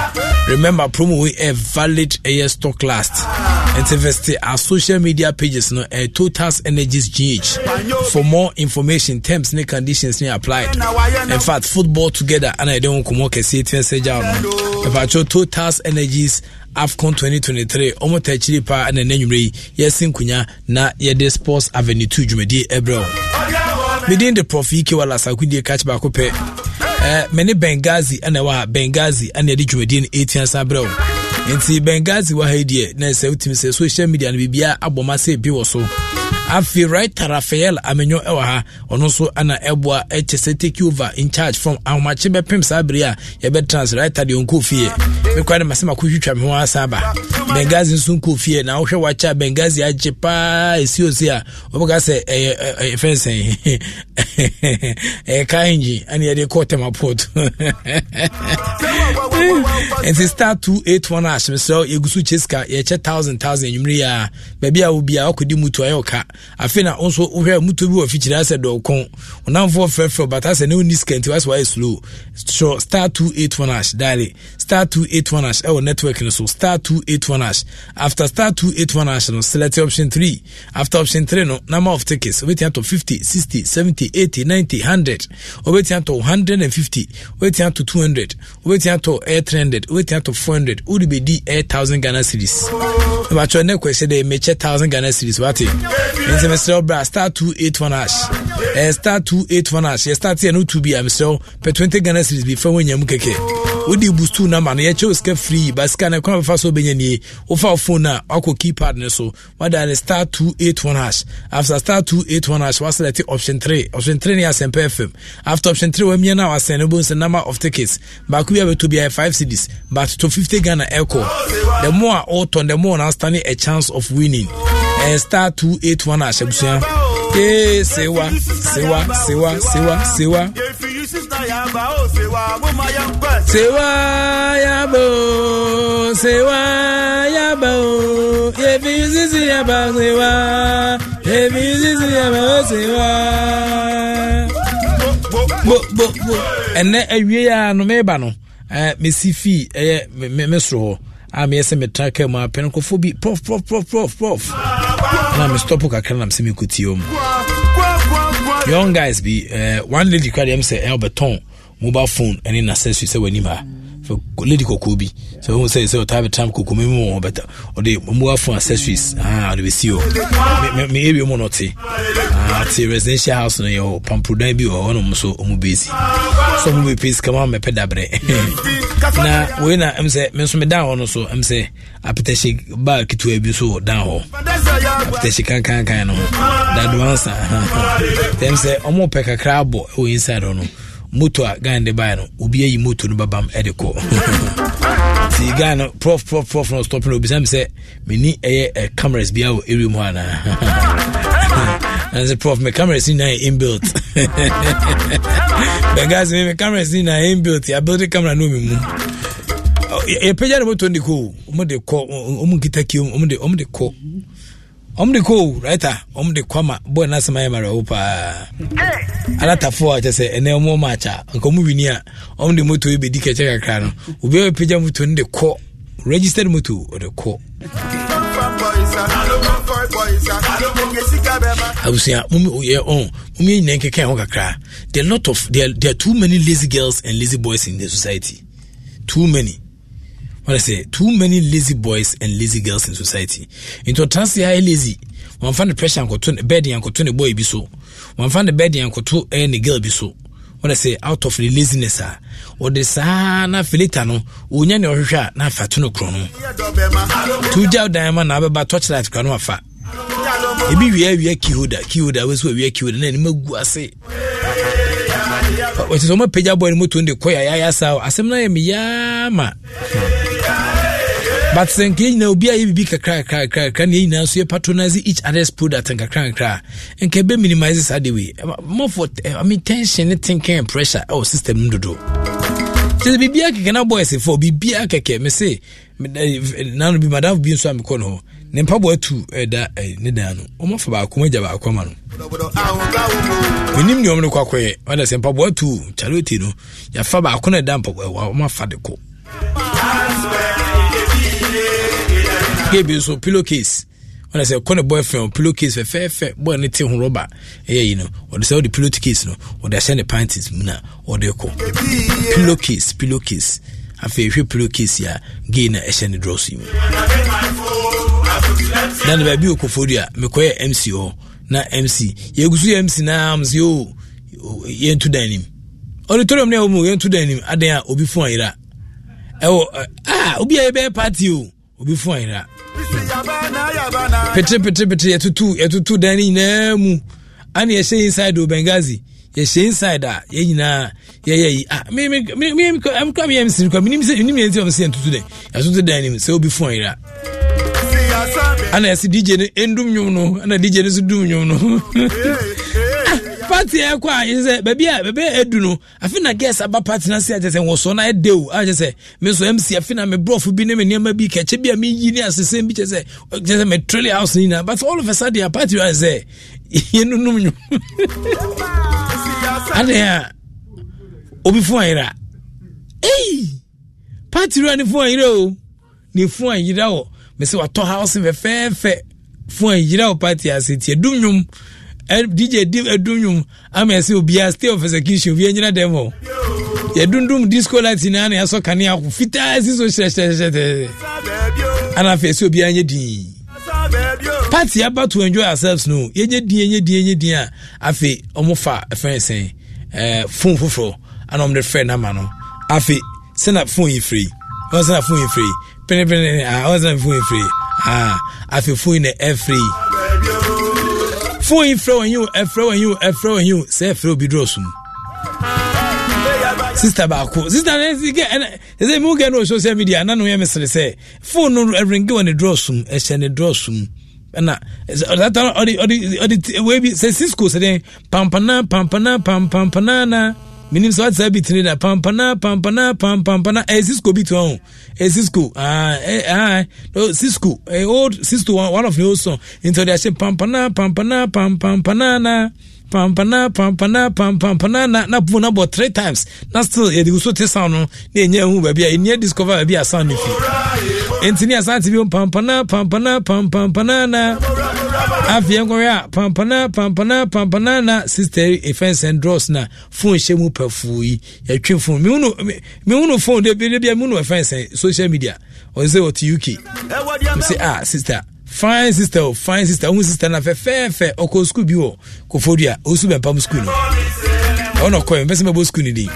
Remember, promo we a valid air stock last. And invest our social media pages no a Total Energies GH. For more information, terms and conditions may apply. In fact, football together and I don't come work a Total Energies afcon 2023 ɔmo tɛkyiri paa na n'anwummerɛ yi yɛsi nkonya na yɛde sports avenue 2 dwumadie ɛbrɛ wo medin de prof yi kewala sakodie catch baako pɛ ɛɛ mene bengazi ɛna ɛwɔ a bengazi ɛna yɛde dwumadie no ɛtia sa brɛ wo nti bengazi wɔ ha yi deɛ na ɛsɛ wotumi sɛ social media no biribia abɔ ma sɛ bi wɔ so afei writer rafael amenyo ɛwɔ eh, ha ɔno nso ana ɛboa ɛkyɛ sɛ take over in charge from ahomakye bɛpem saa bere a yɛbɛtrans writer deɛ ɔnkɔɔ fie mekora ne masɛm akɔhwitwa me ho asa aba bengazi nso nkɔɔ fie na wohwɛ wakyɛ a bengazi agye paa ɛsiosi a wɔbɛka sɛ ɛyɛ fɛn sɛn ɛyɛ car engine ane yɛde kɔɔ temaport nti star 281 ahyemesrɛ yɛgu so kyesika yɛkyɛ 1000 1000 anwummere yi a baabi a wo wakɔdi mutu ayɛ wo afei na nso wohwɛ mutuo bi wɔ fikyiri asɛ dɔɔko ɔnamfoɔ frɛfrɛ bata sɛ ne wonni sika nti wasɛ wayɛ slow sure star 281 ash dale star 281 ash ɛwɔ network no so star 281 ash after star 281 ash no select option 3 after option 3 no number of tickets wobɛtumi atɔ 50 60 70 80 90 100 wobɛtumi atɔ 150 wobɛtumi atɔ 200 wobɛtumi atɔ ɛyɛ 300 wobɛtumi atɔ 400 wode di ɛyɛ 1000 ghana series ɛbatwɛ ne kwɛhyɛ dɛ mekyɛ 1000 ghana series wate nti mesrɛ wo bra star 281 ash eh, star 281 ash yɛstarte ɛno to bi a mesrɛ wo pɛ 20 ghana series bi fa woanya mu kɛkɛ wode busto nama no yɛkyɛ wo sika frii ba sika no ɛkwan bɛfa so wobɛnya nie wofa wo phone a woakɔ keypad no so wada ne star 281 ash after star 281 ash waselɛte option 3 option 3 ne asɛmpa fm after option 3 wamia no a wasɛn no bohu sɛ number of tickets baako bi abɛtɔ biayɛ 5 cities but to 50 ghana ɛkɔ the more a wotɔn the more na wostane a chance of winning eh, star 281 nso na ahyɛ busua ee sewa sewa sewa sewa sewa sewa yabo sewa yabo yefi sisi yaba sewa yefi sisi yaba sewa. bo bo bo ɛnɛ awie a no meba no mesi eh, fii ɛyɛ me soro eh, hɔ Ah, a meyɛ sɛ metra ka mu apɛn nkurɔfoɔ bi prof prof prof prof prof na mestɔpo kakra nam sɛ mekɔtie mu young guys bi uh, one lady kra deɛ m sɛ ɛwobɛtɔn mobile phone ɛne naccessory sɛ w'anim ha lady kɔkɔɔ bi sɛ wohu sɛ sɛ ɔtaa bɛtam kɔkɔ mɛ mu wɔ bɛta ɔde mmoafo accessories ɔde bɛsi hɔ me awie mu no ɔte ɔte residential house no yɛwɔ pamprodan bi wɔ oh, hɔnom so ɔmu bɛsi so ɔmu bɛpɛ sika ma mɛpɛ dabrɛ na wei na m sɛ me nso medan hɔ no so m sɛ apetɛhye baa ketewa bi so dan hɔ apetɛhye kankankan no ho dadoansa ɛm sɛ ɔmo pɛ kakra abɔ ɛwɔ e, inside hɔ no moto a ghana de baeɛ no obi ayi moto no babam de kɔ nti ghana prof prof prof no stop no obisa me sɛ meni ɛyɛ cameras bia wɔ area mu anaa ɛnsɛ prof me cameras nyinaa yɛ inbuilt bɛgas me me cameras nyinaa inbuilt abuilt camera no mi mu yɛpɛgya ne moto no de kɔ ɔmu nkita kio ɔmu de kɔ ɔm de ko raita ɔm de kwama bɔɔl n'asɛm ayɛ mara paa alatafoɔ a kyɛ sɛ ɛnɛ ɔmo ɔmo nka ɔmo wini a ɔm de moto ebedi kɛkyɛ kakra no obi a moto no de kɔ registered moto ɔde kɔ. abusua mumiyɛ oh, ɔn oh. mumiyɛ nyinaa nkeka ɛho kakra there are lot of there are, there are too many lazy girls and lazy boys in the society too many. what I say, too many lazy boys and lazy girls in society. Into trans ya lazy. One found the pressure and cotton bed and cotton boy be so. One found the bed and cotton eh, ne girl be so. What I say, out of the laziness, ah, or the sana filitano, unyan or husha, na fatuno chrono. Two jaw diamond, abba torchlight crano afa. Ebi we are keyholder, keyholder, always we are keyholder, and then we go say wɔte sɛ ɔmapagya bɔ no mu tom de kɔyɛ ayɛayɛ saa asɛm no ayɛ meyaa ma but sɛ nka nyinaa obi a yɛ biribi kakrakrakrakra ne yɛnyinaa nso yɛ patronise each others product nkakrakra a nka ɛbɛ minimize saa de wei mɔfo eh, I mean, tension ne thinking pressure ɛwɔ oh, system no dodo sɛ biribia kɛkɛ na bɔɛsefoɔ biribia kɛkɛ me se eh, nano bi madamfo bi nso a mekɔ no hɔ ne mpaboa tu ɛda eh, eh, ne dan no ɔmafa baako ma agya baako ama no menim deɛ ɔmde kɔ akɔyɛ ɔda sɛ mpaboa tu charity no yɛafa baako no ɛda mpaboa ɔmafa de kɔ gebi nso pillow case ɔna sɛ kɔ ne boyfriend pillow case fɛfɛɛfɛ boy ne te ho rɔba ɛyɛ yi no ɔde sɛ ɔde pillow case no ɔde ahyɛ ne panties mu na ɔde kɔ pillow case pillow case afei ehwɛ pillow case a gay na ɛhyɛ ne drɔs mu na ne baabi okofori a mekɔyɛ mc hɔ na mc yɛgu so yɛ mc na mc o yɛntu dan nim auditorium no ɛwɔmu yɛntu dan nim adan a obi fon ayera ɛwɔ a obi a yɛbɛyɛ party o obi fon ayera petepetepete yɛtutu yɛtutu dan no nyinaa mu ane yɛhyɛ inside o bengazi yɛhyɛ inside a yɛn nyinaa yɛyɛ yi a mmekura meyɛ msi nkwa menim sɛ nim yɛnti ɔm sɛ yɛntutu dɛn yɛtoto dan nim sɛ obi fon ayera ana yɛsi dj no endum nwom no ana dj no nso dum nwom no party ɛ kɔ a yɛ sɛ baabi a baabi a edu no afi na girls aba party na se a kyerɛ sɛ wɔsɔ na ɛde o a kyerɛ sɛ me nso mc afi na me brɔfo bi ne me nneɛma bi kɛkyɛ bi a me yi ne asese bi kyerɛ sɛ kyerɛ sɛ me trele house ni na but all of a sudden a party wa sɛ yɛ nunum nwom ana yɛ obi fún ayira eyi party wa ne fún ayira o ne fún ayira o mese watɔ house fɛfɛɛfɛ fo a yira wo party ase tie dum nwom dj dim edum nwom ama ɛsɛ obiara stay of execution obiara nyina dɛm hɔ yɛdundum disco light nyinaa na yɛsɔ kanea ko fitaa si so hyerɛhyerɛhyerɛ ana afei ɛsɛ obiara nyɛ dinn party aba to enjoy ourselves no yɛnyɛ din yɛnyɛ din yɛnyɛ din a afei ɔmo fa ɛfɛn sɛn ɛɛ phone foforɔ ana ɔmo de fɛ n'ama no afei sɛna phone yi firi ɔmo sɛna phone yi firi penepene a ɔsan fo efiri a afi fo na efiri fo yi frɛ wɔn yi o ɛfrɛ wɔn yi o ɛfrɛ wɔn yi o sɛ ɛfrɛ obi dɔɔso mu sista baako sista ne si kɛ ɛna ɛsɛ mu kɛ no social media nanu yɛ misiri sɛ fone no ɛrinke wɔ ne dɔɔso mu ɛhyɛ ne dɔɔso mu ɛna ɔdi ɔdi ɔdi ɔdi wei bi sɛ cisco sɛ de pampana pampana pampana na menim sɛ wate saa bi tene da pampana pampana pampampana eh, cisco bi to ho eh, cisco ah, eh, ah, no, cisco eh, old cisco one, one of the old song nti ɔde ahyɛ pampana pampana pampampana na pampana pampana pampampana na na po na bɔ three times na still yɛde so te sound no na ɛnyɛ hu baabi a ɛnyɛ discover baabi a sound no fi nti asante bio pampana pampana pampampana na afei nkɔhwɛ a pampana pampana pampana na sister efɛnse ndros na phone hyɛ mu pɛfuu yi yɛtwe phone mehunu phone de bi de bi a mehunu efɛnse social media ɔn sɛ ɔte uk sɛ ah sister fine sister oh, fine sister ohun sister na fɛfɛɛfɛ ɔkɔ sukuu bi wɔ kofodua osu bɛnpam sukuu no ɔna ɔkɔ yɛ mpɛsɛ mɛbɔ sukuu no de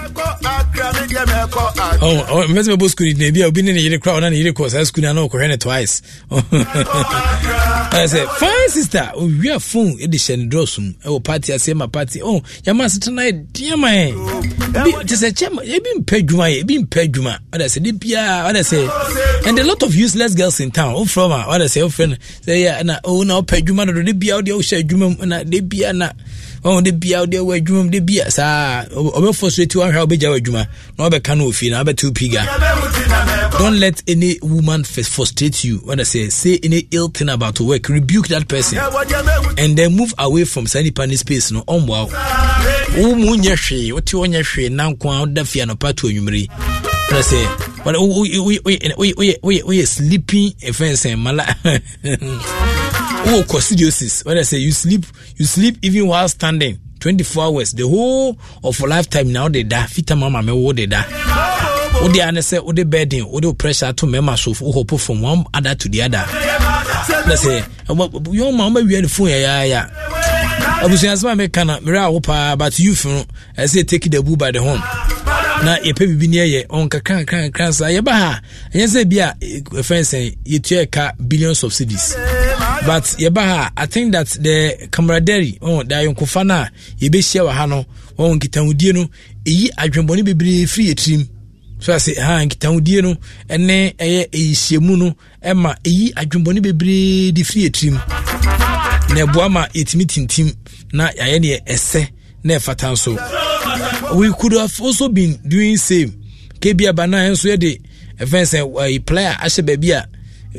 mɛsɛ mɛbɔ skul no bi a obi ne ne yere kora ɔna ne yere kɔ saa skul no ana wɔkɔhwɛ ne twice oh. sɛ fine sister owia phone de hyɛ ne dɔso mu ɛwɔ party aseɛ ma party oh yɛma asetena yɛ deɛma ɛ te sɛ kyɛma ebi mpɛ adwuma yɛ ebi mpɛ adwuma ɔda sɛ de biaa ɔda sɛ and a lot of useless girls in town wofrɛ ma ɔda sɛ wofrɛ no sɛ yɛ na ɔwo oh, na wopɛ adwuma dodo de biaa wode wohyɛ adwuma mu na de biaa oh, na ɔn de bia ɔde wɔ adwuma de bia saa ɔbɛfɔ so eti wahwɛ ɔbɛgya wɔ adwuma na ɔbɛka no ofie na ɔbɛte opiga don't let any woman frustrate you when I say say any ill thing about work rebuke that person and then move away from saa nipa ne space no ɔmboa wo wo mu nyɛ hwee wote wɔ nyɛ hwee nanko a woda fie anɔpa to anwummere na sɛ woyɛ sleeping ɛfɛn sɛn mala wo coccidiosis when i say you sleep you sleep even while standing 24 hours the whole of a lifetime Now they die. fita mama me wode da wode ane sɛ wode burden wode pressure to mɛma so wohɔpo from one other to the other Let's na sɛ yɔma womawia the phone yeah yeah abusuasɛm a meka no merɛ a wo paa but youth no ɛsɛ take the bull by the horn na yɛpɛ biribi ne ɛyɛ ɔnkakrankrankran saa yɛba ha ɛnyɛ sɛ bi a ɛfɛn sɛn yɛtua ɛka billions of cities but yɛba ha i think that the camaraderie oh, the ayɔnkofa no a yɛbɛhyia wɔ ha no wɔn oh, nkitahodie no ɛyi adwembɔne bebree firi yɛtirim so ase ha nkitahodie no ɛne ɛyɛ ɛyihyiamu no ɛma ɛyi adwembɔne bebree de firi yɛtirim na ɛboa ma yɛtumi tintim na yɛayɛ neɛ ɛsɛ na ɛfata nso we could have also been doing same kebi aba na nso yɛde ɛfɛn sɛ player ahyɛ baabi a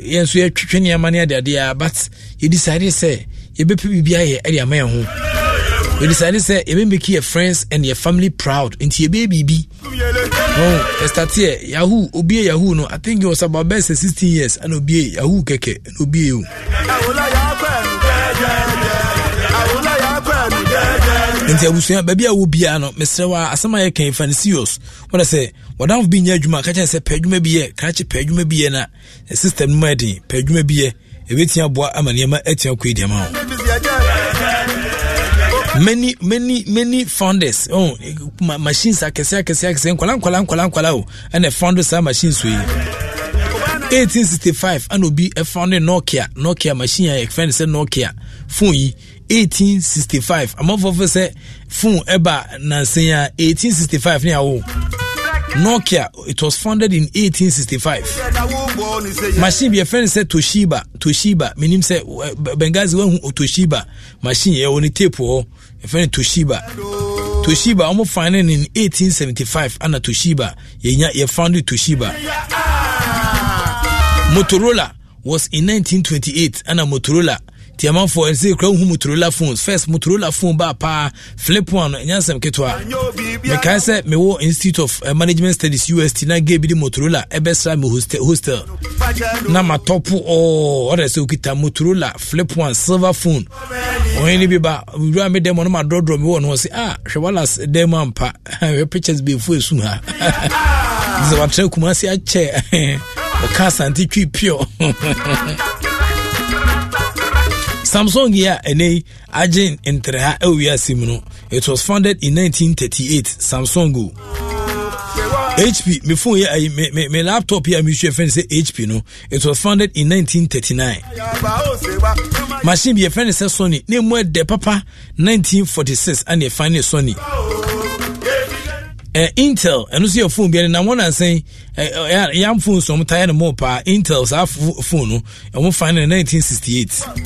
yɛn nso yɛtwitwe nneɛma ne adeadeɛ a but yɛdecide sɛ yɛbɛpɛ biribi ayɛ ɛde ama yɛn ho yɛdecide sɛ yɛbɛmake yɛ friends and yɛ family proud nti yɛbɛyɛ biribi oh, ɛstateɛ yahoo obie yahoo no i think it was about best 16 years ana obie yahoo kɛkɛ na obie o nti abusua baabi a wɔ biara no mesrɛ wɔ asɛm a yɛka fa no serious wɔdɛ sɛ wɔdamfo bi nyɛ adwuma ka kyɛn sɛ pɛ adwuma bi krakye pɛ adwuma bi na eh, system no ma ɛden pɛ adwuma bi ɛbɛtia aboa ama nneɛma atua kɔ adiama wo many many many founders oh, ma machines akɛseɛ akɛseɛ akɛseɛ nkwala nkwala nkwala nkwala o ɛna founders saa machines wɔ 1865 ana obi ɛfound eh, nokia nokia machine a yɛfɛ no sɛ nokia phone yi 1865 amanfoɔfo sɛ phone ɛba nansen ya 1865 ne awo nokia it was founded in 1865 machine bi yɛfrɛ no sɛ toshiba toshiba menim sɛ eh, benghazi wahu oh, toshiba machine yɛwɔ ne tape hɔ oh. yɛfrɛ toshiba toshiba ɔmo fane no in 1875 ana toshiba yɛnya founded toshiba motorola was in 1928 ana motorola tiamanfoɔ ɛn eh, sɛ kura wohu motorola phones first motorola phone baa paa flip one ɛnyɛ eh, nsɛm ketewa mekae sɛ mewɔ institute of uh, management studies ust na ge bi de motorola ɛbɛsra me hostel, hostel. na matɔpo oh, ɔɔ ɔdɛ sɛ okita motorola flip one silver phone ɔyɛ ne bi ba wura me dɛm ɔno ma dɔdɔ me wɔ no sɛ ah hwɛ walas dɛm ampa hwɛ pictures bɛfu ɛsu ha sɛ watrɛ kumase akyɛ ɔka asante twi pio samsung yi a ɛnɛ yi agye ntere ha ɛwɔ ase mu no it was founded in 1938 samsung o hp me phone yi me me me laptop yi a mi su yɛ fɛn sɛ hp no it was founded in 1939 machine bi yɛ fɛn sɛ sony ne mu ɛdɛ papa 1946 ɛna yɛ fan ne sony. Uh, intel ɛno nso yɛ phone biara nam wɔn asan yam phone so ɔmo tayɛ no mo paa intel saa phone no ɔmo fan no 1968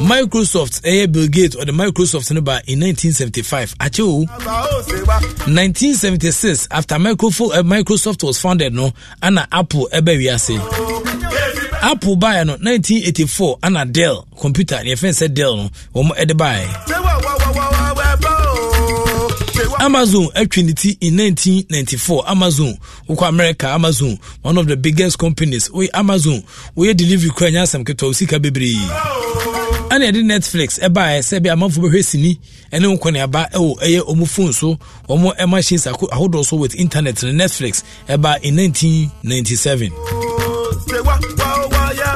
microsoft ɛyɛ eh, bill gates ɔde microsoft no ba in 1975 akyɛ o 1976 after eh, microsoft was founded no ana apple ɛbɛ wiase. apple baeɛ no 1984 ana dell computer neɛ fɛn sɛ dell no wɔn ɛde baeɛ Amazon Trinity in 1994. Amazon, Uko America, Amazon, one of the biggest companies. We Amazon, we delivery kwa nyasam keto usika bebre. Ana yɛde Netflix ɛba a sɛ bi amanfo bɛhwɛ sini ɛne nkɔne aba ɛwɔ ɛyɛ ɔmo phone so ɔmo machines ahodoɔ so with internet ne Netflix ɛba in 1997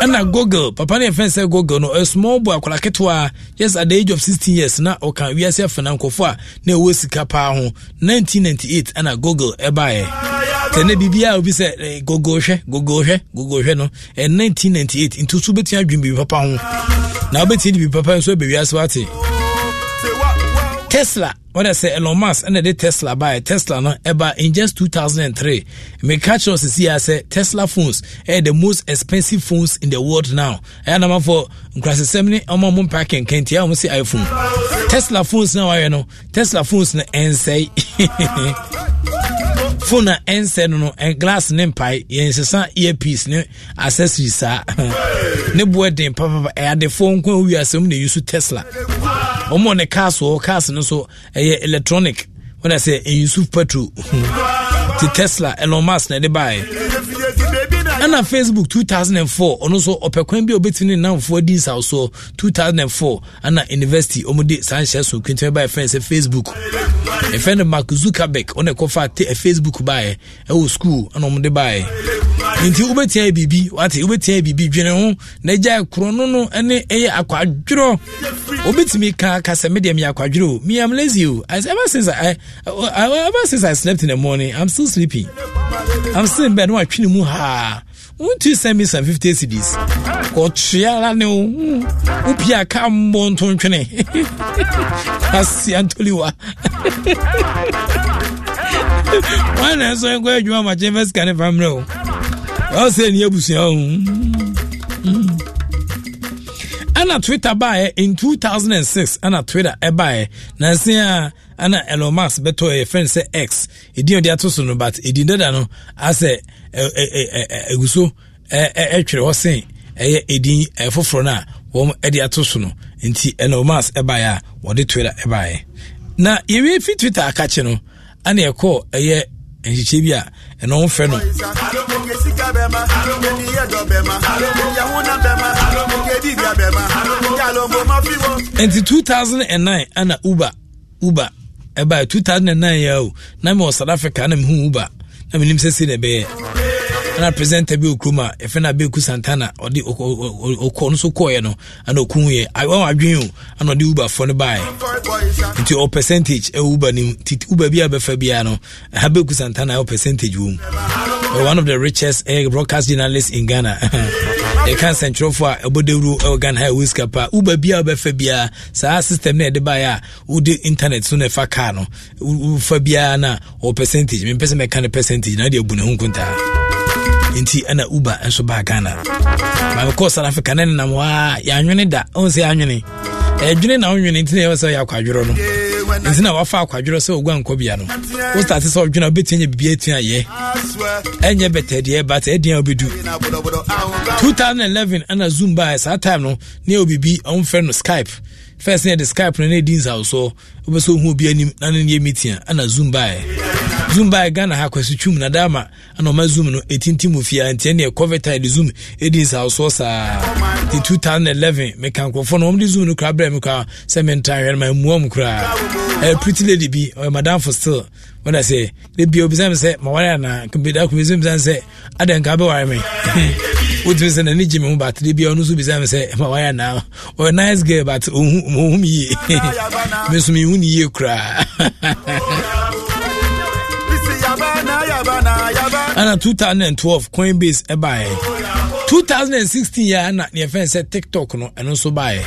ɛna google papa no yɛfɛn sɛ google no a small boy akwara ketewa just at the age of 16 years na ɔka wiase afena nkɔfoɔ a na ɛwɔ sika paa ho 1998 ɛna google ɛbaeɛ sɛnɛ biribia obi sɛ eh, google hwɛ google hwɛ google hwɛ no ɛ 1998 nti so wobɛtumi adwen biribi papa ho na wobɛtumi de biribi papa nso abɛwiase wate tesla wɔde sɛ elon musk ɛna de tesla baɛ tesla no ɛba in just 2003 meka kyerɛ sisi a sɛ tesla phones ɛyɛ the most expensive phones in the world now ɛyɛ nama fɔ nkurasɛsɛm ne ɔma mo mpa kɛnkɛn tia ɔmo sɛ iphone tesla phones na wayɛ no tesla phones no ɛnsɛe phone a ɛnsɛ no no glass ne mpae yɛnsesa earpiece ne accessories saa ne boɛ den papapa ɛyadefoɔ nko a wowie asɛm na ɛyi tesla ɔmɔ ne cars wɔ cars no so ɛyɛ electronic wɔna sɛ Yusuf so petrol nti tesla elon musk na ɛde baeɛ ɛna facebook 2004 ɔno nso ɔpɛ kwan bi a obɛtumi ne nnamfoɔ di nsawosoɔ 2004 ana university ɔmde saa nhyɛ so kwintumi baɛ fɛn sɛ facebook ɛfɛ no mark zuckerberg ɔne ɛkɔfa te facebook baeɛ ɛwɔ school ɛna ɔmde baeɛ nti wobɛtia biribi wate wobɛtia biribi dwene ho na gyae korɔ no no ne ɛyɛ akwadworɔ wobɛtumi ka ka sɛ medeɛ meyɛ akwadworɛ o me am lazy o ever since I, ever since i slept in the morning i'm still sleeping. I'm still in bed. No, I treat him ha. Won't you send me some 50 CDs? Kochiala ne upia kambo ntontwene. Asi antoliwa. Wana nso nkwa adwuma ma James ka ne famre o. Ɔsɛ ni abusua o. Ana Twitter bae in 2006 ana Twitter ɛbae. E Nansi a ana elon musk bɛtɔ ɛyɛ friend sɛ x ɛdin ɔde ato so no but ɛdin dada no asɛ eguso so ɛtwerɛ hɔ sen ɛyɛ ɛdin foforɔ no a wɔn ɛde ato so no nti elon musk ɛbaeɛ a wɔde twitter ɛbaeɛ na yɛwie fi twitter akakye no ana ɛkɔ ɛyɛ nhyehyɛ bi a ɛno ho fɛ no nti 2009 uber uber ɛbaa 2009 yɛ o na mewɔ south africa na mehu uba na menim sɛ sei na ɛbɛyɛ ana presenter bi okurum a yɛfɛ no abeku santana ɔde ɔkɔ no kɔɔɛ no ana ɔkuuyɛ wɔn adwene o ana ɔde uberfoɔ no baeɛ nti ɔ percentage ɛwɔ uber no mu nti uber bi a bɛfa no abeku santana ɛwɔ percentage wɔ mu one of the richest eh, broadcast journalists in ghana yɛka nsɛnkyerɛfoɔ a ɛbɔ dawuro ɛwɔ ghana ha ɛwɔ sika paa uber bi a wɔbɛfa biara saa system no yɛde baeɛ a wode internet so na ɛfa car no wofa biara no a ɔwɔ percentage mempɛ sɛ mɛka no percentage na wode abu ne ho nkontaa nti ɛna uber nso baa ghana maame south africa ne nenam hɔ a yɛanwene da ɔhu sɛ yɛanwene ɛdwene na wonwene nti na ɛwɔ sɛ yɛ akwadwerɛ no nti na wafa akwadwerɛ sɛ ɔgua nkɔbea no wo state sɛ ɔdwene a wobɛtumi nya biribia atua yɛ ɛnyɛ bɛtɛdeɛ bat ɛdeɛ a wobɛdu 2011 ɛna zoom baɛ saa time no ne ɛwɔ biribi ɔmfrɛ no skype first ne de skype no ne di nsaw so wobɛ sɛ ohu obi anim na no yɛ meeting a ana zoom baeɛ zoom baeɛ ghana ha kwaso twum na dama ana ɔma zoom no ɛtinti mu fie a ntiɛ neɛ covid time de zoom ɛdi nsaw oh, so saa nti 2011 meka nkurɔfoɔ no ɔmde zoom no koraa berɛ me koraa sɛ mentan hwɛ no ma mmua mu koraa ɛyɛ pretty lady bi ɔyɛ madamfo still wɔda sɛ ne bia obisa me sɛ maware anaa kambida kobɛsɛ bisa me sɛ adɛn ka bɛware me wotumi sɛ n'ani gye me ho but de bia ɔno nso bisa me sɛ ma wayɛ na ɔyɛ nice girl but ɔhu me yie me nso mehu ne yie koraa ana 2012 coinbase ɛbaeɛ 2016 yɛ na neɛ fɛn sɛ tiktok no ɛno nso baeɛ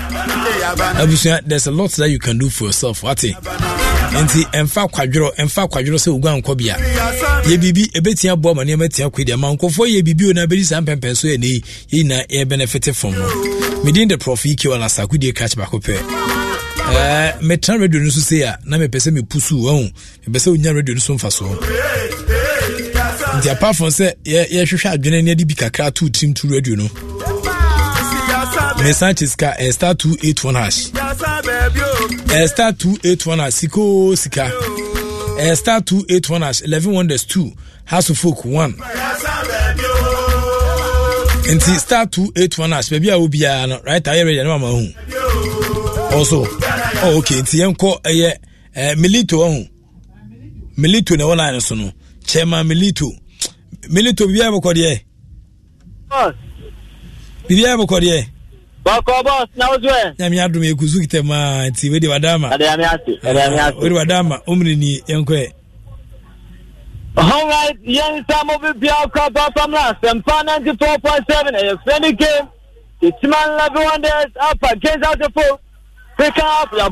abusua there's a lot that you can do for yourself wate nti ɛmfa kwadwerɛ ɛmfa kwadwerɛ sɛ ogua nkɔ bia yɛ biribi ɛbɛtia boa ma nneɛma tia kɔ di ama nkɔfoɔ yɛ biribi o na bɛdi saa mpɛmpɛn so ɛne yi yɛ nyinaa yɛbɛnɛfete fam no medin de prɔf yike wɔ nasakodie baako pɛ metena radio no so sei a na mepɛ sɛ mepusu ɔhu mepɛ sɛ wonya radio no so mfa soɔ nti apart from sɛ yɛhwehwɛ adwene ne ade bi kakra to tirim to radio no ne sanchez eh, two eight one hash ɛstar eh, 281 hash sikoo sika ɛstar eh, 281 hash 11 wonders two house of folk 1 nti star 281 hash baabi a wo biara uh, no right ayɛ ready no ma hu ɔso oh, ok nti yɛnkɔ ɛyɛ eh, milito ɔho oh, milito na ɛwɔ line so no chairman milito milito biribiara bɛkɔ deɛ biribiara Bako boss na ozwe. Nyame adum ekuzu kitema nti wedi wadama. Ade ame ase. Ade ame ah, ase. Wedi wadama umri ni yenkwe. All right, yen samo bi bia 94.7 a friendly game. It's man love wonders up against out the foot. Pick up your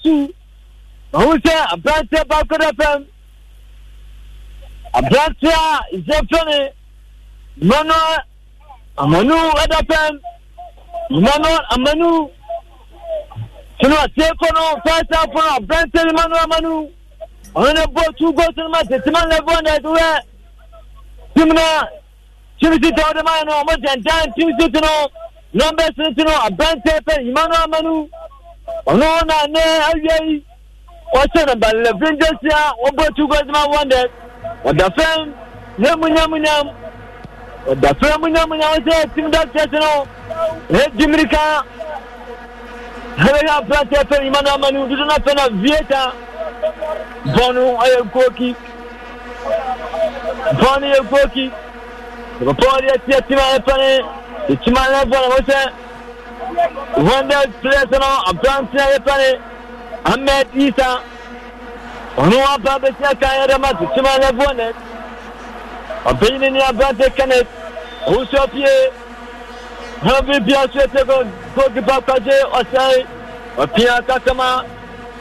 Sube ahosuo aberanteɛ baako dɛ pɛm aberanteɛ a nse fene mmanu amanu ɛdɛ pɛm mmanu amanu tunu ɔtie kɔ no fɛsɛ fɔ no aberanteɛ bi manu amanu ɔno ne bɔ tu go sinu ma tete ma lɛbɔ na ɛdi wɛ tim na tim si tɛ ɔdi ma yɛ no ɔmo gyɛntan tim si ti no nɔmbɛ si ti no aberanteɛ pɛ mmanu amanu ɔno na ne awia yi wɔhyɛ no balelɛfiri nkyɛsia wɔbɔ tu gɔdima wɔndɛ wɔda fɛm nyamunyamunyam wɔda fɛm munyamunyam sɛ tim dɔkitɛsi no ɛdimirika ɛbɛyɛ aperantɛ fɛ nyima no ama no dodo no afɛ no avieta bɔno ɛyɛ nkoki bɔno yɛ nkoki papa wɔde ɛteɛ tim a ne ɛkyima no wɔndɛ players no aberanteɛ yɛfɛ Ahmed Isa ɔno aba bɛsi aka yɛdɛma tetem anyɛboɔ nɛ ɔbɛyi ne bien abrante kenneth ɔwosua pie hanbi bia so ɛte goalkeeper kwagye ɔsɛe ɔpia kakama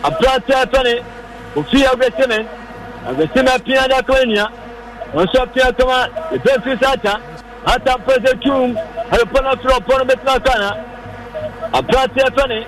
abrante ɛpɛne ofi agresime agresime pia de akama nua ɔnso pia kama ɛbɛmfiri sɛ ata ata mpɛ tum il no afiri ɔpɔ kana abrante pied.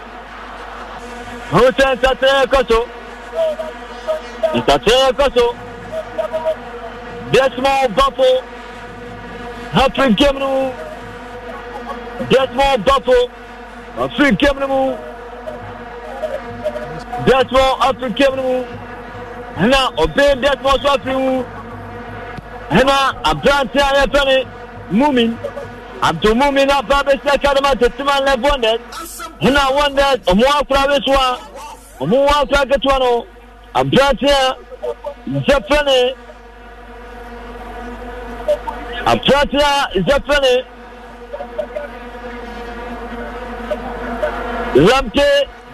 Hussein Satere Koso. Satere Koso. Desmond Buffo. Hafin Kemnu. Desmond Buffo. Hafin Kemnu. Desmond Hafin Kemnu. Na obey Desmond Swafin. Na Abrantia Yefene. Mumin. Mumin abdulmumin ababesa karama tetima lɛ bɔndɛ muna wɔndɛ ɔmo akora bɛ so a ɔmo wɔ akora ketewa no aberanteɛ nsɛfɛ ne aberanteɛ nsɛfɛ ne lamte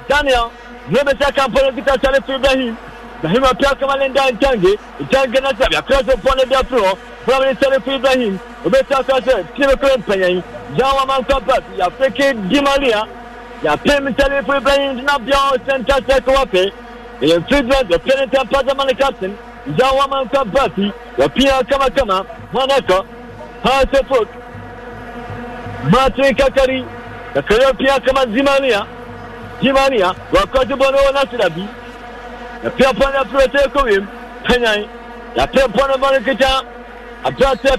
daniel ne bɛ sɛ kampani kita sare firi bɛhin ibrahim apia kamalen da ntange ntange na sabi apia so bɔ ne da firi hɔ fúlàmù ní sẹ́ni fún ibrahim obìnrin sọ sẹ tíìmù kílẹ̀ mpẹ̀yẹ̀yìn yàwọn máa ń kọ́ bẹ́ẹ̀ yàfẹ́ kí dimaria yàfẹ́ mi sẹ́ni fún ibrahim nàbíà sẹ́ńtà sẹ́kọ̀ wà fẹ́ èyàn fún ibrahim yàfẹ́ ní sẹ́ni pàjámánì captain yàwọn máa ń kọ́ bẹ́ẹ̀ yàfẹ́ yà kámakama wọn ẹ̀kọ́ hansi folk martin kakari kakari yàfẹ́ yà kama dimaria dimaria wà kọ́ dìbò ní wọn náà yɛpɛ pɔ no afiri sɛ ɛkɔ wiem panyan yɛpɛ pɔ no ma no nkita aberɛsɛ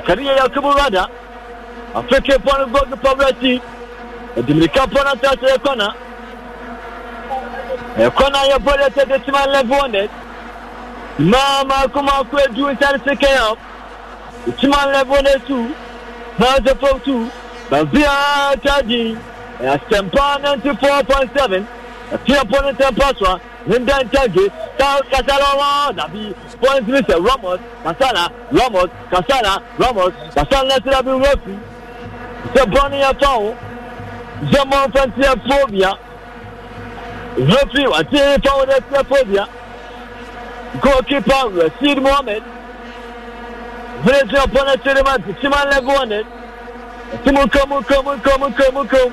pɛne yakubu rada afeke pɔ no gɔg pɔbrɛsi adimirika pɔ no asase yɛkɔ na ɛkɔ na yɛ bɔde sɛ desima level hundred mmaa mako mako edu nsane sekɛn a desima level hundred two naa sɛ fom two na biara kyagyin asɛmpa ninety four point seven ɛtiɛpɔ ne ntɛmpa soa ne ntɛntɛnge kasala dabi point three sɛ ramos kasala ramos kasala ramos kasala nɛsira bi wura fi ntɛmpa ne yɛ fa ho zɛmɔ nfɛntiɛ fobia wura fi wa ti fa ho ne tiɛ fobia goalkeeper rasheed mohammed vinesi ɔpɔ ne kyerɛ ma ti tima lɛbi wɔn ne ti mu kom kom kom kom kom.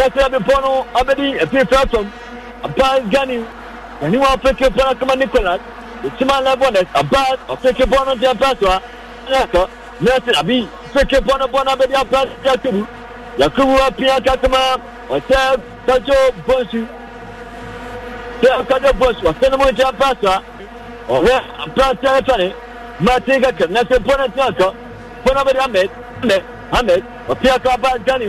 à bepɔ a abɛdi ɛpirifratom la gani ɛniwa ɔpeke bɔ no kama nicolas ɛtima lɛbɔnes abas vous. bɔ no de abrasoa ɛnaka nyɛsɛ abi peke bɔ no bɔ no abɛdi abras yakubu yakubu apia kakama ɔsɛ kajo bonsu sɛ kajo bonsu ɔsɛ no de gani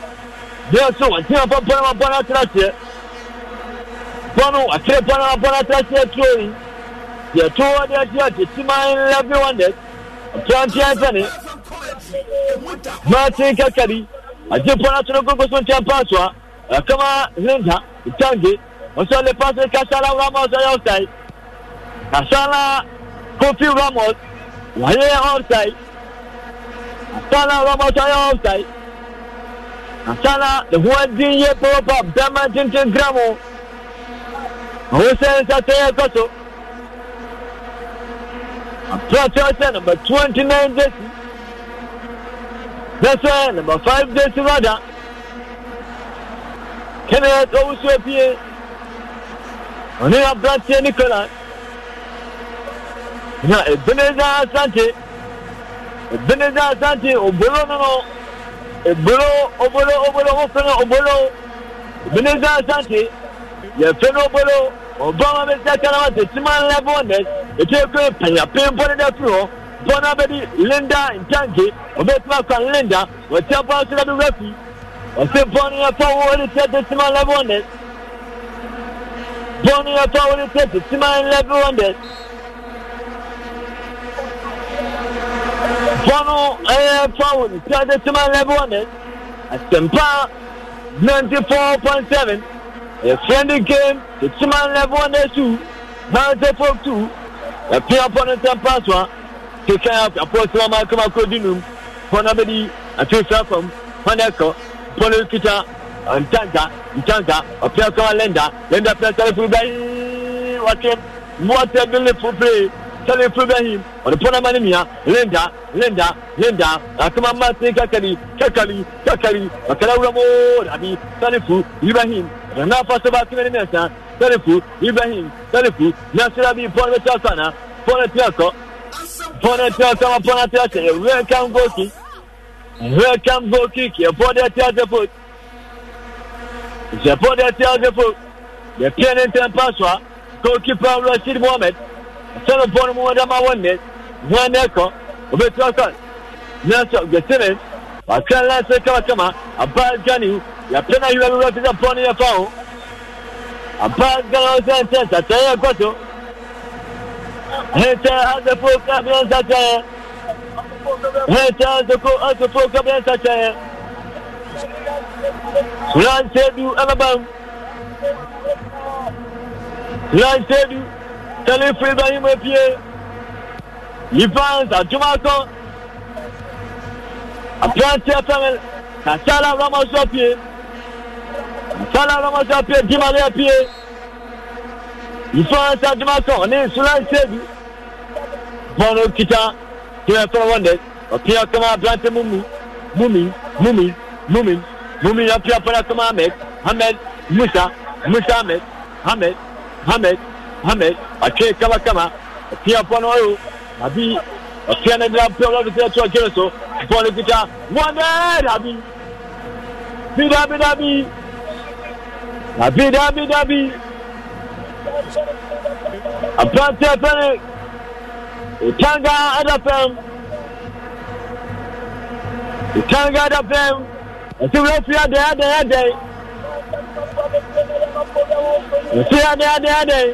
Jésù wàtí àpá bọ́nà bọ́nà àtàràtìẹ. Bọ́nà wàtí bọ́nà bọ́nà àtàràtìẹ tó yìí. Yẹ tó wọ́n di ẹtí àti tí máa ń lẹ́bí wọn dẹ̀. Ọ̀túnrántí ẹ̀fẹ̀ ni. Mọ́tí kẹ́kẹ́rì. Àti bọ́nà tó ní gbogbo sóńtì ẹ̀pá àtúwá. Ẹ̀kọ́má Linda Ìtàǹgé. Wọ́n sọ lè pàṣẹ Kásálà Ramos ọ̀yọ́ ọ̀sáì. Kásálà Kofi Ramos wàyé ọ̀sáì. Kásálà Ramos ọ̀yọ́ ọ̀sáì asana ne ho adin yie pɔpɔpɔ bɛrima tenten kura mu ahosuo nsatɔ yɛ kɔ so atorɔtɔ sɛ namba twenty nine desi ne sɛ namba five desi rada kenneth owusuo pie ɔne aberanteɛ nicolas na ebeneza asante ebeneza asante obolo no no ebolo obolo obolo wofɛnɛ obolo minisa asante yɛfɛnɛ obolo ɔbɔnma bɛ sɛ kalama tɛ siman lɛbɔ nɛ ete ekoe panyapen bɔne dɛ firi hɔ bɔna bɛ di linda ntanke ɔbɛ tuma kan linda wɔtɛ bɔn sira bi wɛfi ɔsɛ bɔne yɛ fɔ wɔli sɛ tɛ siman lɛbɔ nɛ bɔne yɛ fɔ wɔli sɛ tɛ siman lɛbɔ nɛ. fɔno ɛyɛ fawon tí a ti tuma lɛbi wɔn asempa ninety four point seven e e a friendly game ti tuma lɛbi wɔn Two, ninety four two ɛpia pɔnne sɛmpa soa keka apɔsɛn ɔmo akama kuro di num pɔnne abɛdi ati sa fam pɔnne ɛkɔ pɔnne kita ntanta ntanta ɔpia kama lɛnda lɛnda pɛrɛsɛrɛ furu bɛyi wɔtɛ mɔtɛ bi ne fufure sani ibrahim ɔde pɔnna ma ne mia linda linda linda akama ma se kakari kakari kakari akara wura mo dabi sani fu ibrahim ɔde n'afa sɛba kɛmɛ ne mɛnsa sani fu ibrahim sani fu nasira bi pɔnne bɛ tia sɔ ana pɔnne tia sɔ pɔnne tia sɔ ma pɔnne tia sɛ ɛwɛ kan go ki ɛwɛ kan go ki kɛ pɔnne tia sɛ fo sɛ pɔnne tia sɛ fo yɛ pɛnɛ tɛ pa sɔ goalkeeper rashid mohammed sɛnɛ bɔɔlu mu wɔdɛ ma wɔ nɛ hɔn nɛ kɔ o bɛ tura kan nɛsɛ gɛtɛnɛ a kɛra lɛsɛ kamakama a ba gani ya pɛnɛ yɛ wɛrɛ ti sɛ bɔɔlu yɛ fa o a ba gani sɛ tɛ tɛ yɛ kɔtɔ hɛn tɛ azɛ fo kabila nsɛ tɛ hɛn tɛ azɛ fo azɛ fo kabila nsɛ tɛ fulansɛ du ɛlɛbɛn fulansɛ du. Il fèrèdà yìí mọ̀ fìyè Il àjùmọ̀tò àpẹ́ǹtì ẹ̀fẹ̀mẹ̀ kàṣálà rọmọṣọ́ fìyè kàṣálà rọmọṣọ́ fìyè dìmọ̀lẹ́ fìyè yìfáǹsì àjùmọ̀tò ní ìsúláṣẹ́bì a kìtà tí wọ́n fọwọ́ ndẹ̀ ọ̀pẹ́ ọ̀kọ́mọ àpẹ́ǹtì Mumi, Mumi, Mumi. mumi ọ̀pẹ́ ahmed ahmed musa musa ahmed ahmed ahmed. Ahmed atwe kama kama pia bɔn ɔyɛ abi ɔtwe ne dira pɛ ɔlɔdi tɛ tɔ kyerɛ so bɔn ne kita mohammed abi bidabidabi abidabidabi aberanteɛ pɛne otanga ada fam otanga ada fam ɛsewura fi adɛn adɛn adɛn ɛsewura adɛn adɛn adɛn.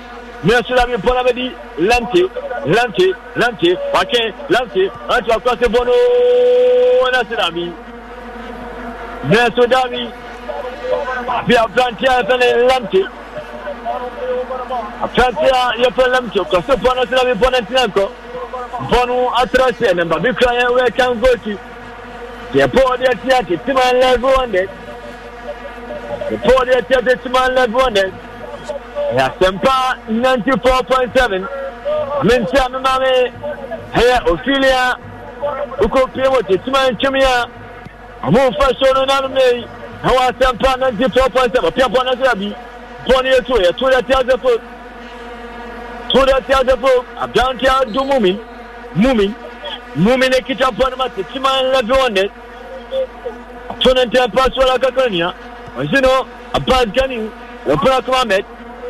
Minnesota mi bọ́lá bẹ́ẹ̀ di lante lante lante wàkẹ́ lante láti wà kọ́sẹ́ bọ́nú Minnesota mi Minnesota mi àfi àbúrántí àyẹ̀fẹ́lẹ́ lante àbúrántí àyẹ̀fẹ́lẹ́ lante kọ́sẹ́ bọ́nú sílẹ̀ mi bọ́nú ẹ̀tí náà kọ́ bọ́nú atẹ́rẹ́sì ẹ̀ nàmbà bí kúrò yẹn wẹ́ẹ́ kán góòtì yẹ bọ́ọ̀ díẹ̀ tí a ti tìmọ̀ ẹ̀ lẹ́gbẹ̀ẹ́ wọ́n dẹ̀ bọ́ọ̀ díẹ̀ tí a ti tìmọ̀ ẹ̀ lẹ́gbẹ̀ẹ́ wọ́n dẹ̀ asɛmpa 94.7 mente a mema me ɛyɛ ofilia wokɔpie wɔ tetuma ntwemi a ɔmomfa so no nanom ei ɛwɔ asɛmpa 94.7 ɔpeapɔ no sɛ bi pɔ no yɛtuo yɛto dɛ te asɛ fo to dɛ te asɛ fo abrante ado mumi mumi mumi ne kita pɔ no ma tetuma lɛvi wɔ nɛ ɔto no ntɛmpa so ala kakra nua ɔsi no abad gani wɔpra kama mɛt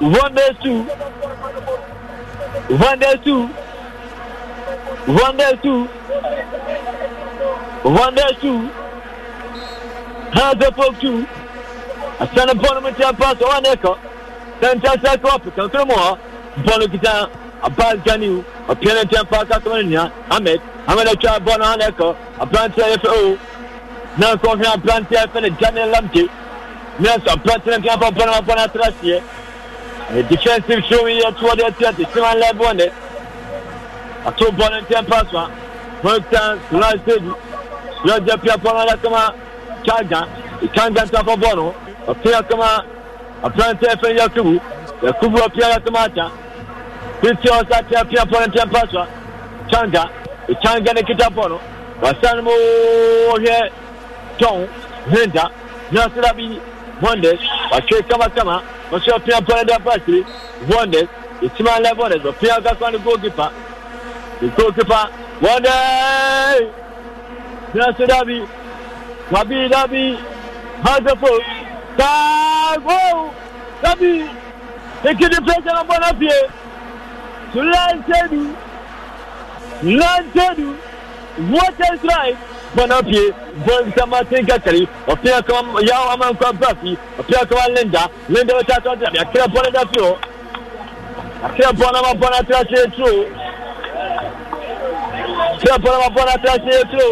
Vandestu. Vandestu. Vandestu. Vandestu. Has a folk too. A son of Bonamutia Pass or an echo. Santa Copy, Kankramore, Bonakita, a Bad Janu, a Pianita Pass Akamania, Ahmed, Ahmed Acha Bonan Echo, a Plantia FO, Nanko I'm FN, a Janet Lamti, Nanko Plantia Bonapana Trassier a eh, defensive showing here toward the 30, Simon Lebonde. Eh? A two ball and 10 pass one. First time, last stage, Roger Piaponga Kama, Chaga, Kanga Tapo Bono, a player Kama, a plant FN Yakubu, the Kubu of Pia Kamata, Fifty or Satia Piapon and 10 pass one. Changa, Changa Nikita Bono, Wasanmo here, John, Linda, Yasirabi. Mondes watwe kamakama nso ɔpea pɔnne de apaakiri Mondes etima lɛ Mondes ɔpea kakwa ne goalkeeper ne goalkeeper Mondes gyinaso dabi dabi dabi hazefo taago dabi ekidi pɛsɛ na bɔ na fie tulantɛdu tulantɛdu wɔtɛ strike bɔna fie bɔnsɛmasen kɛtɛri ɔfia kama yawo amankwa bafi ɔfia kama linda linda bɛ taa tɔn tɛbi akira bɔna da fi o akira bɔna ma bɔna tira se turo akira bɔna ma bɔna tira se turo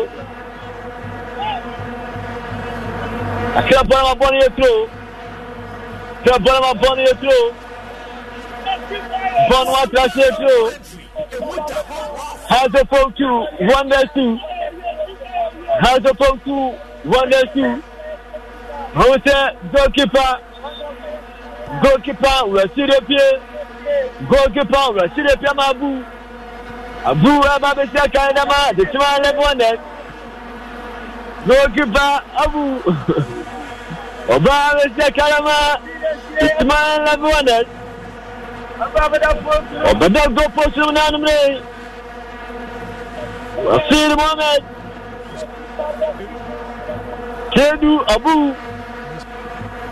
akira bɔna ma bɔna ye turo akira bɔna ma bɔna ye turo bɔna ma tira se turo hazefo tu One tu. hazopautu wanesu hausa goalkeeper goalkeeper wurasire pie goalkeeper wurasire pie ma bu abu aba besi aka yi dama Le tuma lebe one goalkeeper abu ọba besi aka dama de tuma lebe one ọbẹdẹ ne Sedu Abu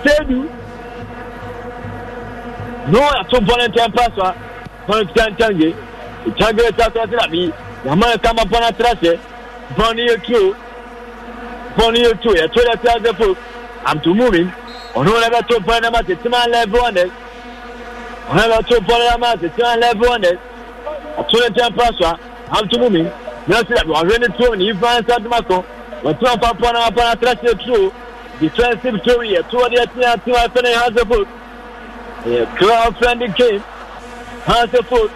Sedu no ato bɔne ntɛn pa so a bɔne ntɛn ntɛn ye ekyagbe ekyatɔ ti na mi yamma yɛ kama bɔne atera sɛ bɔne yɛ tuo bɔne yɛ tuo yɛ to yɛ tera sɛ fo abdulmumin ɔno na bɛ to bɔne na ma tete ma lɛbi wɔn dɛ ɔno na bɛ to bɔne na ma tete ma lɛbi wɔn dɛ ato nansi dabi wahwɛ ne turo ne ivan saduma so wɔtena papa na papa na trɛsɛ turo defensive turo yɛ turo deɛ tea tea afɛ ne hanseford ɛyɛ crowd friendly game hanseford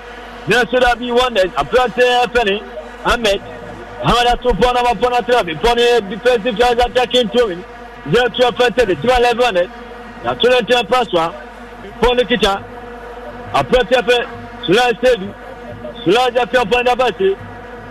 nansi dabi wonders aberante afɛ ne ahmed ahmed ato pɔ na papa na trɛsɛ pɔ ne defensive charge attacking turo ne zero two offensive the two eleven hundred na two hundred ten pass wa pɔ ne kita aberante afɛ sulai sedu sulai jɛ fɛn pɔn ne abɛɛse.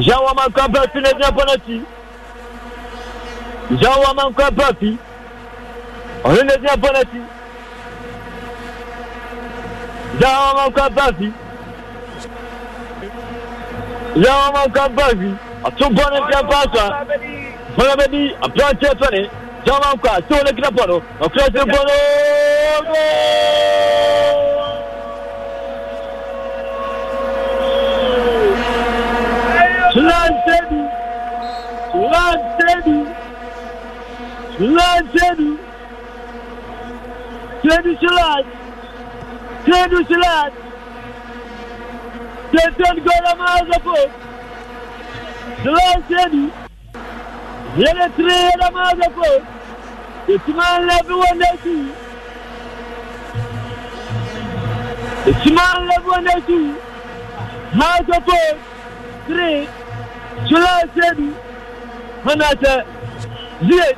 Jean Wamanka Bafi ne gyina penalty. Jean Wamanka Bafi ɔno ne gyina penalty. Jean Wamanka Bafi. Jean Wamanka Bafi ato bɔ ne nkyɛn paasa fana bɛ di aberanteɛ fɛnɛ Jean Wamanka ati wɔn ne gyina bɔ no ɔkura ti bɔ no. Sulansedi, Sulansedi, Sulansedi, Sedi Sulan, Sedi Sulan, Sedi Golamazako, Sulansedi, Yere Triamazako, it's man everyone they see. It's man everyone they see. Mazako, three. Sulan Sedu hana ta zai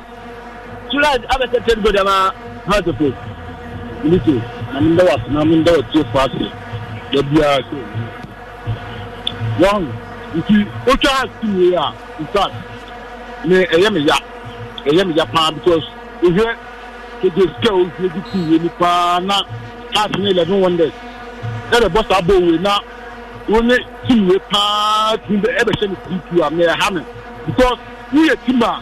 Sulan abatattun gudama hata fi. Nike, namun dawa namun dawa ce fasu ya biya ce. Wọn nti otu a si mu yi a nta ne ɛyɛ mi ya ɛyɛ mi ya paa because ehwɛ keje sika o ehwɛ di ti yie ni paa na aasi ne eleven wonders ɛrɛ bɔ saa bɔ owe na wọn ne team yɛ paa team bɛ ɛbɛhyɛ ne team tu oh, a mɛ ɛha mi because woyɛ team a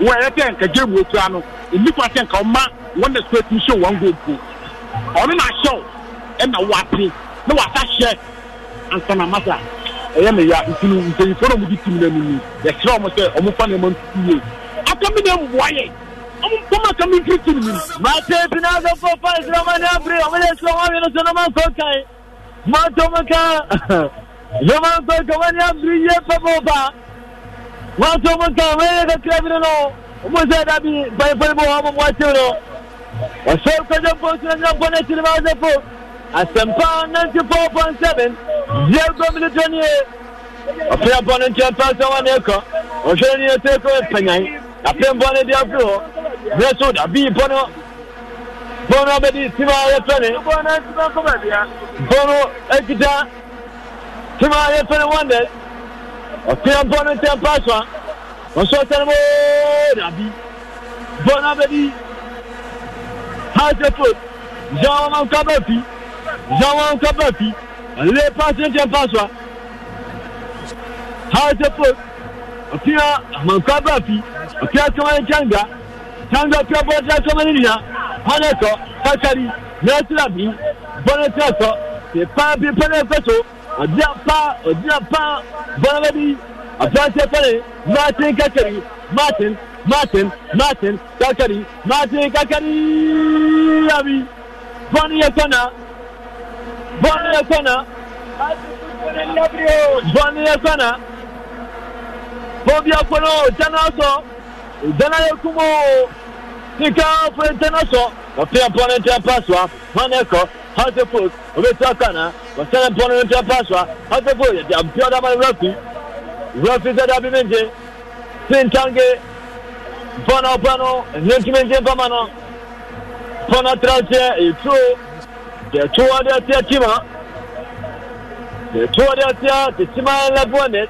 wɔyɛ sɛ nka game wo kura no nipa sɛ nka ɔma wɔn na sɛ team hyɛ wɔn goal goal ɔno na ahyɛw ɛna wate na wata hyɛ ansana masa ɛyɛ mi ya ntini mpanyinfoɔ na wɔn di team n'anim ni yɛkyerɛ wɔn sɛ wɔn fa nneɛma ntutu yie aka mi na ewu ayɛ ọmọ nkọmọ kan mi fi team ni. màá tẹ́ pinnaza fọ́ fáìsì ọmọ ní abiri ọmọ ilé ìṣúná wọn mi ló sọ ní ọmọ nǹkan kan yìí. Matomaka, Jomanko Kamania brillait pas pour pas. Matomaka, mais le Clavino, Moussa Dabi, Baïbou, Mouatino. Wasau kajan potu na bwana a zepo. Asempa 94.7. un komilitoni. Afia bwana champa sawa meko. Oshani yeteko pengai. Je bwana Je Yesu dabi bwana bɔɔlu abɛdi tima yɛfɛ ne bɔɔlu ekita tima yɛfɛ ne wɔndɛ ɔtɛn bɔɔlu ntɛn paaswa ɔsɔ sɛnɛ bɔɔlu dabi bɔɔlu abɛdi haase fo zɔnwɔn kaba fi zɔnwɔn kaba fi ale paase ntɛn paaswa haase fo ɔtɛn amankaba fi ɔtɛn kama nkyɛn ga. Sangapia Bonatra Komanina, Hanako, de c'est pas bien pas on dit pas, on dit pas, pas Martin Kakari, Martin, Martin, Martin, Kakari, Martin Kakari, de ah sika fɛntɛnɛ sɔ ɔfɛn pɔnne tɛ paasuwa mane kɔ hasefo obetɔ kana ɔsɛn pɔnne tɛ paasuwa hasefo yɛdi abiodama rafi rafi sɛda bi meje sintange pɔnɔ pɔnɔ nyɛntumeje pama nɔ pɔnɔ tirasɛ etuo dɛtuwa de tiɛ tima dɛtuwa de tiɛ titima lɛbɔ ne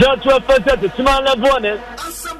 zɛtuwa fɛsɛ titima lɛbɔ ne.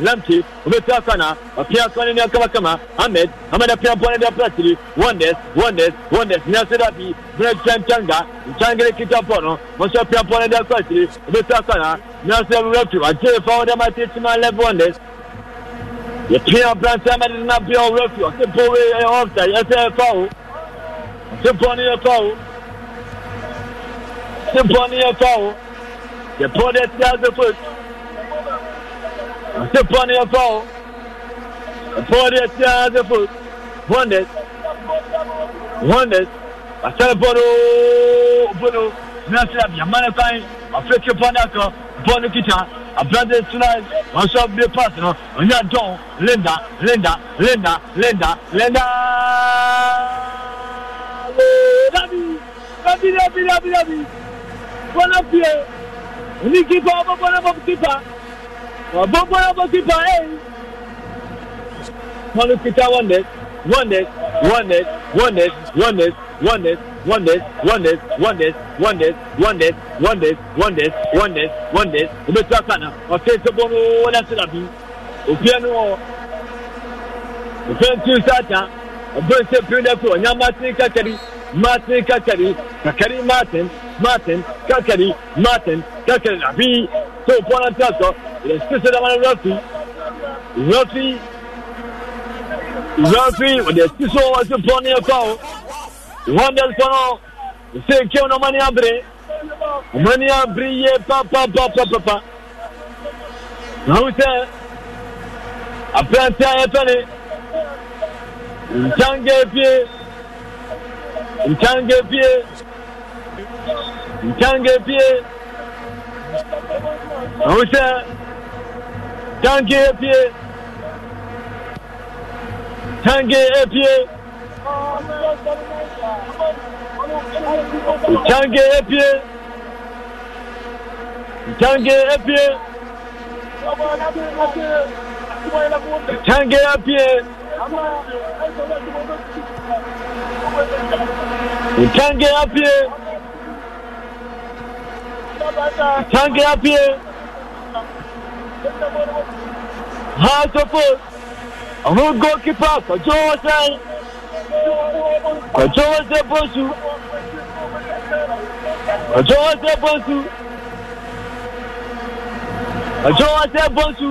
lamte ɔbɛpia so ana ɔpia so ano ne akamakama ahmed ama da pia bɔne da pratiri wonders wonders wonders nyase da bi bena twa nkyanga nkyangere kita bɔ no mo nso pia bɔne da pratiri ɔbɛpia so ana nyase da bi wɛtu agye fa ɔda ma tete ma lɛ wonders yɛpia aberante ama de na bia ɔwɛtu ɔsɛ bɔwe ɛyɛ ɔfta yɛsɛ ɛfa o ɔsɛ bɔne yɛ fa o ɔsɛ bɔne yɛ fa o yɛ bɔne yɛ ti azɛ fo etu. the a of all. 48 yards of foot. Bonnet. bottle Bono. Bono. Panaka. Kita. des tonight. On shall be a partner. On you're don. Linda. Linda. Linda. Linda. Linda. Bon Bon Ọ̀bọ̀nbọ̀n ọ̀bọ̀ kípa ẹ̀ wọ́n ló kíta one day, one day, one day, one day, one day, one day, one day, one day, one day, one day, one day, one day, one day, one day, one day, ometu akana ọ̀sẹ̀ ètò bọ́ọ̀mù wọlé ẹ̀sìn àbí òfin ẹnu wọn òfin ẹnu tún sáàtà ọ̀bọ̀n ṣe pírídẹ́kù ọ̀nyá martin kakari martin kakari kakari martin. Martin, Kakali, Martin, Kakali, la vie, c'est au il est la le rugby il est ce c'est qui a mané à briller. Mané à papa, papa, papa. c'est, après un temps, il est pied. ntange pie ɛho sɛ tanke epie tanke epie tanke epie tanke epie tanke epie tanke epie. Tange apie. Hasofo. Àwọn goalkeeper kọjọ́ wọ́n sẹ́. Kọjọ́ wọ́n sẹ́ bóṣù. Kọjọ́ wọ́n sẹ́ bóṣù. Kọjọ́ wọ́n sẹ́ bóṣù. Kọjọ́ wọ́n sẹ́ bóṣù.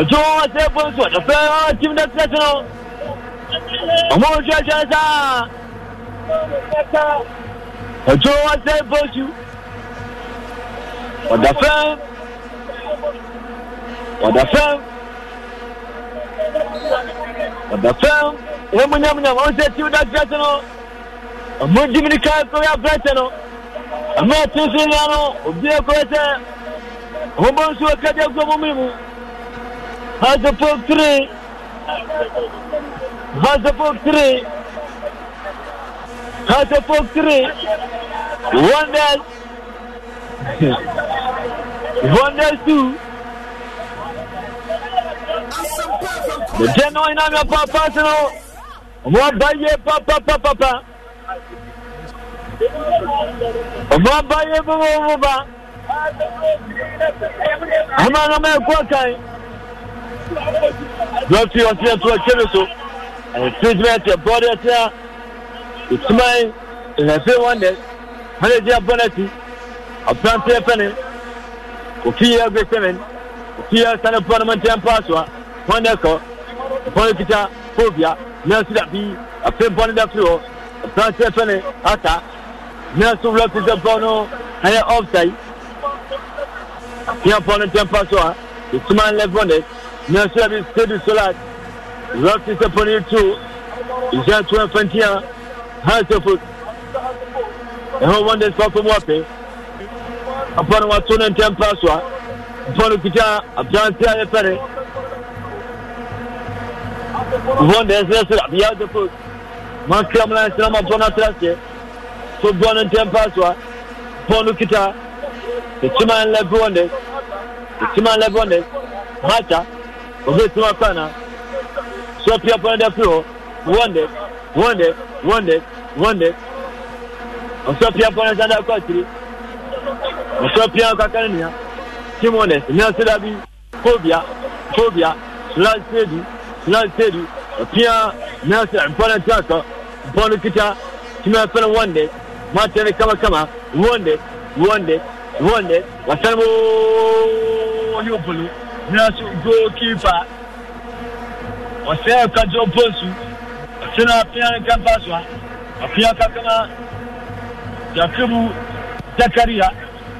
Ọ̀dọ̀ fẹ́ ọ́ tí mi dẹ́ sílẹ̀ sí náà. Ọmọ ojú ẹ̀ṣẹ̀ sáà. Kọjọ́ wọ́n sẹ́ bóṣù ọ̀dà fẹ́ ọ̀dà fẹ́ ọ̀dà fẹ́ wọ́n mú nyàmúnyàm wọ́n sẹ́ tí ó dá fẹ́ no ọmọ jimmy ká ẹ̀kọ́ yà fẹ́ no ọmọ ẹ̀tún sí ní àná òbí ẹ̀kọ́ yẹ sẹ́ wọ́n bọ́ nsú ọ̀kadì ẹ̀kọ́ mú mi mu hàzẹ́ pọ̀ tiri hàzẹ́ pọ̀ tiri hàzẹ́ pọ̀ tiri One day. Vondesu. Jẹ́nu iná mi pàpà sínú. Wọ́n bá yé pàpàpàpà. Wọ́n bá yé búbúbúbá. Àmọ́ àwọn ọmọ ẹ̀kọ́ kan. Wọ́n fi ọtí ẹ̀tọ́ ẹ̀kyẹ́rẹ́ so. Tírítímẹ́ntì ẹ̀bọ́dẹ̀ tí a. Ìtumọ̀ yìí, ìrẹ̀fẹ́ wọn dẹ̀. Wọ́n lè jẹ́ bọ́nẹ̀tì ne ɔpranteɛ pɛne ofiyɛ gbe sɛmɛn ofiyɛ sani pɔnɔmɔntɛn paasuwa pɔnɛ kɔ pɔnɛ kita fobia nɛɛsi dabi afe pɔnɛ dafi wɔ ɔpranteɛ pɛne ata nɛɛsi wula ti sɛ pɔnɔ ɛyɛ ɔfsai fiyɛ pɔnɔmɔntɛn paasuwa ìtumá lẹ́fọ̀nẹ̀ nɛɛsi dabi sedu sola wula ti sɛ pɔnɔ tu ìjẹ́ tó ɛfɛntiyan hàn sɛfo ɛhɔn wɔn de sɔfɔmɔ pɛ afa no wato ne ntɛm pa so a afa no kita aberante a yɛpɛ ne vɔn de ɛsɛ sɛ abea de po makra mu na ɛsɛ ma bɔ no atra seɛ so bɔ no ntɛm pa so a afa no kita ɛkyima nlɛ bi wɔn de ɛkyima nlɛ bi wɔn de mata ɔbɛ ɛkyima pa na so pia pɔn de firi hɔ wɔn de wɔn de wɔn de wɔn de ɔsɔ pia pɔn ɔsɔ pia kakra nua timones nyaseda bi fobia fobia lansedi lansedi ɔpia nyaseda mpɔnɔ ti akɔ mpɔnɔ kita tuma fɛnɛ wɔnde matɛnɛ kamakama wɔnde wɔnde wɔnde wasan mo yi o bolo nyasu goalkeeper ɔsɛ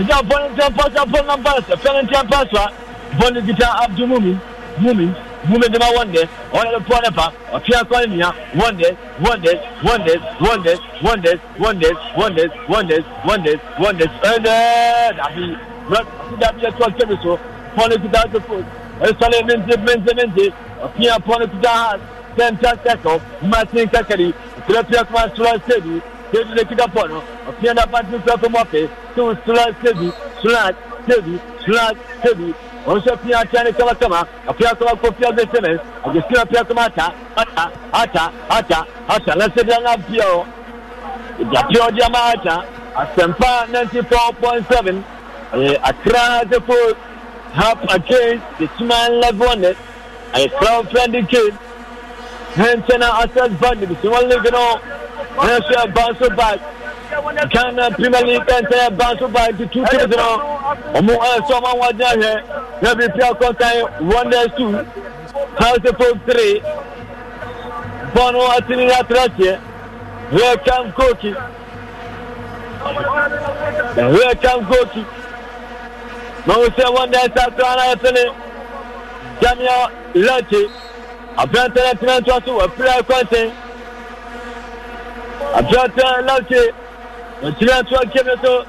Kita volunteer pastor for numbers, volunteer pastor, volunteer Abdul Mumi, Mumi, Mumi Dima one day, or the Ponepa, or Pia Colonia, one day, one day, one day, one day, one day, one day, one day, one day, one day, one day, and then I mean, that be a twelve service, so political down the foot, and Solomon Menzimente, Pia Political, Santa Seco, Martin Kakari, Telepia Kwasula City kedu ne kida pɔ no ɔfiɛ na pati fɛ fɛ mɔ fɛ tó sula sebi sula sebi sula sebi wọn sɛ fiɛ akyɛ ne kama kama afiɛ kama kɔ fiɛ bɛ sɛmɛ ɔkè fiɛ fiɛ kama ata ata ata ata ata na sɛbi an ka fiɛ o ìdàpẹ́ ọdí ama ata asɛmpa ninety four point seven ɛɛ akra sefo half against the tuman level on it ɛɛ crowd friendly game hɛn kyɛn na access bank de bi lé gbɛnɔ. nanso ɛba nso ba ghana premier league kɛntɛn ɛba nso ba nti two teams no ɔmo ɛsɛ ɔmo awagyɛ ahwɛ na bi pia kɔntan wonders two hansefo eh, three bɔɔl no atene ne atrɛkyɛ welcome goalkeeper welcome goalkeeper na o sɛ wonders ato ana ɛtene jamia lɛnti abirante na tena ntoa so wɔ pira kɔntan. Atlanta Lauti, Atlanta Kemeto,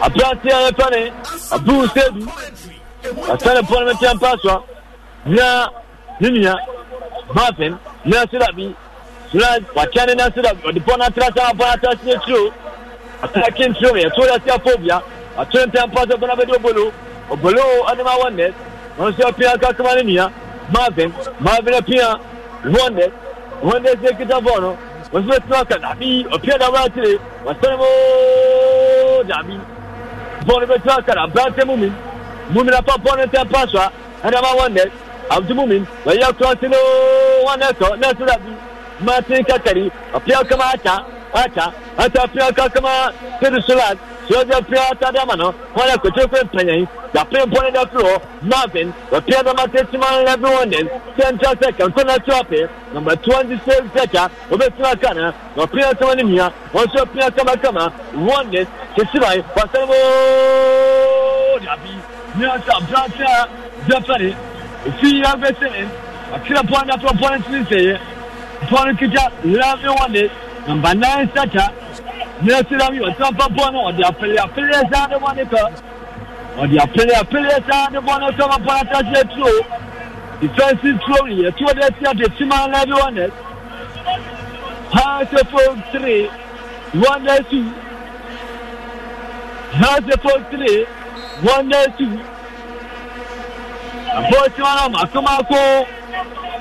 Atlanta Pane, Abu Sebi, Atlanta Parliamentarian Paswa, na Ninia, Martin, Nasirabi, Sulan, Wakani Nasirabi, the Pona Trata Abata Snitru, attacking Trumi, Atlanta Phobia, Atlanta Paswa Bonabedo Bolo, Obolo Anima Oneness, Monsieur Pia Kakamania, Marvin, Marvin Pia, Oneness, wɔn de se kita bɔɔl no wɔn so tena ɔka dabi ɔpia dama akyire wɔsɛn mu dabi bɔɔl no bɛtena ɔka na aberante mu mi mu mi na pa bɔɔl no ntɛn pa so a ɛna ma wɔn nɛ abutu mu mi wɔyɛ kurɔsi no wɔn nɛ tɔ nɛ so dabi martin kakari ɔpia kama ata ata ata ɔpia kama tiri solar tí ó jẹ́ pẹ́ tádàmà náà wọ́n lè kòtò pé mpanyẹ̀yìn yàpẹ́ bọ́ni dẹ́ marvin ọ̀pẹ́ dọ́mà tẹ́ tí máa ń lẹ́bí wọn nẹ̀ sẹ́ńtẹ́ sẹ́ kẹ́ntẹ́ náà tí wọ́n nàmbà twenty six dẹ́ka ọbẹ̀ tí wọ́n kà náà ọ̀pẹ́ sọ́mọ́ ní mìíràn wọ́n sọ pẹ́ kámákámá wọ́n nẹ̀ sisi báyìí wọ́n sẹ́ mọ́ dàbí ní ọ̀sẹ̀ àbúrásẹ́ jẹ́fẹ̀rẹ̀ èsì yìí abẹ́sẹ̀ àkìlẹ̀ pọ́n náà tó pọ́n ti ń sèyẹ pọ́n kíkà lẹ́bí wọn nẹ̀ nàmbà náà sẹ́ka nyɛsira mi ɔtí wọn fɛ bɔ no ɔdi apele apele saa de bɔ ne pɛ ɔdi apele apele saa de bɔ ne sɛ ɔbɔ atase etuo defensive throw yɛ tuo de tia de tima lɛbi wɔn nɛ hansi fo three one nɛ two hansi fo three one nɛ two afɔ tima na ma soma ko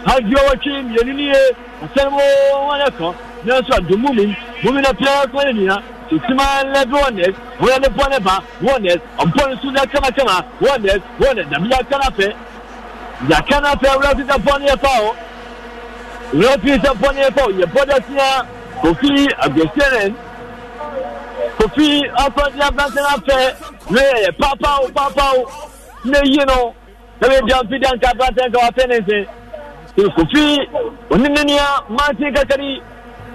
hajj wɔtwi mienu ni ye asɛnwó wɔn yɛ kɔ nyɛ sɔ dumu gómìnà pia kó ne nìyà sosima lɛ bi wɔ nɛs wɔyɛ ne bɔ ne ba wɔ nɛs ɔmpɔ ne sunjɛ kamakama wɔ nɛs wɔ nɛs dami yaka na fɛ yaka na fɛ wura fi sɛ bɔ ne yɛ fa o wura fi sɛ bɔ ne yɛ fa o yɛ bɔ dɛ sia kofi agbesɛnɛ kofi afɔdi abasɛn afɛ ne yɛ papawo papawo ne yi no ne bɛ diyan fi diyan ka abasɛn ka wa fɛn ne se kofi oniminiya mansin kakari.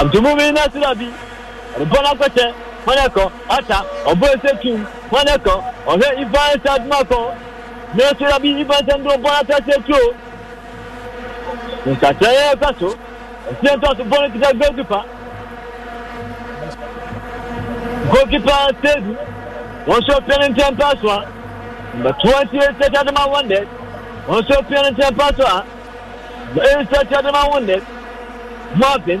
abdulmumin nasirabi bọ́lá pẹ̀tẹ́ mọ́nẹ́kọ́ ọ̀tá ọ̀bọ̀ẹ́sẹ̀kùn mọ́nẹ́kọ́ ọ̀hẹ́ ìfáyẹsẹ̀ adúmọ̀kọ́ nasirabi ìfáyẹsẹ̀ ńdúró bọ́lá pẹ̀tẹ́sẹ̀kù nkàtẹ́yẹ ẹ̀ka so ẹ̀sìn ẹ̀tọ́ tó bọ́lá pẹ̀tẹ́ gbẹ́dùpá gókípá sèzù wọ́n sọ pẹ́ẹ́nì tẹ́ pàṣọ à mbà twenty eight thirty adama one dead wọ́n sọ pẹ́ẹ́nì tẹ́ pàṣọ à eight thirty adama one dead mọ́ọ̀bìn.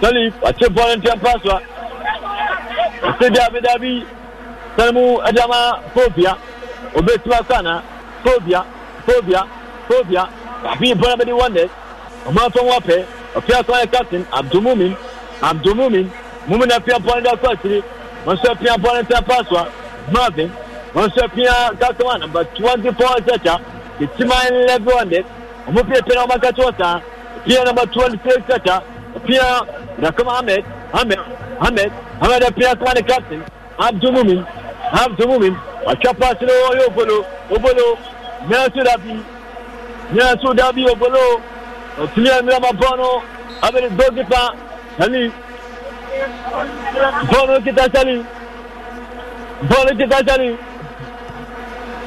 Sali, ɔkye bɔɔl nti mpa so a ɔsi bi abeda bi sani mu ɛdi ama fobia obetuma kɔ ana fobia fobia fobia afi bɔɔl abedi wɔndɛs ɔmo afɔ wɔn apɛ ɔfi akɔn yɛ captain abdulmumin abdulmumin mumu na fi bɔɔl da kɔ akyiri wɔn nso pia bɔɔl nti mpa so a marvin wɔn nso pia kakoma namba twenty four sɛta etima eleven wɔndɛs ɔmo pie pie na ɔmo akatsi wɔ saa pie namba twenty six sɛta pia. Nakam Ahmed, Ahmed, Ahmed, Ahmed appears by the captain. Abdul Mumin, Abdul Mumin, pass no ɔyɛ obolo obolo nyɛnso dabi nyɛnso dabi obolo otumi amirama bɔ no abiri goalkeeper sali bɔɔlu kita sali bɔɔlu kita sali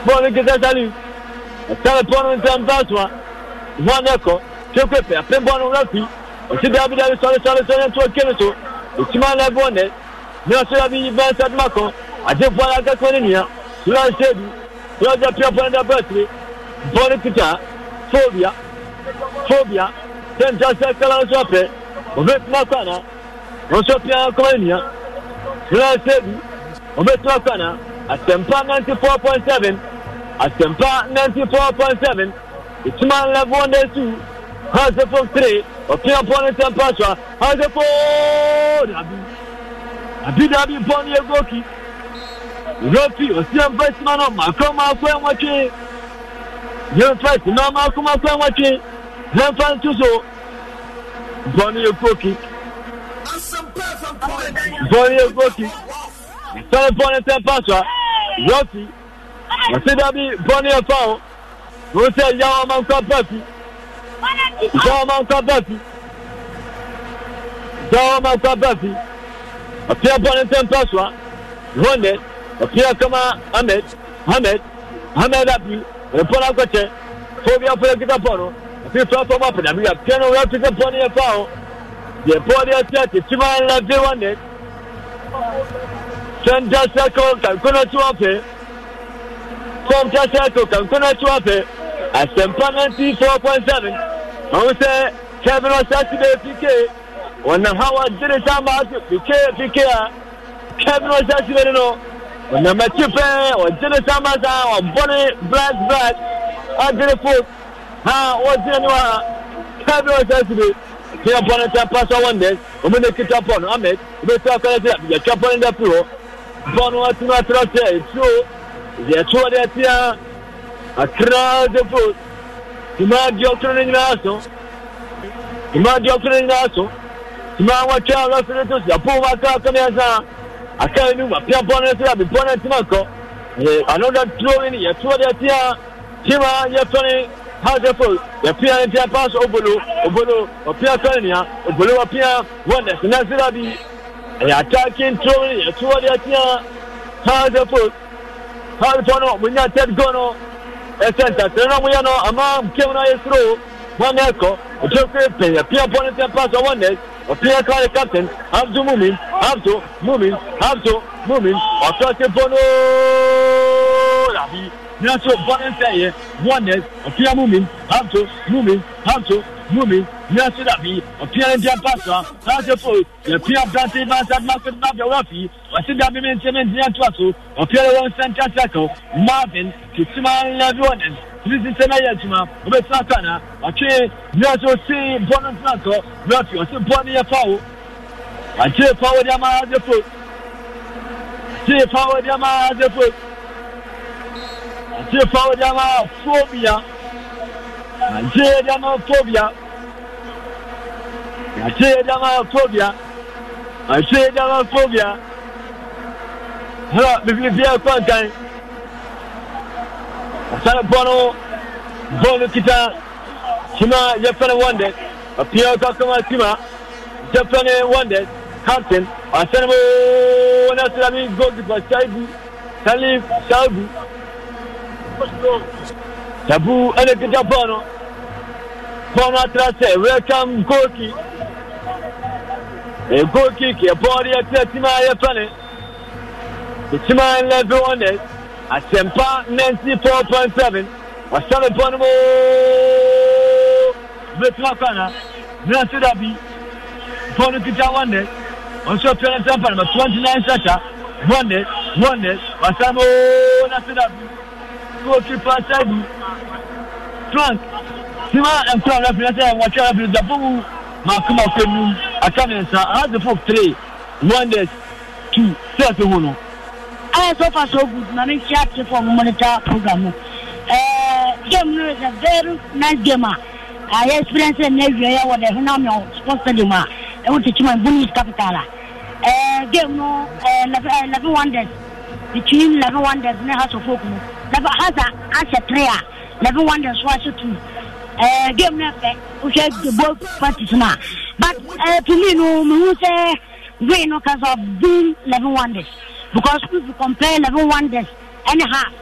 bɔɔlu kita sali ɛsɛlɛ bɔɔlu ntɛn baasuwa wɔn ɛkɔ kekwe pɛ apɛ bɔɔlu nti dabi dabi sɔre sɔre sɔre nti oke ne so etuma na ɛbɔ nɛ ne ɔsɛ yabi yi bɛn sɛ duma kɔn adefo ala kɛkɛ ne nua sura sebi sura jɛ pia pɔn da bɛtiri bɔri pita fobia fobia sɛnta sɛ kala nso apɛ obe tuma kɔ ana nso pia kɔn ne nua sura sebi obe tuma kɔ ana asɛmpa ninety four point seven asɛmpa ninety four point seven etuma level one day two house of three ɔpea pɔ ne nsɛm pa so a ase foo dabi dabi dabi pɔ ne egu oki rofi osia mfa sima no makɔ mako ɛnwɔtwe yɛmfa sima mako mako so pɔ ne egu oki pɔ ne egu oki sɔre pɔ ne nsɛm pa so a rofi ɔsi dabi pɔ ne ɛfa o n'o sɛ yawa ma jọwọma nka baafi jọwọma nka baafi ọpịa bọọlụ ntẹmpa soa ronald ọpịa kama ahmed ahmed ahmed abi ọpọlọ akọchẹ fọbi afọlọ kita bọọlụ ọpịa fọlọ fọmọ apẹnami ya pịa n'ụwa kita bọọlụ ya fa ahụ yẹ bọọlụ ya ti ati tima nla de ronald sẹńtà sẹkọ kankona tiwa pẹ sẹńtà sẹkọ kankona tiwa pẹ asɛmpa ninety four point seven ɔmo sɛ kevin ɔsɛside pk ɔnam ha wɔgyere samba pk pk a kevin ɔsɛside no ɔnam akyi pɛɛ ɔgyere samba saa ɔbɔne black black ɔgyere folk ha wɔgyere ne wa ha kevin ɔsɛside tiɛ pɔn sɛ pasɔ wɔn dɛ ɔmo ne kita pɔn ahmed ebi tɛ ɔkɛlɛ sɛ yɛtwa pɔn dɛ puro pɔn wɔtena tɛrɛ sɛ etuo yɛtuo deɛ tia atena depo tuma di ɔtɔn ne nyinaa so tuma di ɔtɔn ne nyinaa so tuma wɔtwe a lɔsiri to si apo wa kaa kɔmi ɛsan aka enu ma e pia bɔ ne so a bi bɔ ne tuma kɔ ɛɛ anoda turo ne yɛ turo de tia tima yɛ tɔni ha depo yɛ pia ne tia paas obolo obolo ɔpia tɔni nia obolo ɔpia wɔnda sinasira bi ɛyɛ ataaki turo ne yɛ turo de tia ha depo ha depo no mo nya tɛd no. ɛsɛnta sɛ na moyɛ no ama kem no ayɛ soro bɔne ɛkɔ ɔkyɛkwe pɛn apia bɔne pɛ pas ɔwɔ nɛs ɔpia kra ne captain abdu mumin mumin mumin nanso bɔne nsɛeɛ wɔnɛs ɔpia mu mi hamto mu mi hamto mu mi nanso dabi ɔpia ne deɛ mpa soa nanso po yɛpia brante nansa nanso nabia wura fii ɔsi da mimi nkyɛn ne ntina toa so ɔpia ne wɔn nsa nkyɛn sɛkɛw marvin tutuma nlɛbi wɔnɛs sisi sɛ na yɛ adwuma wɔbɛtena kana ɔtwe nanso si bɔne ntena nkɔ wura fii ɔsi bɔne yɛ pawo ɔtwe pawo deɛ ma adefo ɔtwe pawo deɛ ma adefo jefa de ama fobia aje de ama fobia aje de ama fobia aje de ama fobia hala bibibi ya kwa nkai asana bono bono kita kima jefane wande pia kwa kama kima jefane wande captain asana mo wana sila mi gogi kwa shaibu salif shaibu Sabu and the Japano. Former Trase, welcome Gorky. A goal kick, a body at Timaya Planet. A Timayan level on A Asempa 94.7. Wasana Bonomo. Vetrakana. Nancy Dabi. Bono Kita On short turn at Tampa, 29 Sasha. One A one goalkeeper sẹ́gun frank tí wọ́n ẹ̀ kúrò rẹ́pìlì ẹ̀sẹ̀ wọ́n tẹ́ rẹ́pìlì dàbọ̀wù màkúmà kọ́nu àtàmìlẹ̀sà has the four three wonders two sẹ́ẹ̀ tó hùn nù. ayé so far so good na ní kí á ti fọ ọmọ mọ́nítà program náà game náà is a very nice game ah ayé experience ẹ̀ ní ẹ̀wì ẹ̀yẹ wọ̀ dẹ̀ húnà mi ọ̀ sports stadium ah ẹ̀wọ̀n ti túmọ̀ ìbúni capital ah game náà eleven wonders between eleven wonders ní house folk náà na ba hasa ahyɛ three a level one nso ahyɛ two ɛɛ game na fɛ wohwɛ the both parties na but ɛɛ eh, to me no mehu sɛ win no cause of being level one days because if you compare level one days ɛne half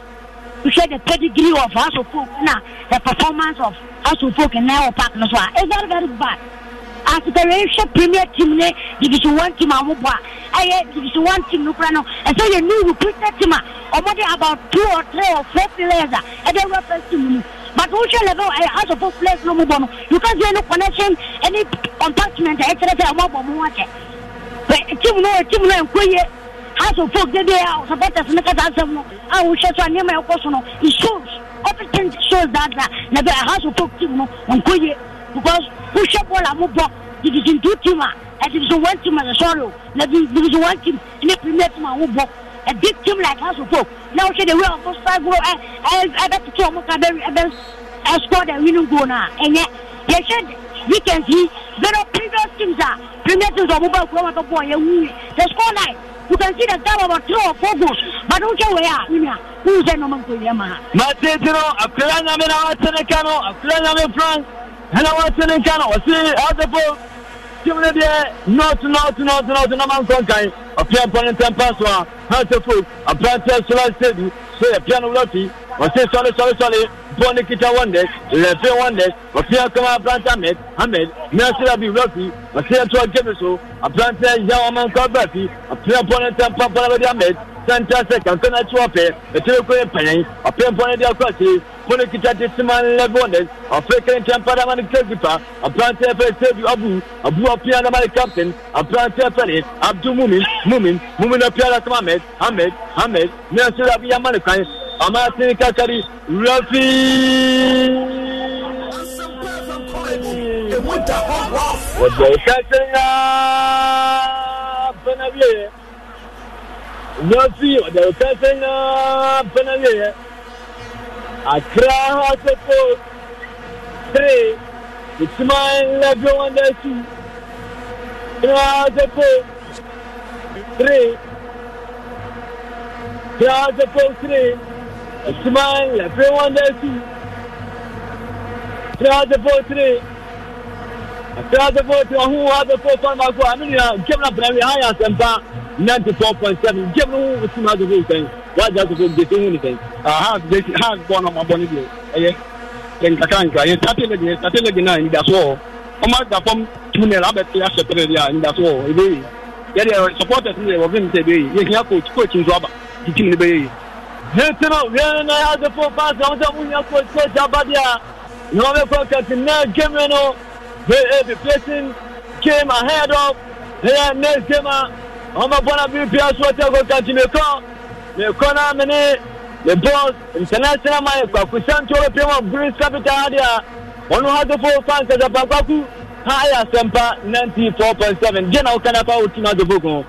wohwɛ the pedigree of asofo na the performance of asofo in wɔ park no so a it's very very bad asopɛ yɛhwɛ premier team ne division one team a wɔbɔ a ɛyɛ division one team no kora no ɛsɛ yɛ new recruited team a ah. wɔde about two or three or four players a ɛde wura first team mu but wohwɛ level ɛyɛ asopɔ players no mobɔ no because yɛ no connection Any compartment eh, eh, eh. a ɛkyerɛ sɛ wɔabɔ mo ho akyɛ team no team no ɛnkɔ yie asopɔ gɛgɛ a supporters ne kata asɛm no a wohwɛ so a nneɛma ɛkɔ so no it shows everything shows that that na bɛ asopɔ team no ɛnkɔ yie because wohyɛ bɔɔla mo bɔ division two team a ɛ division one team a yɛ sɔɔri o na division one team The premier team a wo bɔ a big team like us asofo na wohyɛ the five of I, I, I bet to ɔmo ka ɛbɛ ɛbɛ I score the winning goal now. And they said, ɛnyɛ can see there are previous teams a ah, premier teams are bɔ ekuro ma bɛ bɔ yɛ wuyi the score nine. you can see the gap about three or four goals but where are, wohyɛ wɛ a wunya wunsɛ nɔɔma nkoyɛ ma. matete no akura nyame na wa sɛnɛka no akura nyame france ɛna wɔtene nka na wɔse asefo tim no deɛ nɔt nɔt nɔt nɔt na mankɔ nkan ɔpea mpɔ no ntɛmpa so a asefo aberantɛ sola stadi sɛ yɛpea no wura fi wɔse sɔre sɔre sɔre bɔ ne kita wɔndɛ lɛfe wɔndɛ wɔpea kama aberantɛ ahmed ahmed mmerɛsera bi wura fi wɔse yɛtoa gye me so aberantɛ yɛ wɔma nkɔ ba fi ɔpea mpɔ no ntɛmpa mpɔ no bɛde ahmed santa sɛ kankan akyi ɔpɛ ɛtɛrɛ kɔ yɛ pɛnyɛn ɔpɛ mpɔ ne de akɔ akyire pɔne kita de siman lɛbɔn dɛ ɔpɛ kɛntɛn padama ne kɛsipa aberanteɛ fɛ sebi abu abu ɔpia nama ne kapten aberanteɛ fɛ de abdu mumin mumin mumin ɔpia la sama ahmed ahmed ahmed ne nso de abi ama ne kwan ama asene kakari rafi. wɔde ɛka kyɛn na bɛna wie. Nọọsi ọ̀dẹ̀rùkẹ́sẹ̀ náà pẹ́nẹ́lì yẹ. Accra hospital three ìtìmáyé lẹ́gbẹ̀ẹ́ wọn dẹ́ sí. Accra hospital three Accra hospital three ìtìmáyé lẹ́gbẹ̀ẹ́ wọn dẹ́ sí. Accra hospital three Accra hospital three ọ̀hún hospital fún ọmọ akọ àmì nìyà nkẹ́mi náà pẹ̀lú ẹ̀yà àyà sẹ̀mpa ninety four point seven jẹ́mi ní wọ́n ti máa dòfò nìkan wọ́n á jẹ́ àtòfò gbèsè wọn nìkan. hans gbèsè hans bọ́ ọ̀nà ọmọ bọ́ níbi ẹ̀yẹ kankanka yẹ sátẹ́lẹ̀gì yẹ sátẹ́lẹ̀gì náà ìdásọ́ ọ ọmọ àgbà fọ́m tún nẹ̀ lábẹ́ tí a sọ̀tẹ̀rẹ̀ yà ìdásọ́ ọ ebe yìí yẹ de supporters ni wọ́n fi mi sẹ́ ebe yìí yẹ kí n yà coach coach nzọ́ àbà títí mi níbẹ̀ yìí. yẹtìrọ yẹn náà yà á dẹ́fọ́ fáṣọ àwọn sẹ́mu yẹn coach coach abadíà ni wọ́n bẹ fọ́ kẹ́tì náà game yẹn no they be facing game ahead of their next game. Ah ɔma bɔna bipia so ɔtɛ ko kanti mekɔ mekɔ na mene me boss international ma kwaku central european of greece capital deɛ a ɔno hadefo fan kasapa kwaku ha ayɛ asɛmpa 94.7 deɛ na woka na pa wotim hadefo ko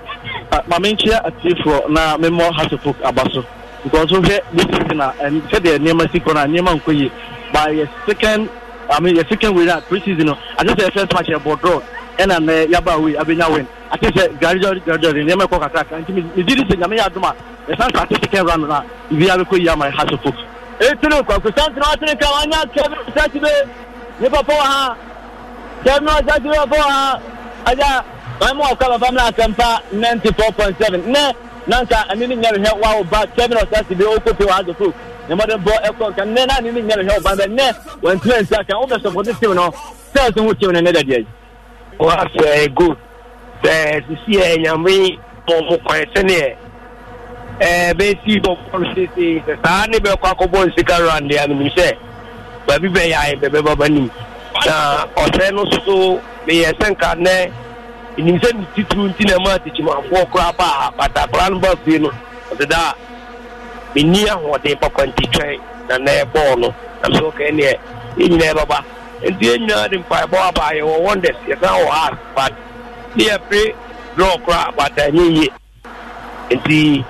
ma menkyea atiefoɔ na memmɔ hasefo aba so because wohwɛ this season a sɛdeɛ nneɛma si kɔ no a nneɛma nkɔ yie by yɛ second I mean, your second winner, preseason. I just said first match, eh, but draw ɛna mɛ yaba awoe abenya win ati sɛ garijɔ garijɔ de nneɛma kɔ kakra nti miziri sɛ nyame yɛ aduma yɛsan sɛ ati sɛ kɛn ra no na ibi a bɛkɔ yi ama ɛha so fo. etiri kɔkɔ santiri watiri ka wanya kɛbi sɛti be nipa fɔ wa ha kɛbi na sɛti be fɔ wa ha aja wɔn mu ɔkɔ baba mi na akɛmpa ninety four point seven ne nanka ɛni ni nyɛri hɛ wa o ba kɛbi na sɛti be o ko pe wa ha so fo nyɛmɔden bɔ ɛkɔ nka ne naani ni nyɛri hɛ o ba bɛ ne wɔn ti wɔasɛ go sɛ sisi yɛ nyame bɔnbɔn kwan sɛneɛ ɛɛ bɛsi bɔnbɔn no sese sɛ saa ne bɛkɔ akɔbɔ nsika round yɛ menim sɛ baabi bɛyɛ ayɛ bɛbɛ baba nim na ɔsɛ no so meyɛ sɛ nka nɛ nim sɛ ne titiri nti na ɛma atikyimafoɔ koraa ba a batakora no ba fie no ɔte da a menni ahoɔden papa nti twɛn na nɛ bɔɔ no nam sɛ wɔkaɛ neɛ yɛ nyinaa ɛbɛba nti enyaa de mpaebɔ aba yɛ wɔ wonders yɛsan wɔ heart but ne yɛ pe draw kora but ɛnyɛ yie nti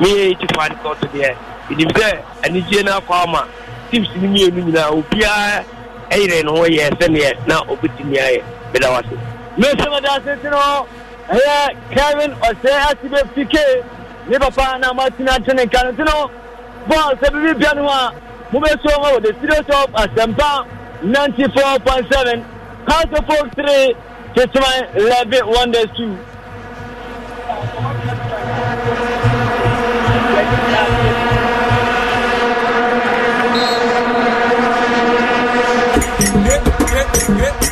ne yɛ eti fa ne tɔto deɛ enim sɛ anigye na akɔ ama teams ne mmienu nyinaa obiara ɛyerɛ ne ho yɛ sɛneɛ na obetumi ayɛ bɛda wase. mmesi mo daa no ɛyɛ kevin ɔsɛ asibe pk ne papa na mo atena ate no nti no bɔɔl sɛ bibi bia no a mobɛsuo hɔ wɔ the studio shop asɛmpa 94.7, Council Folk 3, Fisherman Levy Wonders 2. Yeah, yeah, yeah.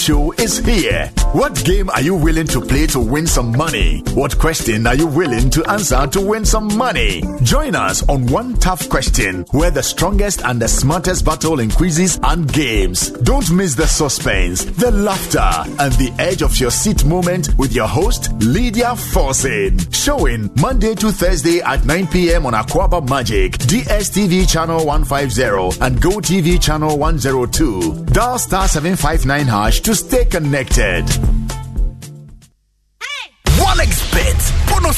show is here. What game are you willing to play to win some money? What question are you willing to answer to win some money? Join us on One Tough Question, where the strongest and the smartest battle in quizzes and games. Don't miss the suspense, the laughter, and the edge of your seat moment with your host, Lydia Forsin. Showing Monday to Thursday at 9 p.m. on Aquaba Magic, DSTV Channel 150, and GoTV Channel 102. Dial star 759 hash to stay connected.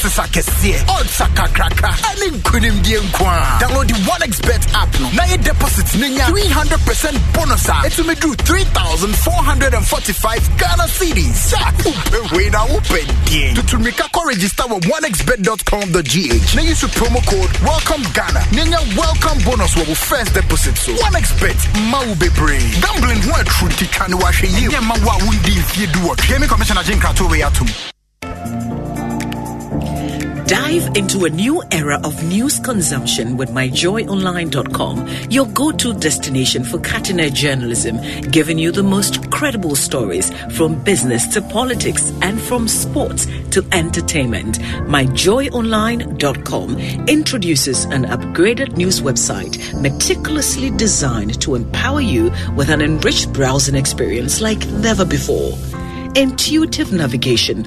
asesa kɛseɛ ɔnsa kakraka ɛne nkonimdie nko a download the one expert app no na yɛ deposit no nya 300 percent bonus a ɛtumi duru 3445 ghana cedis sa wobɛhwei na wopɛdeɛ tutumika kɔ register wɔ onexbet.com.gh na use promo code welcome ghana na nya welcome bonus wɔ wo first deposit so one expert ma wo bebree gambling ho atru ntitwa ne wahwɛ yie ɛnyɛ ma wo a wondi mfie du wɔtwe me commissioner gye nkratowe atom Dive into a new era of news consumption with myjoyonline.com, your go to destination for cutting edge journalism, giving you the most credible stories from business to politics and from sports to entertainment. Myjoyonline.com introduces an upgraded news website meticulously designed to empower you with an enriched browsing experience like never before. Intuitive navigation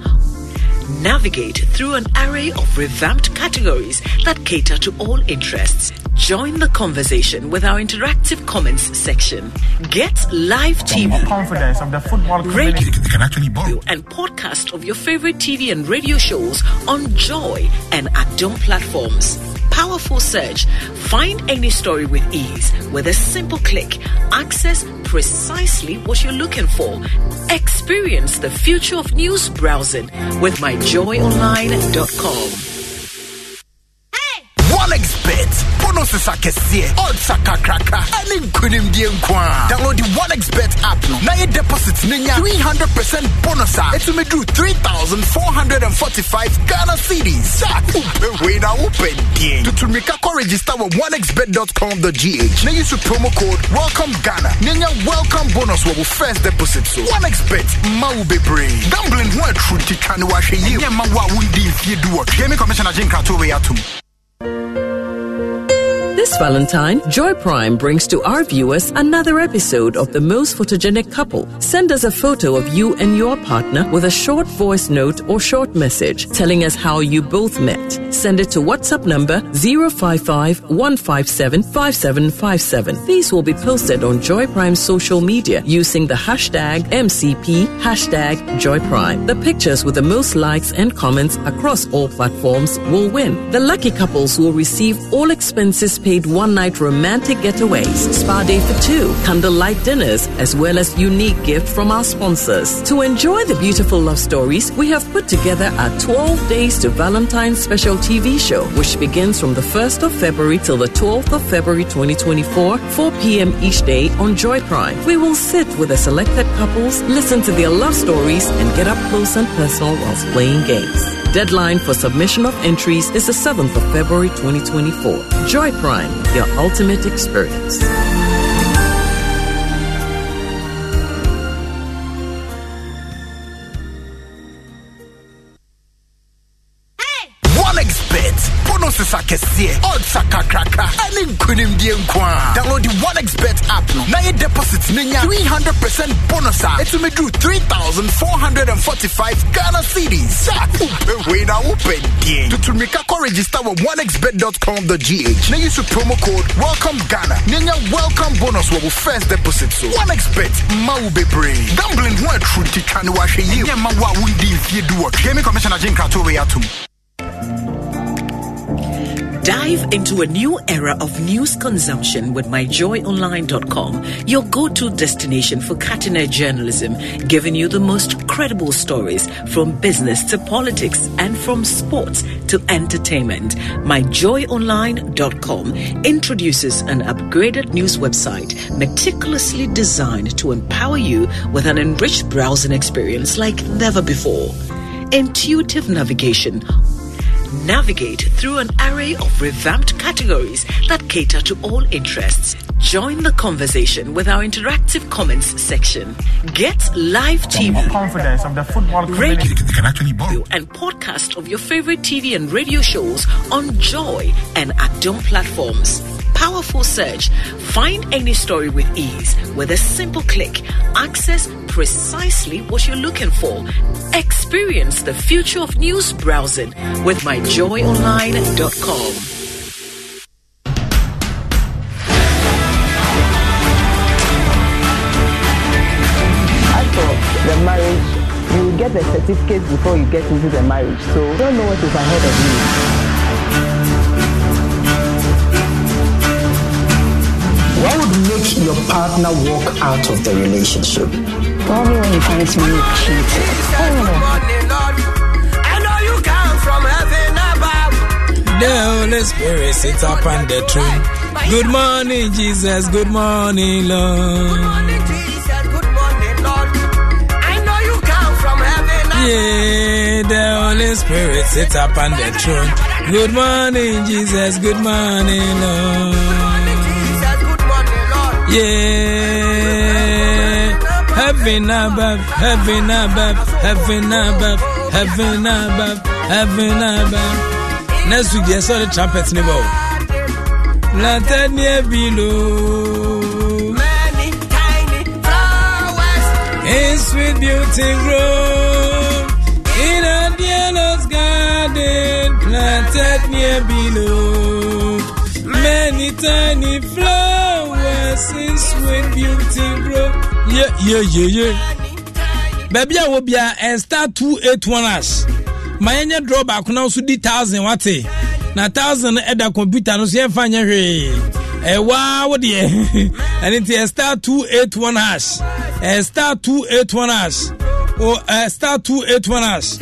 Navigate through an array of revamped categories that cater to all interests Join the conversation with our interactive comments section. Get live TV, the confidence of the football radio, you can actually and podcast of your favorite TV and radio shows on Joy and Adom platforms. Powerful search. Find any story with ease with a simple click. Access precisely what you're looking for. Experience the future of news browsing with myjoyonline.com. Alex Bet, bonuses akɛseɛ, odds akakraka, ɛne nkonimdie nko a. Download the OneX Bet app no na yɛ deposit no 300% bonus a ɛtumi duru 3,445 Ghana cedis. Saa wopɛ wei na wopɛ deɛ. Tutumika kɔ register wɔ onexbet.com.gh na use promo code welcome Ghana na welcome bonus wɔ wo first deposit so. OneX Bet mma wo bebree. Gambling ho aturu ntitwa ne wahwɛ yie. Ɛnyɛ mma wo a wondi mfie duwɔtwe. Gaming Commissioner to Kratowe atum. Thank you. This Valentine, Joy Prime brings to our viewers another episode of The Most Photogenic Couple. Send us a photo of you and your partner with a short voice note or short message telling us how you both met. Send it to WhatsApp number 055 157 5757. These will be posted on Joy Prime's social media using the hashtag MCP, hashtag Joy Prime. The pictures with the most likes and comments across all platforms will win. The lucky couples will receive all expenses paid one night romantic getaways, spa day for two, candlelight dinners, as well as unique gift from our sponsors. To enjoy the beautiful love stories, we have put together our 12 Days to Valentine's special TV show, which begins from the 1st of February till the 12th of February 2024, 4 p.m. each day on Joy Prime. We will sit with the selected couples, listen to their love stories, and get up close and personal whilst playing games deadline for submission of entries is the 7th of February 2024. Joy Prime, your ultimate experience. Hey! One expert, bonus is a odds are kunim di nkwa. Download the One Expert app no. Na yɛ deposit nenya 300% bonus a ɛtumi drew 3445 Ghana cedis. Sa wopɛ wei na To deɛ. Tutumika kɔ register wɔ onexbet.com.gh na use promo code welcome Ghana. Nenya welcome bonus wɔ wo first deposit so. One Expert ma be brave. Gambling ho atru ntitwa ne wahwɛ yie. Ɛnyɛ ma wo a wondi mfie duwɔtwe. Gaming Commissioner Jim Krato wei atom. Dive into a new era of news consumption with myjoyonline.com, your go to destination for cutting edge journalism, giving you the most credible stories from business to politics and from sports to entertainment. Myjoyonline.com introduces an upgraded news website meticulously designed to empower you with an enriched browsing experience like never before. Intuitive navigation Navigate through an array of revamped categories that cater to all interests Join the conversation with our interactive comments section. Get live TV, confidence of the football radio, and podcast of your favorite TV and radio shows on Joy and Adom platforms. Powerful search. Find any story with ease with a simple click. Access precisely what you're looking for. Experience the future of news browsing with myjoyonline.com. the marriage, you will get the certificate before you get into the marriage. So don't know what is ahead of you. What would make your partner walk out of the relationship? Probably when he finds me cheating. The Holy Spirit sits upon the tree. Good morning, Jesus. Good morning, Lord. Good morning, Spirit, the Holy Spirit sits upon the throne. Good morning, Jesus. Good morning, Lord. Yeah. Heaven above, heaven above, heaven above, heaven above, heaven above. Next week, yes, all the trumpets in the bowl. Planted near below. Many tiny flowers. In sweet beauty grow. planted near below. Many tiny flowers since when beauty grow. Yeah, yeah, yeah, yeah. Baby, I will be a star two eight one ash. My any draw back now, so the thousand what na thousand ɛda eh, computer no so yɛmfa nyɛ hwee ɛwaa wo deɛ ɛne nti ɛstar 281 hash ɛstar 281 star two eight one hash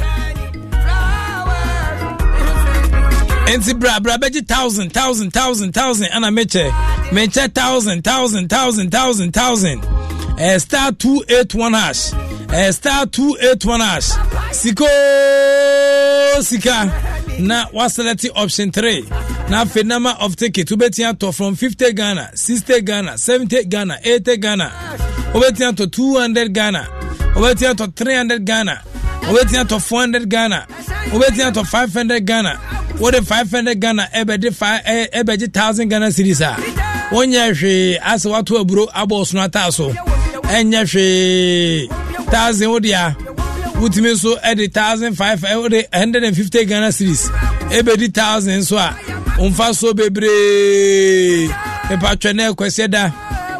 nti bra bɛgye thousand thousand thousand thousand ɛna mekyɛ mekyɛ thousand thousand thousand thousand thousand ɛɛ star two eight one hash ɛɛ star two eight one hash sikoo sika na waselɛte option three na afei number of ticket wobɛtumi atɔ from fifty ghana sixty ghana seventy ghana eighty ghana wobɛtumi atɔ two hundred ghana wobɛtumi atɔ three hundred ghana wobɛtumi atɔ 400 ghana wobɛtumi atɔ 500 ghana wode 500 ghana ɛbɛgye eh, 1000 eh, eh, ghana series a wonyɛ hwee asɛ woato aburo abɔ ɔsono ataa so ɛnyɛ hwee 1000 wode a wotumi nso ɛde 1005 wode 150 ghana series ɛbɛdi 1000 nso a ɔmfa so ah, um, bebree mepatwɛ ne ɛkwasiɛ da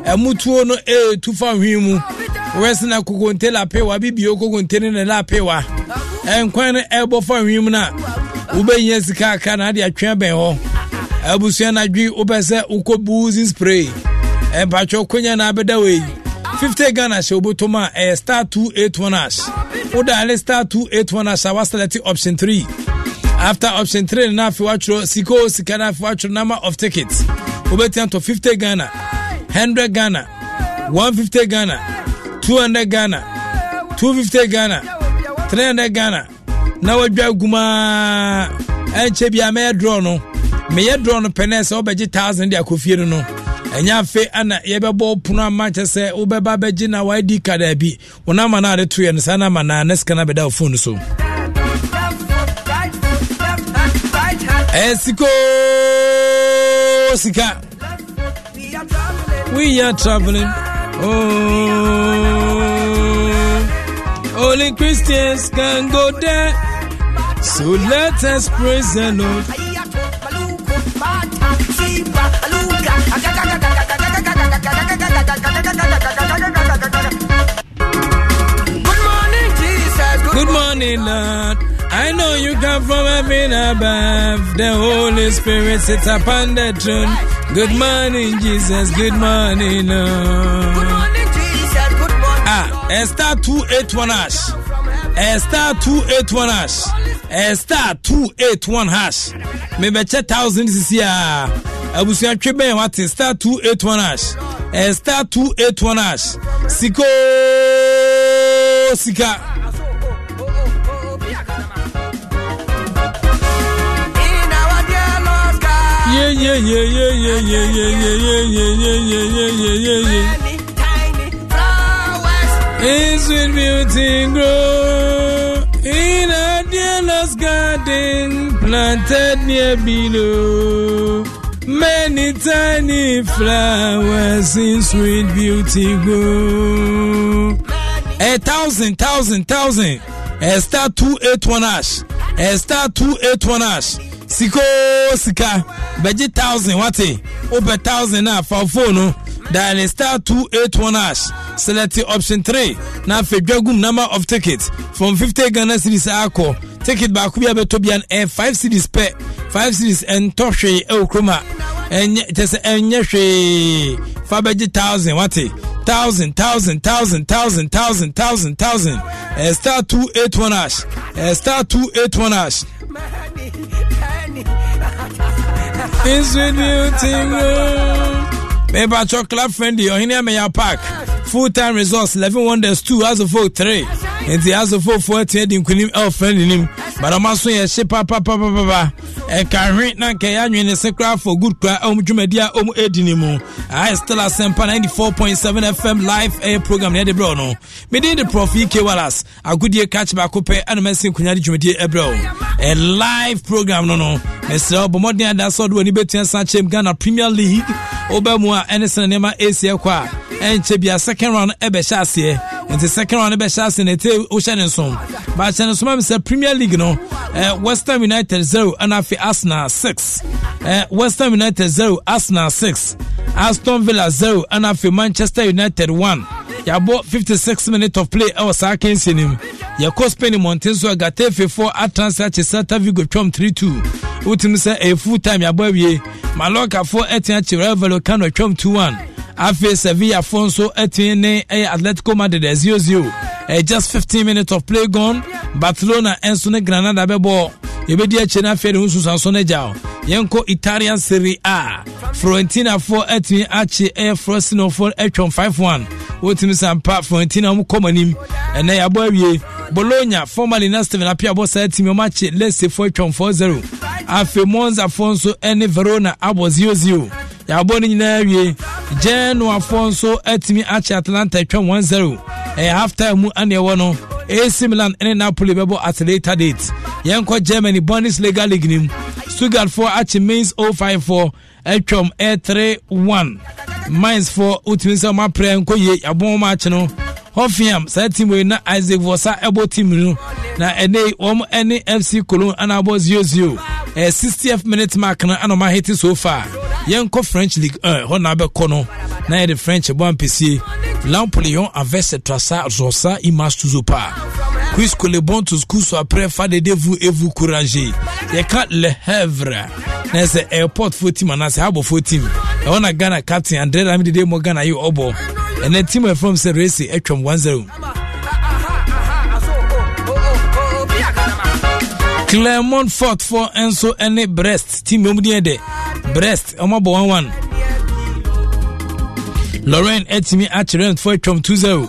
ɛmutuo no ɛɛtu eh, fa hwii mu wɛsi na kokonte lapewa bibio kokonte ne lapewa ɛnkwan no ɛɛbɔ fa hwii mu na wobɛnya sika aka na ade atwea bɛn hɔ abusua no adwe wopɛ sɛ wokɔ boozin spray ɛmpatwɛ abɛda wei 50 ghana hyɛ a ɛyɛ star 281 ash wodaale star 281 ash a waselɛte option 3 after option 3 no na afei woatwerɛ sika o sika no number of tickets wobɛtia tɔ 50 ghana 100 Ghana, 150 Ghana, 200 Ghana, 250 Ghana, 300 Ghana. Na wadwa guma ɛnkyɛ bi a mɛyɛ draw no meyɛ draw no pɛ ne sɛ wobɛgye 1000 de no no ɛnyɛ afe ana yɛbɛbɔ pono ama kyɛ sɛ wobɛba bɛgye na waadi ka daabi wo no ama no ade toyɛ no saa no ama naa sika eh, sika We are traveling. Oh, only Christians can go there. So let us praise the Lord. Good morning, Lord. I know you come from heaven above. The Holy Spirit sits upon the throne. Good morning, Jesus. Good morning. Uh. Good morning, Jesus. Good morning. Ah, a star 281 hash. A star 281 hash. A star 281 hash. Maybe check thousands this year. abusua twe bɛn wate star 281 hash eh, star 281 hash sikoo sika yeah, yeah, yeah, yeah, yeah, yeah, yeah, yeah, yeah, yeah, yeah, yeah, yeah, yeah, yeah. Is with beauty grow in a jealous garden planted near below. Many tiny flowers in sweet beauty grow. A thousand, thousand, thousand. A star two eight one ash. A star two eight one ash. sikoo sika bɛgye thousand wate wopɛ thousand na a fawfoo no dialing star two eight one ash select option three na afei dwa gum number of ticket from fifty ghana series akɔ ticket baako bi a bɛtɔ bi an ɛyɛ five series pɛ five series ɛntɔ hwee ɛwɔ kurom a ɛnyɛ kyɛ sɛ ɛnyɛ hwee fa bɛgye thousand wate thousand thousand thousand thousand thousand thousand thousand ɛɛ star two eight one ash ɛɛ star two eight one ash. This with eh? you, club, friend. Chocolate Friendly, Ohinia Meya Park full time results eleven wonders two asofo three nti asofo four tiɛ di nkunim ɛwɔfrɛ ninim barama so yɛ hye papapapapa ɛkahwe na nkɛyɛ anwene ne se koraa for good koraa oh, ɛwɔ oh, mu dwumadi eh, ah, a ɔmu edi ne mu ayɛ still asɛmpa ninety four point seven fm live ɛyɛ program na yɛde brɛ no mede the prof ek wallace agodie catch baako eh, pɛ ɛna mɛsi nkunya de dwumadie ɛbrɛ eh, o ɛ live program no no mesrɛ bɔ mmɔden adaasɛ ɔde w'ani bɛtua san kyɛm ghana premier league wobɛ mu a ɛne sene nneɛma ɛsi ɛkɔ a ɛnkyɛ bi asɛ second round ɛbɛhyɛ eh, aseɛ nti second round ɛbɛhyɛ eh, aseɛ na ɛte wohyɛ ne nson baakyɛ ne nso ma mi sɛ premier league no ɛɛ eh, Ham united zero ɛna afei arsenal six ɛɛ Ham united zero arsenal six aston villa zero ɛna afei manchester united one yɛabɔ 56 minutes of play ɛwɔ saa kensie no mu yɛkɔ spain mmɔnten so agateefefoɔ atranse akye sata vigo twam 32 wotumi sɛ ɛyɛ full time yɛabɔ awie malɔkafoɔ ɛte akye real valocano twam 21 afei sevillafoɔ nso ɛte ne ɛyɛ atletico madrid 00 ɛyɛ just 15 minutes of play gone barcelona ɛnso ne granada bɛbɔɔ yɛbɛdi akyi no afei ne ho nsusuaso no agya o yɛnkɔ italian serie a florentinafoɔ atumi akye ɛyɛ frosinofoɔ atwam 51 wɔtumi sa mpa florentina ɔm kɔm anim ɛnɛ yɛabɔ awie bologna formally na steven apia bɔ saa timi ɔm akye lesefoɔ atwam 40 afei monzafoɔ nso ne verona abɔ 00 yɛabɔ no nyinaa wie genoafoɔ nso atumi akye atlanta atwa 1 0 ɛyɛ halftime mu aneɛwɔ no AC Milan ne Napoli bɛbɔ at later date yɛnkɔ Germany Bundesliga league nim Stuttgartfoɔ akye Mainz 054 atwam ɛyɛ 3 1 Mainz foɔ wotumi sɛ ɔmaprɛ nkɔ yie yɛabɔ wɔn akye no hofiam saa team wei na isaac vosa ɛbɔ team no na ɛne wɔn ɛne fc cologne ana abɔ zero zero ɛɛ sixtieth minute mark na ana ɔmo ahete so far yɛnkɔ french league ɛɛ hɔ na abɛkɔ no na yɛde french ɛbɔ ampesie lampolion avɛsɛ trasa zɔsa imas tuzo paa. Chris Colebon to school so après fa de vous et vous courager. Yɛka Le Havre na ɛsɛ airport fo team anaasɛ habɔfo team ɛhɔ na Ghana captain Andre Ramidede mɔ Ghana yi ɔbɔ and then team from Seresi Etcham 1-0 Clermont fought for Enso any Brest team mu deɛ de Brest ɔmo abɔ one one Lorraine ɛtumi akyerɛ for Etcham 2-0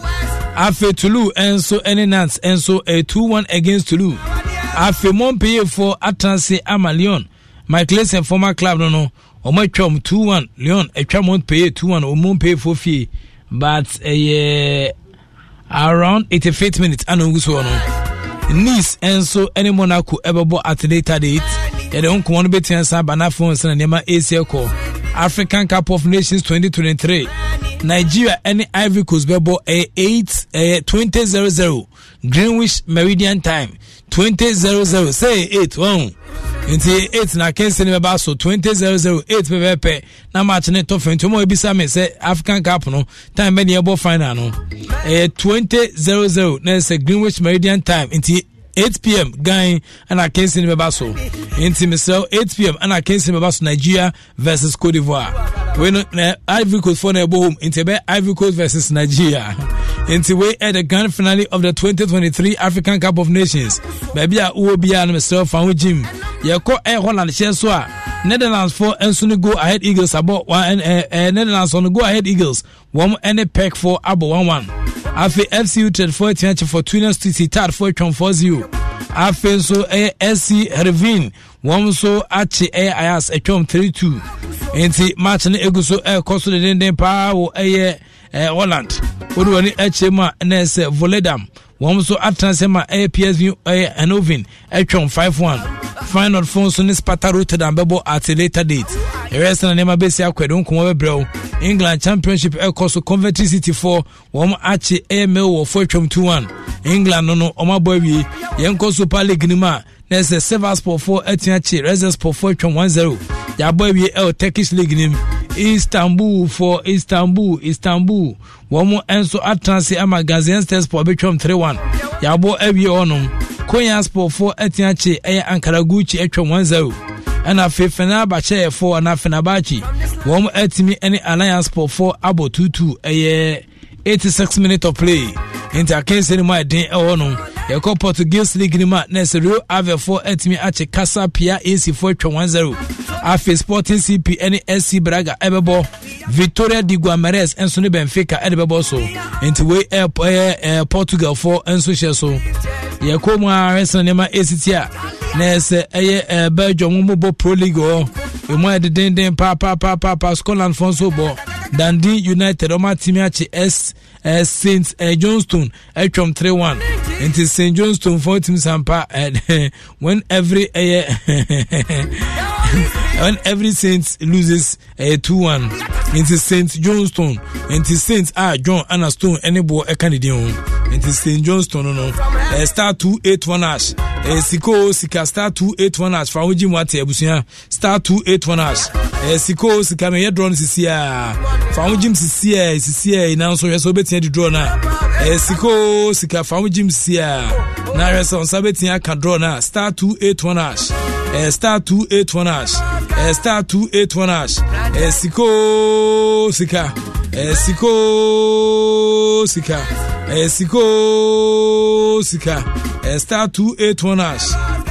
afei Toulouse ɛnso ɛne Nantes ɛnso a 2-1 against Toulouse afei Montpellier for Atanse ama Lyon Mike Leeson former club no no ɔmo atwam 2-1 Lyon atwa Montpellier 2-1 ɔmo Montpellier fo fie but ɛyɛ eh, around eighty fifth minutes ɛna ogu soɔ no nice nso ɛne monaco ɛbɛbɔ at later date yɛde ho nkɔmɔ no bɛtena san banafo nsa na nneɛma esi ɛkɔ african cup of nations twenty twenty three nigeria ɛne ivory coast bɛbɔ ɛyɛ eh, eight ɛyɛ eh, twenty zero zero greenwich meridian time twenty zero zero say eight one nti eight na kensin bɛba so twenty zero zero eight pɛpɛɛpɛ na match ne tɔ fɛn tí wɔn ebisa mi sɛ african cup no time bɛ ni ɛbɔ final no ɛyɛ eh, twenty zero zero na ɛsɛ greenwich meridian time nti 8 p.m. Ghana and I can't see Babaso. Intimisel 8 p.m. and I can't see Babaso Nigeria versus Cote d'Ivoire. When uh, eh, Ivory Coast for their home, Intebe eh, Ivory Coast versus Nigeria. Inti way at the grand finale of the 2023 African Cup of Nations. Baby, I will be an myself found Jim. Yako Air eh, Holland Cheswa. Netherlands 4 and soon go ahead Eagles about one and uh, uh, Netherlands on go ahead Eagles. One and a pack for Abo 1 1. afei fc utred fo atua kyɛ fɔ tunas to sitad fo atwamfo zero afei nso ɛyɛ eh, sc revin wɔn nso akye eh, ɛyɛ ayas atwam 32 nti match no egu so ɛrekɔ eh, so dendenden paa wɔ ɛyɛ ɛɛ holland wɔde wɔn ani akyerɛ mu a ɛna ɛsɛ voledam wɔn nso atena sɛ ma ɛyɛ psv ɛyɛ anovin ɛtwɛn five one final phone nso ne sparta rotterdam bɛbɔ at a later date ɛwɛ sɛ na nneɛma bɛsi akɔɛdo nkɔmɔ bɛbrɛw england championship ɛkɔ so coventry city foɔ wɔn akye ɛyɛ mɛwɔ fɔ ɛtwɛn two one england no no wɔn abɔ awie yɛn kɔ super league no mu a na ɛsɛ severs pɔfoɔ atua kye reses pɔfoɔ atwa 10 yɛabɔ awie ɛwɔ turkish league no istanbul for istanbul istanbul wɔn nso atena ase ama gaziantepspor bɛtwam 3-1 yɛabɔ awie hɔnom konyaspɔfoɔ atua kye ɛyɛ ankaraguchi atwa 10 ɛna afei fenerbahce yɛfoɔ anaa fenerbahce wɔn atumi ne alliance pɔfoɔ abɔ tutu ɛyɛ 86 minutes of play nti akansi no mu a ɛden ɛwɔ no yɛkɔ portuguese league no mu a na ɛsɛ rio avefoɔ atumi akye kasa pia asifoɔ atwa 1-0 afei sporting cp ne sc braga ɛbɛbɔ victoria de guamares nso ne benfica ɛde bɛbɔ so nti wei ɛyɛ ɛɛ portugalfoɔ nso hyɛ so yɛkɔ mu a ɛsɛn nneɛma asiti a na ɛsɛ ɛyɛ ɛɛ belgium mu bɔ pro league hɔ emu a ɛdedenden paapaapaapaapa scotland fɔ nso bɔ dundee united ɔmo atimi akyi s ɛ saint ɛ eh, johnstone ɛtwam eh, three one nti st Johnstone, stonefo tim sampa eh, when every eh, when every saint loses ɛyɛ eh, two one nti st Johnstone ah, stone oh. nti saint a john ana stone ɛne boɔ ɛka ne din ho nti st john no ɛyɛ star two eight one ash ɛyɛ sikoo sika star two eight one ash fa ho gyi mu ate abusua star two eight one ash ɛyɛ sikoo sika mɛ yɛ ah. draw no sisi a fa ho gyi mu sisi a sisi a nanso yɛ sɛ wobɛtia di drɔ no a ɛyɛ sika fa ho mu sisi a na ahwɛ sɛ nsa bɛtumi aka draw no a star 281 ash eh, star 281 ash eh, star 281 ash eh, sikoo sika eh, sikoo sika eh, sikoo sika eh, star 281 ash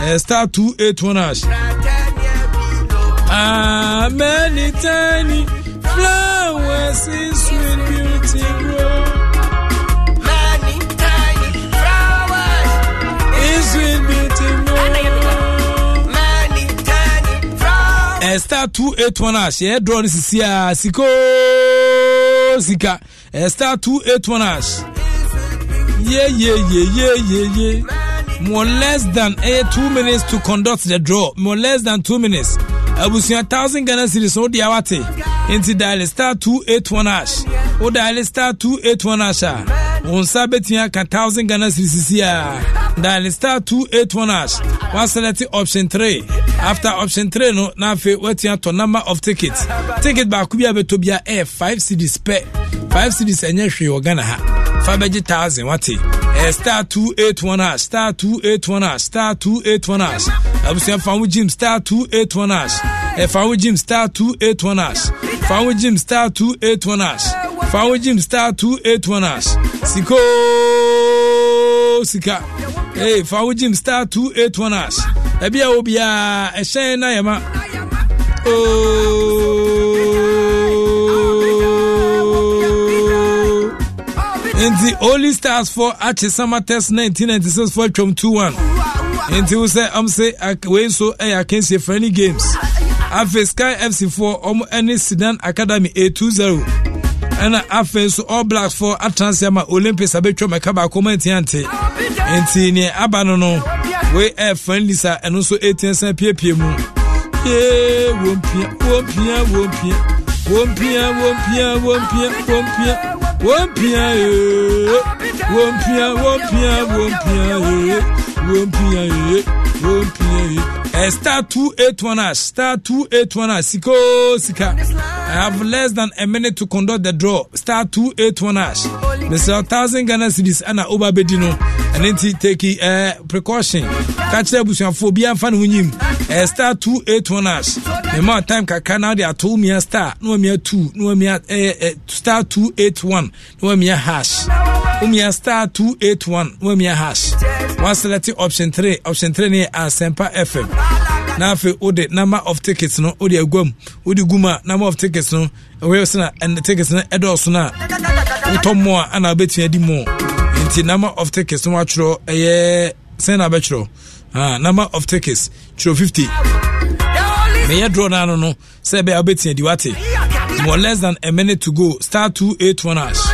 eh, star 281 ash Ah, many tiny flowers in sweet beauty grow. ɛɛ eh, star two eight one ash ɛyɛ eh, draw no sisi a sikoo sika ɛɛ eh, star two eight one ash yeyeyeyeyeye more less than ɛyɛ two minutes to conduct the draw more less than two minutes abusua thousand ghana series wo deɛ wate nti dial star two eight one ash wo dial star 281 ash a wo nsa bɛtumi aka thousand ghana series sisi a dial star two eight one ash waselɛte option three. after option three no na afei woatumi atɔ number of ticket ticket baako bi a bɛtɔ bia ɛyɛ eh, 5 cities pɛ 5 cities ɛnyɛ hwee wɔ ghana ha fa bɛgye thousand wate eh, star 281 as star 281 as star 281 as abusua fa wo gym star 281 as eh, fa wo gym star 281 as fa wo gym star 281 as fa wo gym star 281 as siko sika hey, eh, fa wo gym star 281 as ɛbi a wo biara ɛhyɛn na yɛma ooo. Oh. nti holy stars for akye summer test 1996 for atwam 2-1 nti wo sɛ ɔm um, sɛ wei nso ɛyɛ eh, akansie friendly games afei sky fc foɔ ɔmo um, ɛne sudan academy a20 ɛna afei nso all blacks foɔ atanse ama olympics abɛtwam ɛka baako ma ntiante nti neɛ aba no no wei ɛyɛ eh, friendly sa ɛno nso ɛtia san piepie mu wɔmpia wɔmpia wɔmpia wɔmpia wɔmpia wɔmpia wɔmpia wompia ye eh. wompia wompia wompia ye eh. wompia ye eh. wompia. Star two eight one hash, star two eight one hash, Siko Sika. I have less than a minute to conduct the draw. Star two eight one hash. Mr. thousand Ghana cities and Oba Bedino. And then take uh, precaution. Catch the bush and phobia fan winim. Eh, star two 281 hash. The amount of time Kaka now they are told me a star. No, me a two. No, me a eh, star two eight one. No, me a hash womia star 281 womia hash waselect option 3 option 3 ne yɛ asempa fm na afei wode number of tickets no wode agua mu wode gu mu a number of tickets no ɛwɔ sɛ na tickets no ɛdɔɔso na? a wotɔ mu a ana wobɛtumi adi mu nti number of tickets no watwerɛ ɛyɛ sɛn na abɛtwerɛ ah, number of tickets twerɛ fifty. meyɛ drɔ no ano no sɛ ɛbɛyɛ wobɛtumi adi wate more less than a minute to go star two eight one hash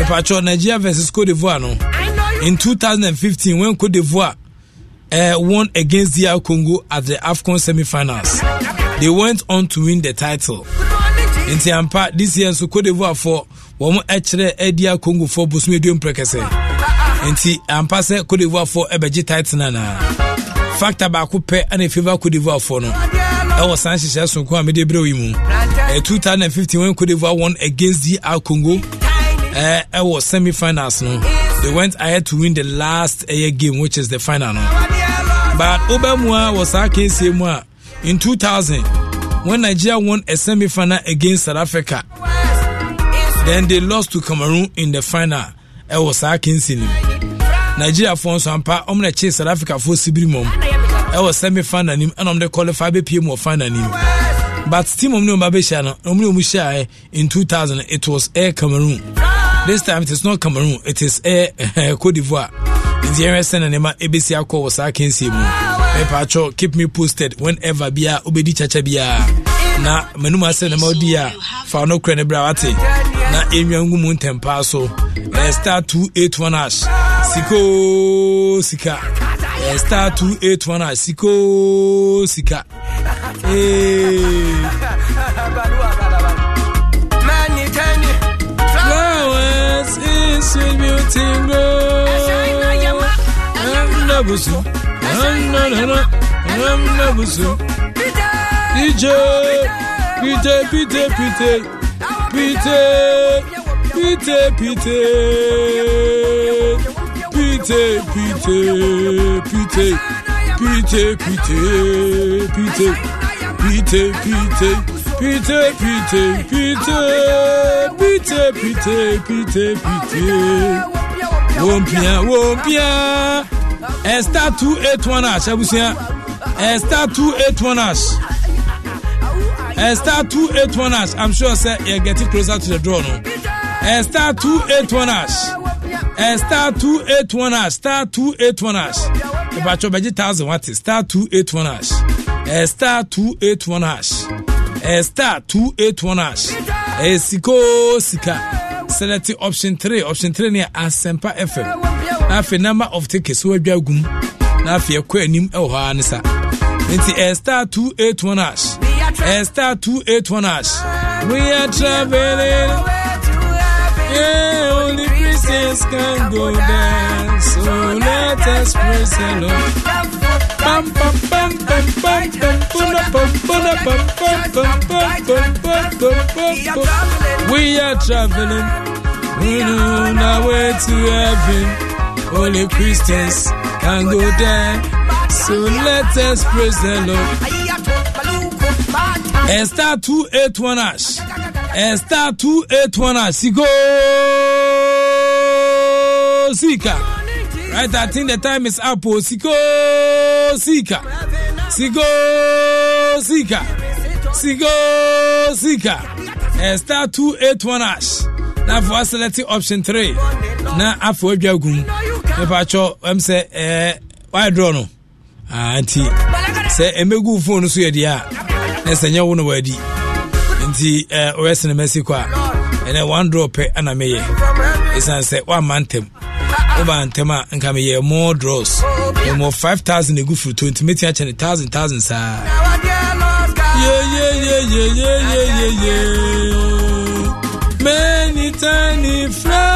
mpatsɔ nigeria versus cote d'ivoire no in 2015 when cote d'ivoire uh, won against dr congo at the afcon semi-finals they went on to win the title nti ampa this year nso cote d'ivoire fo wɔn kyerɛ eh, dr congo fo bosom edu mpɛkɛsɛ nti ampa sɛ cote d'ivoire fo bɛgye title na na factor baako pɛ ɛna efeva cote d'ivoire fo no ɛwɔ san hyehyɛ sonko a mede brɛ yi mu 2015 when cote d'ivoire won against dr congo ɛwɔ uh, uh, semi-finals no they went ahead to win the last uh, game which is the final no but obamua was our case mu in 2000 when nigeria won a semi-final against south africa then they lost to cameroon in the final ɛwɔ eh, saa kensi no nigeria fo nso ampa ɔmo na kye south africa fo sibiri mɔm eh, was semi-final And I'm ɔmo de qualify bepie PM or final but team omni omba bɛhyia no omni omu hyia in 2000 it was air cameroon this time it is not cameroon it is uh, eh, uh, eh, eh, cote d'ivoire nti yɛn sɛ na nneɛma ebesi akɔ wɔ saa kensie mu ɛpa atwɔ keep me posted whenever bia obedi kyakya biara na manum asɛ nneɛma odi a fa no kura ne bra wate na enwia ngu mu ntɛmpaa so ɛyɛ star two eight one ash sikoo sika ɛyɛ star two eight one ash sikoo sika Hey. sweet beauty grow. I'm not busu. I'm not hana. I'm not busu. Pite, pite, pite, pite, pite, pite, pite, pite, pite, pite, pite, pite, pite, pite, pite. Pite, pite, pite, pite, pite, pite, pite. Wompia, wompia. Esther 281 ash, abusia. Esther 281 ash. Esther 281 ash. I'm sure, sir, you're getting closer to the draw, no? Esther 281 ash. Esther 281 ash. Star 281 ash. The batch of 1000 what is? Star 281 ash. Esther 281 ash ɛyɛ eh, star two eight one ash ɛyɛ eh, sika select option three option three ne asɛmpa fm na afei number of tickets wadwa gu mu na afei ɛkɔ anim ɛwɔ hɔ ara ne sa nti ɛyɛ eh, star two eight one ash ɛyɛ star two eight one ash we are traveling. Yeah, only Christians can go there. So let us praise the Lord. We are traveling, we on our way to heaven. Holy Christians can go there. So let us praise the Lord. And start 281 ash. And start 281 ash. Go! Sika. Right, I think the time is up. Oh, Siko Sika. Siko Sika. Siko Sika. Uh, star one ash. Now for selecting option 3. Now after Jagum. Epacho, I'm say, eh, why draw no? Ah, auntie. Say, emegu eh, phone so yedia. Nesanya wono wedi. Nti, eh, west in the Mexico. And then one draw pe anameye. Eh. It's an say, one man tem. i ntɛm a nka meyɛ more draws mmɔ 5000 ɛgu furuto nti mɛtumi akyɛ ne 1000 saa many tiny friends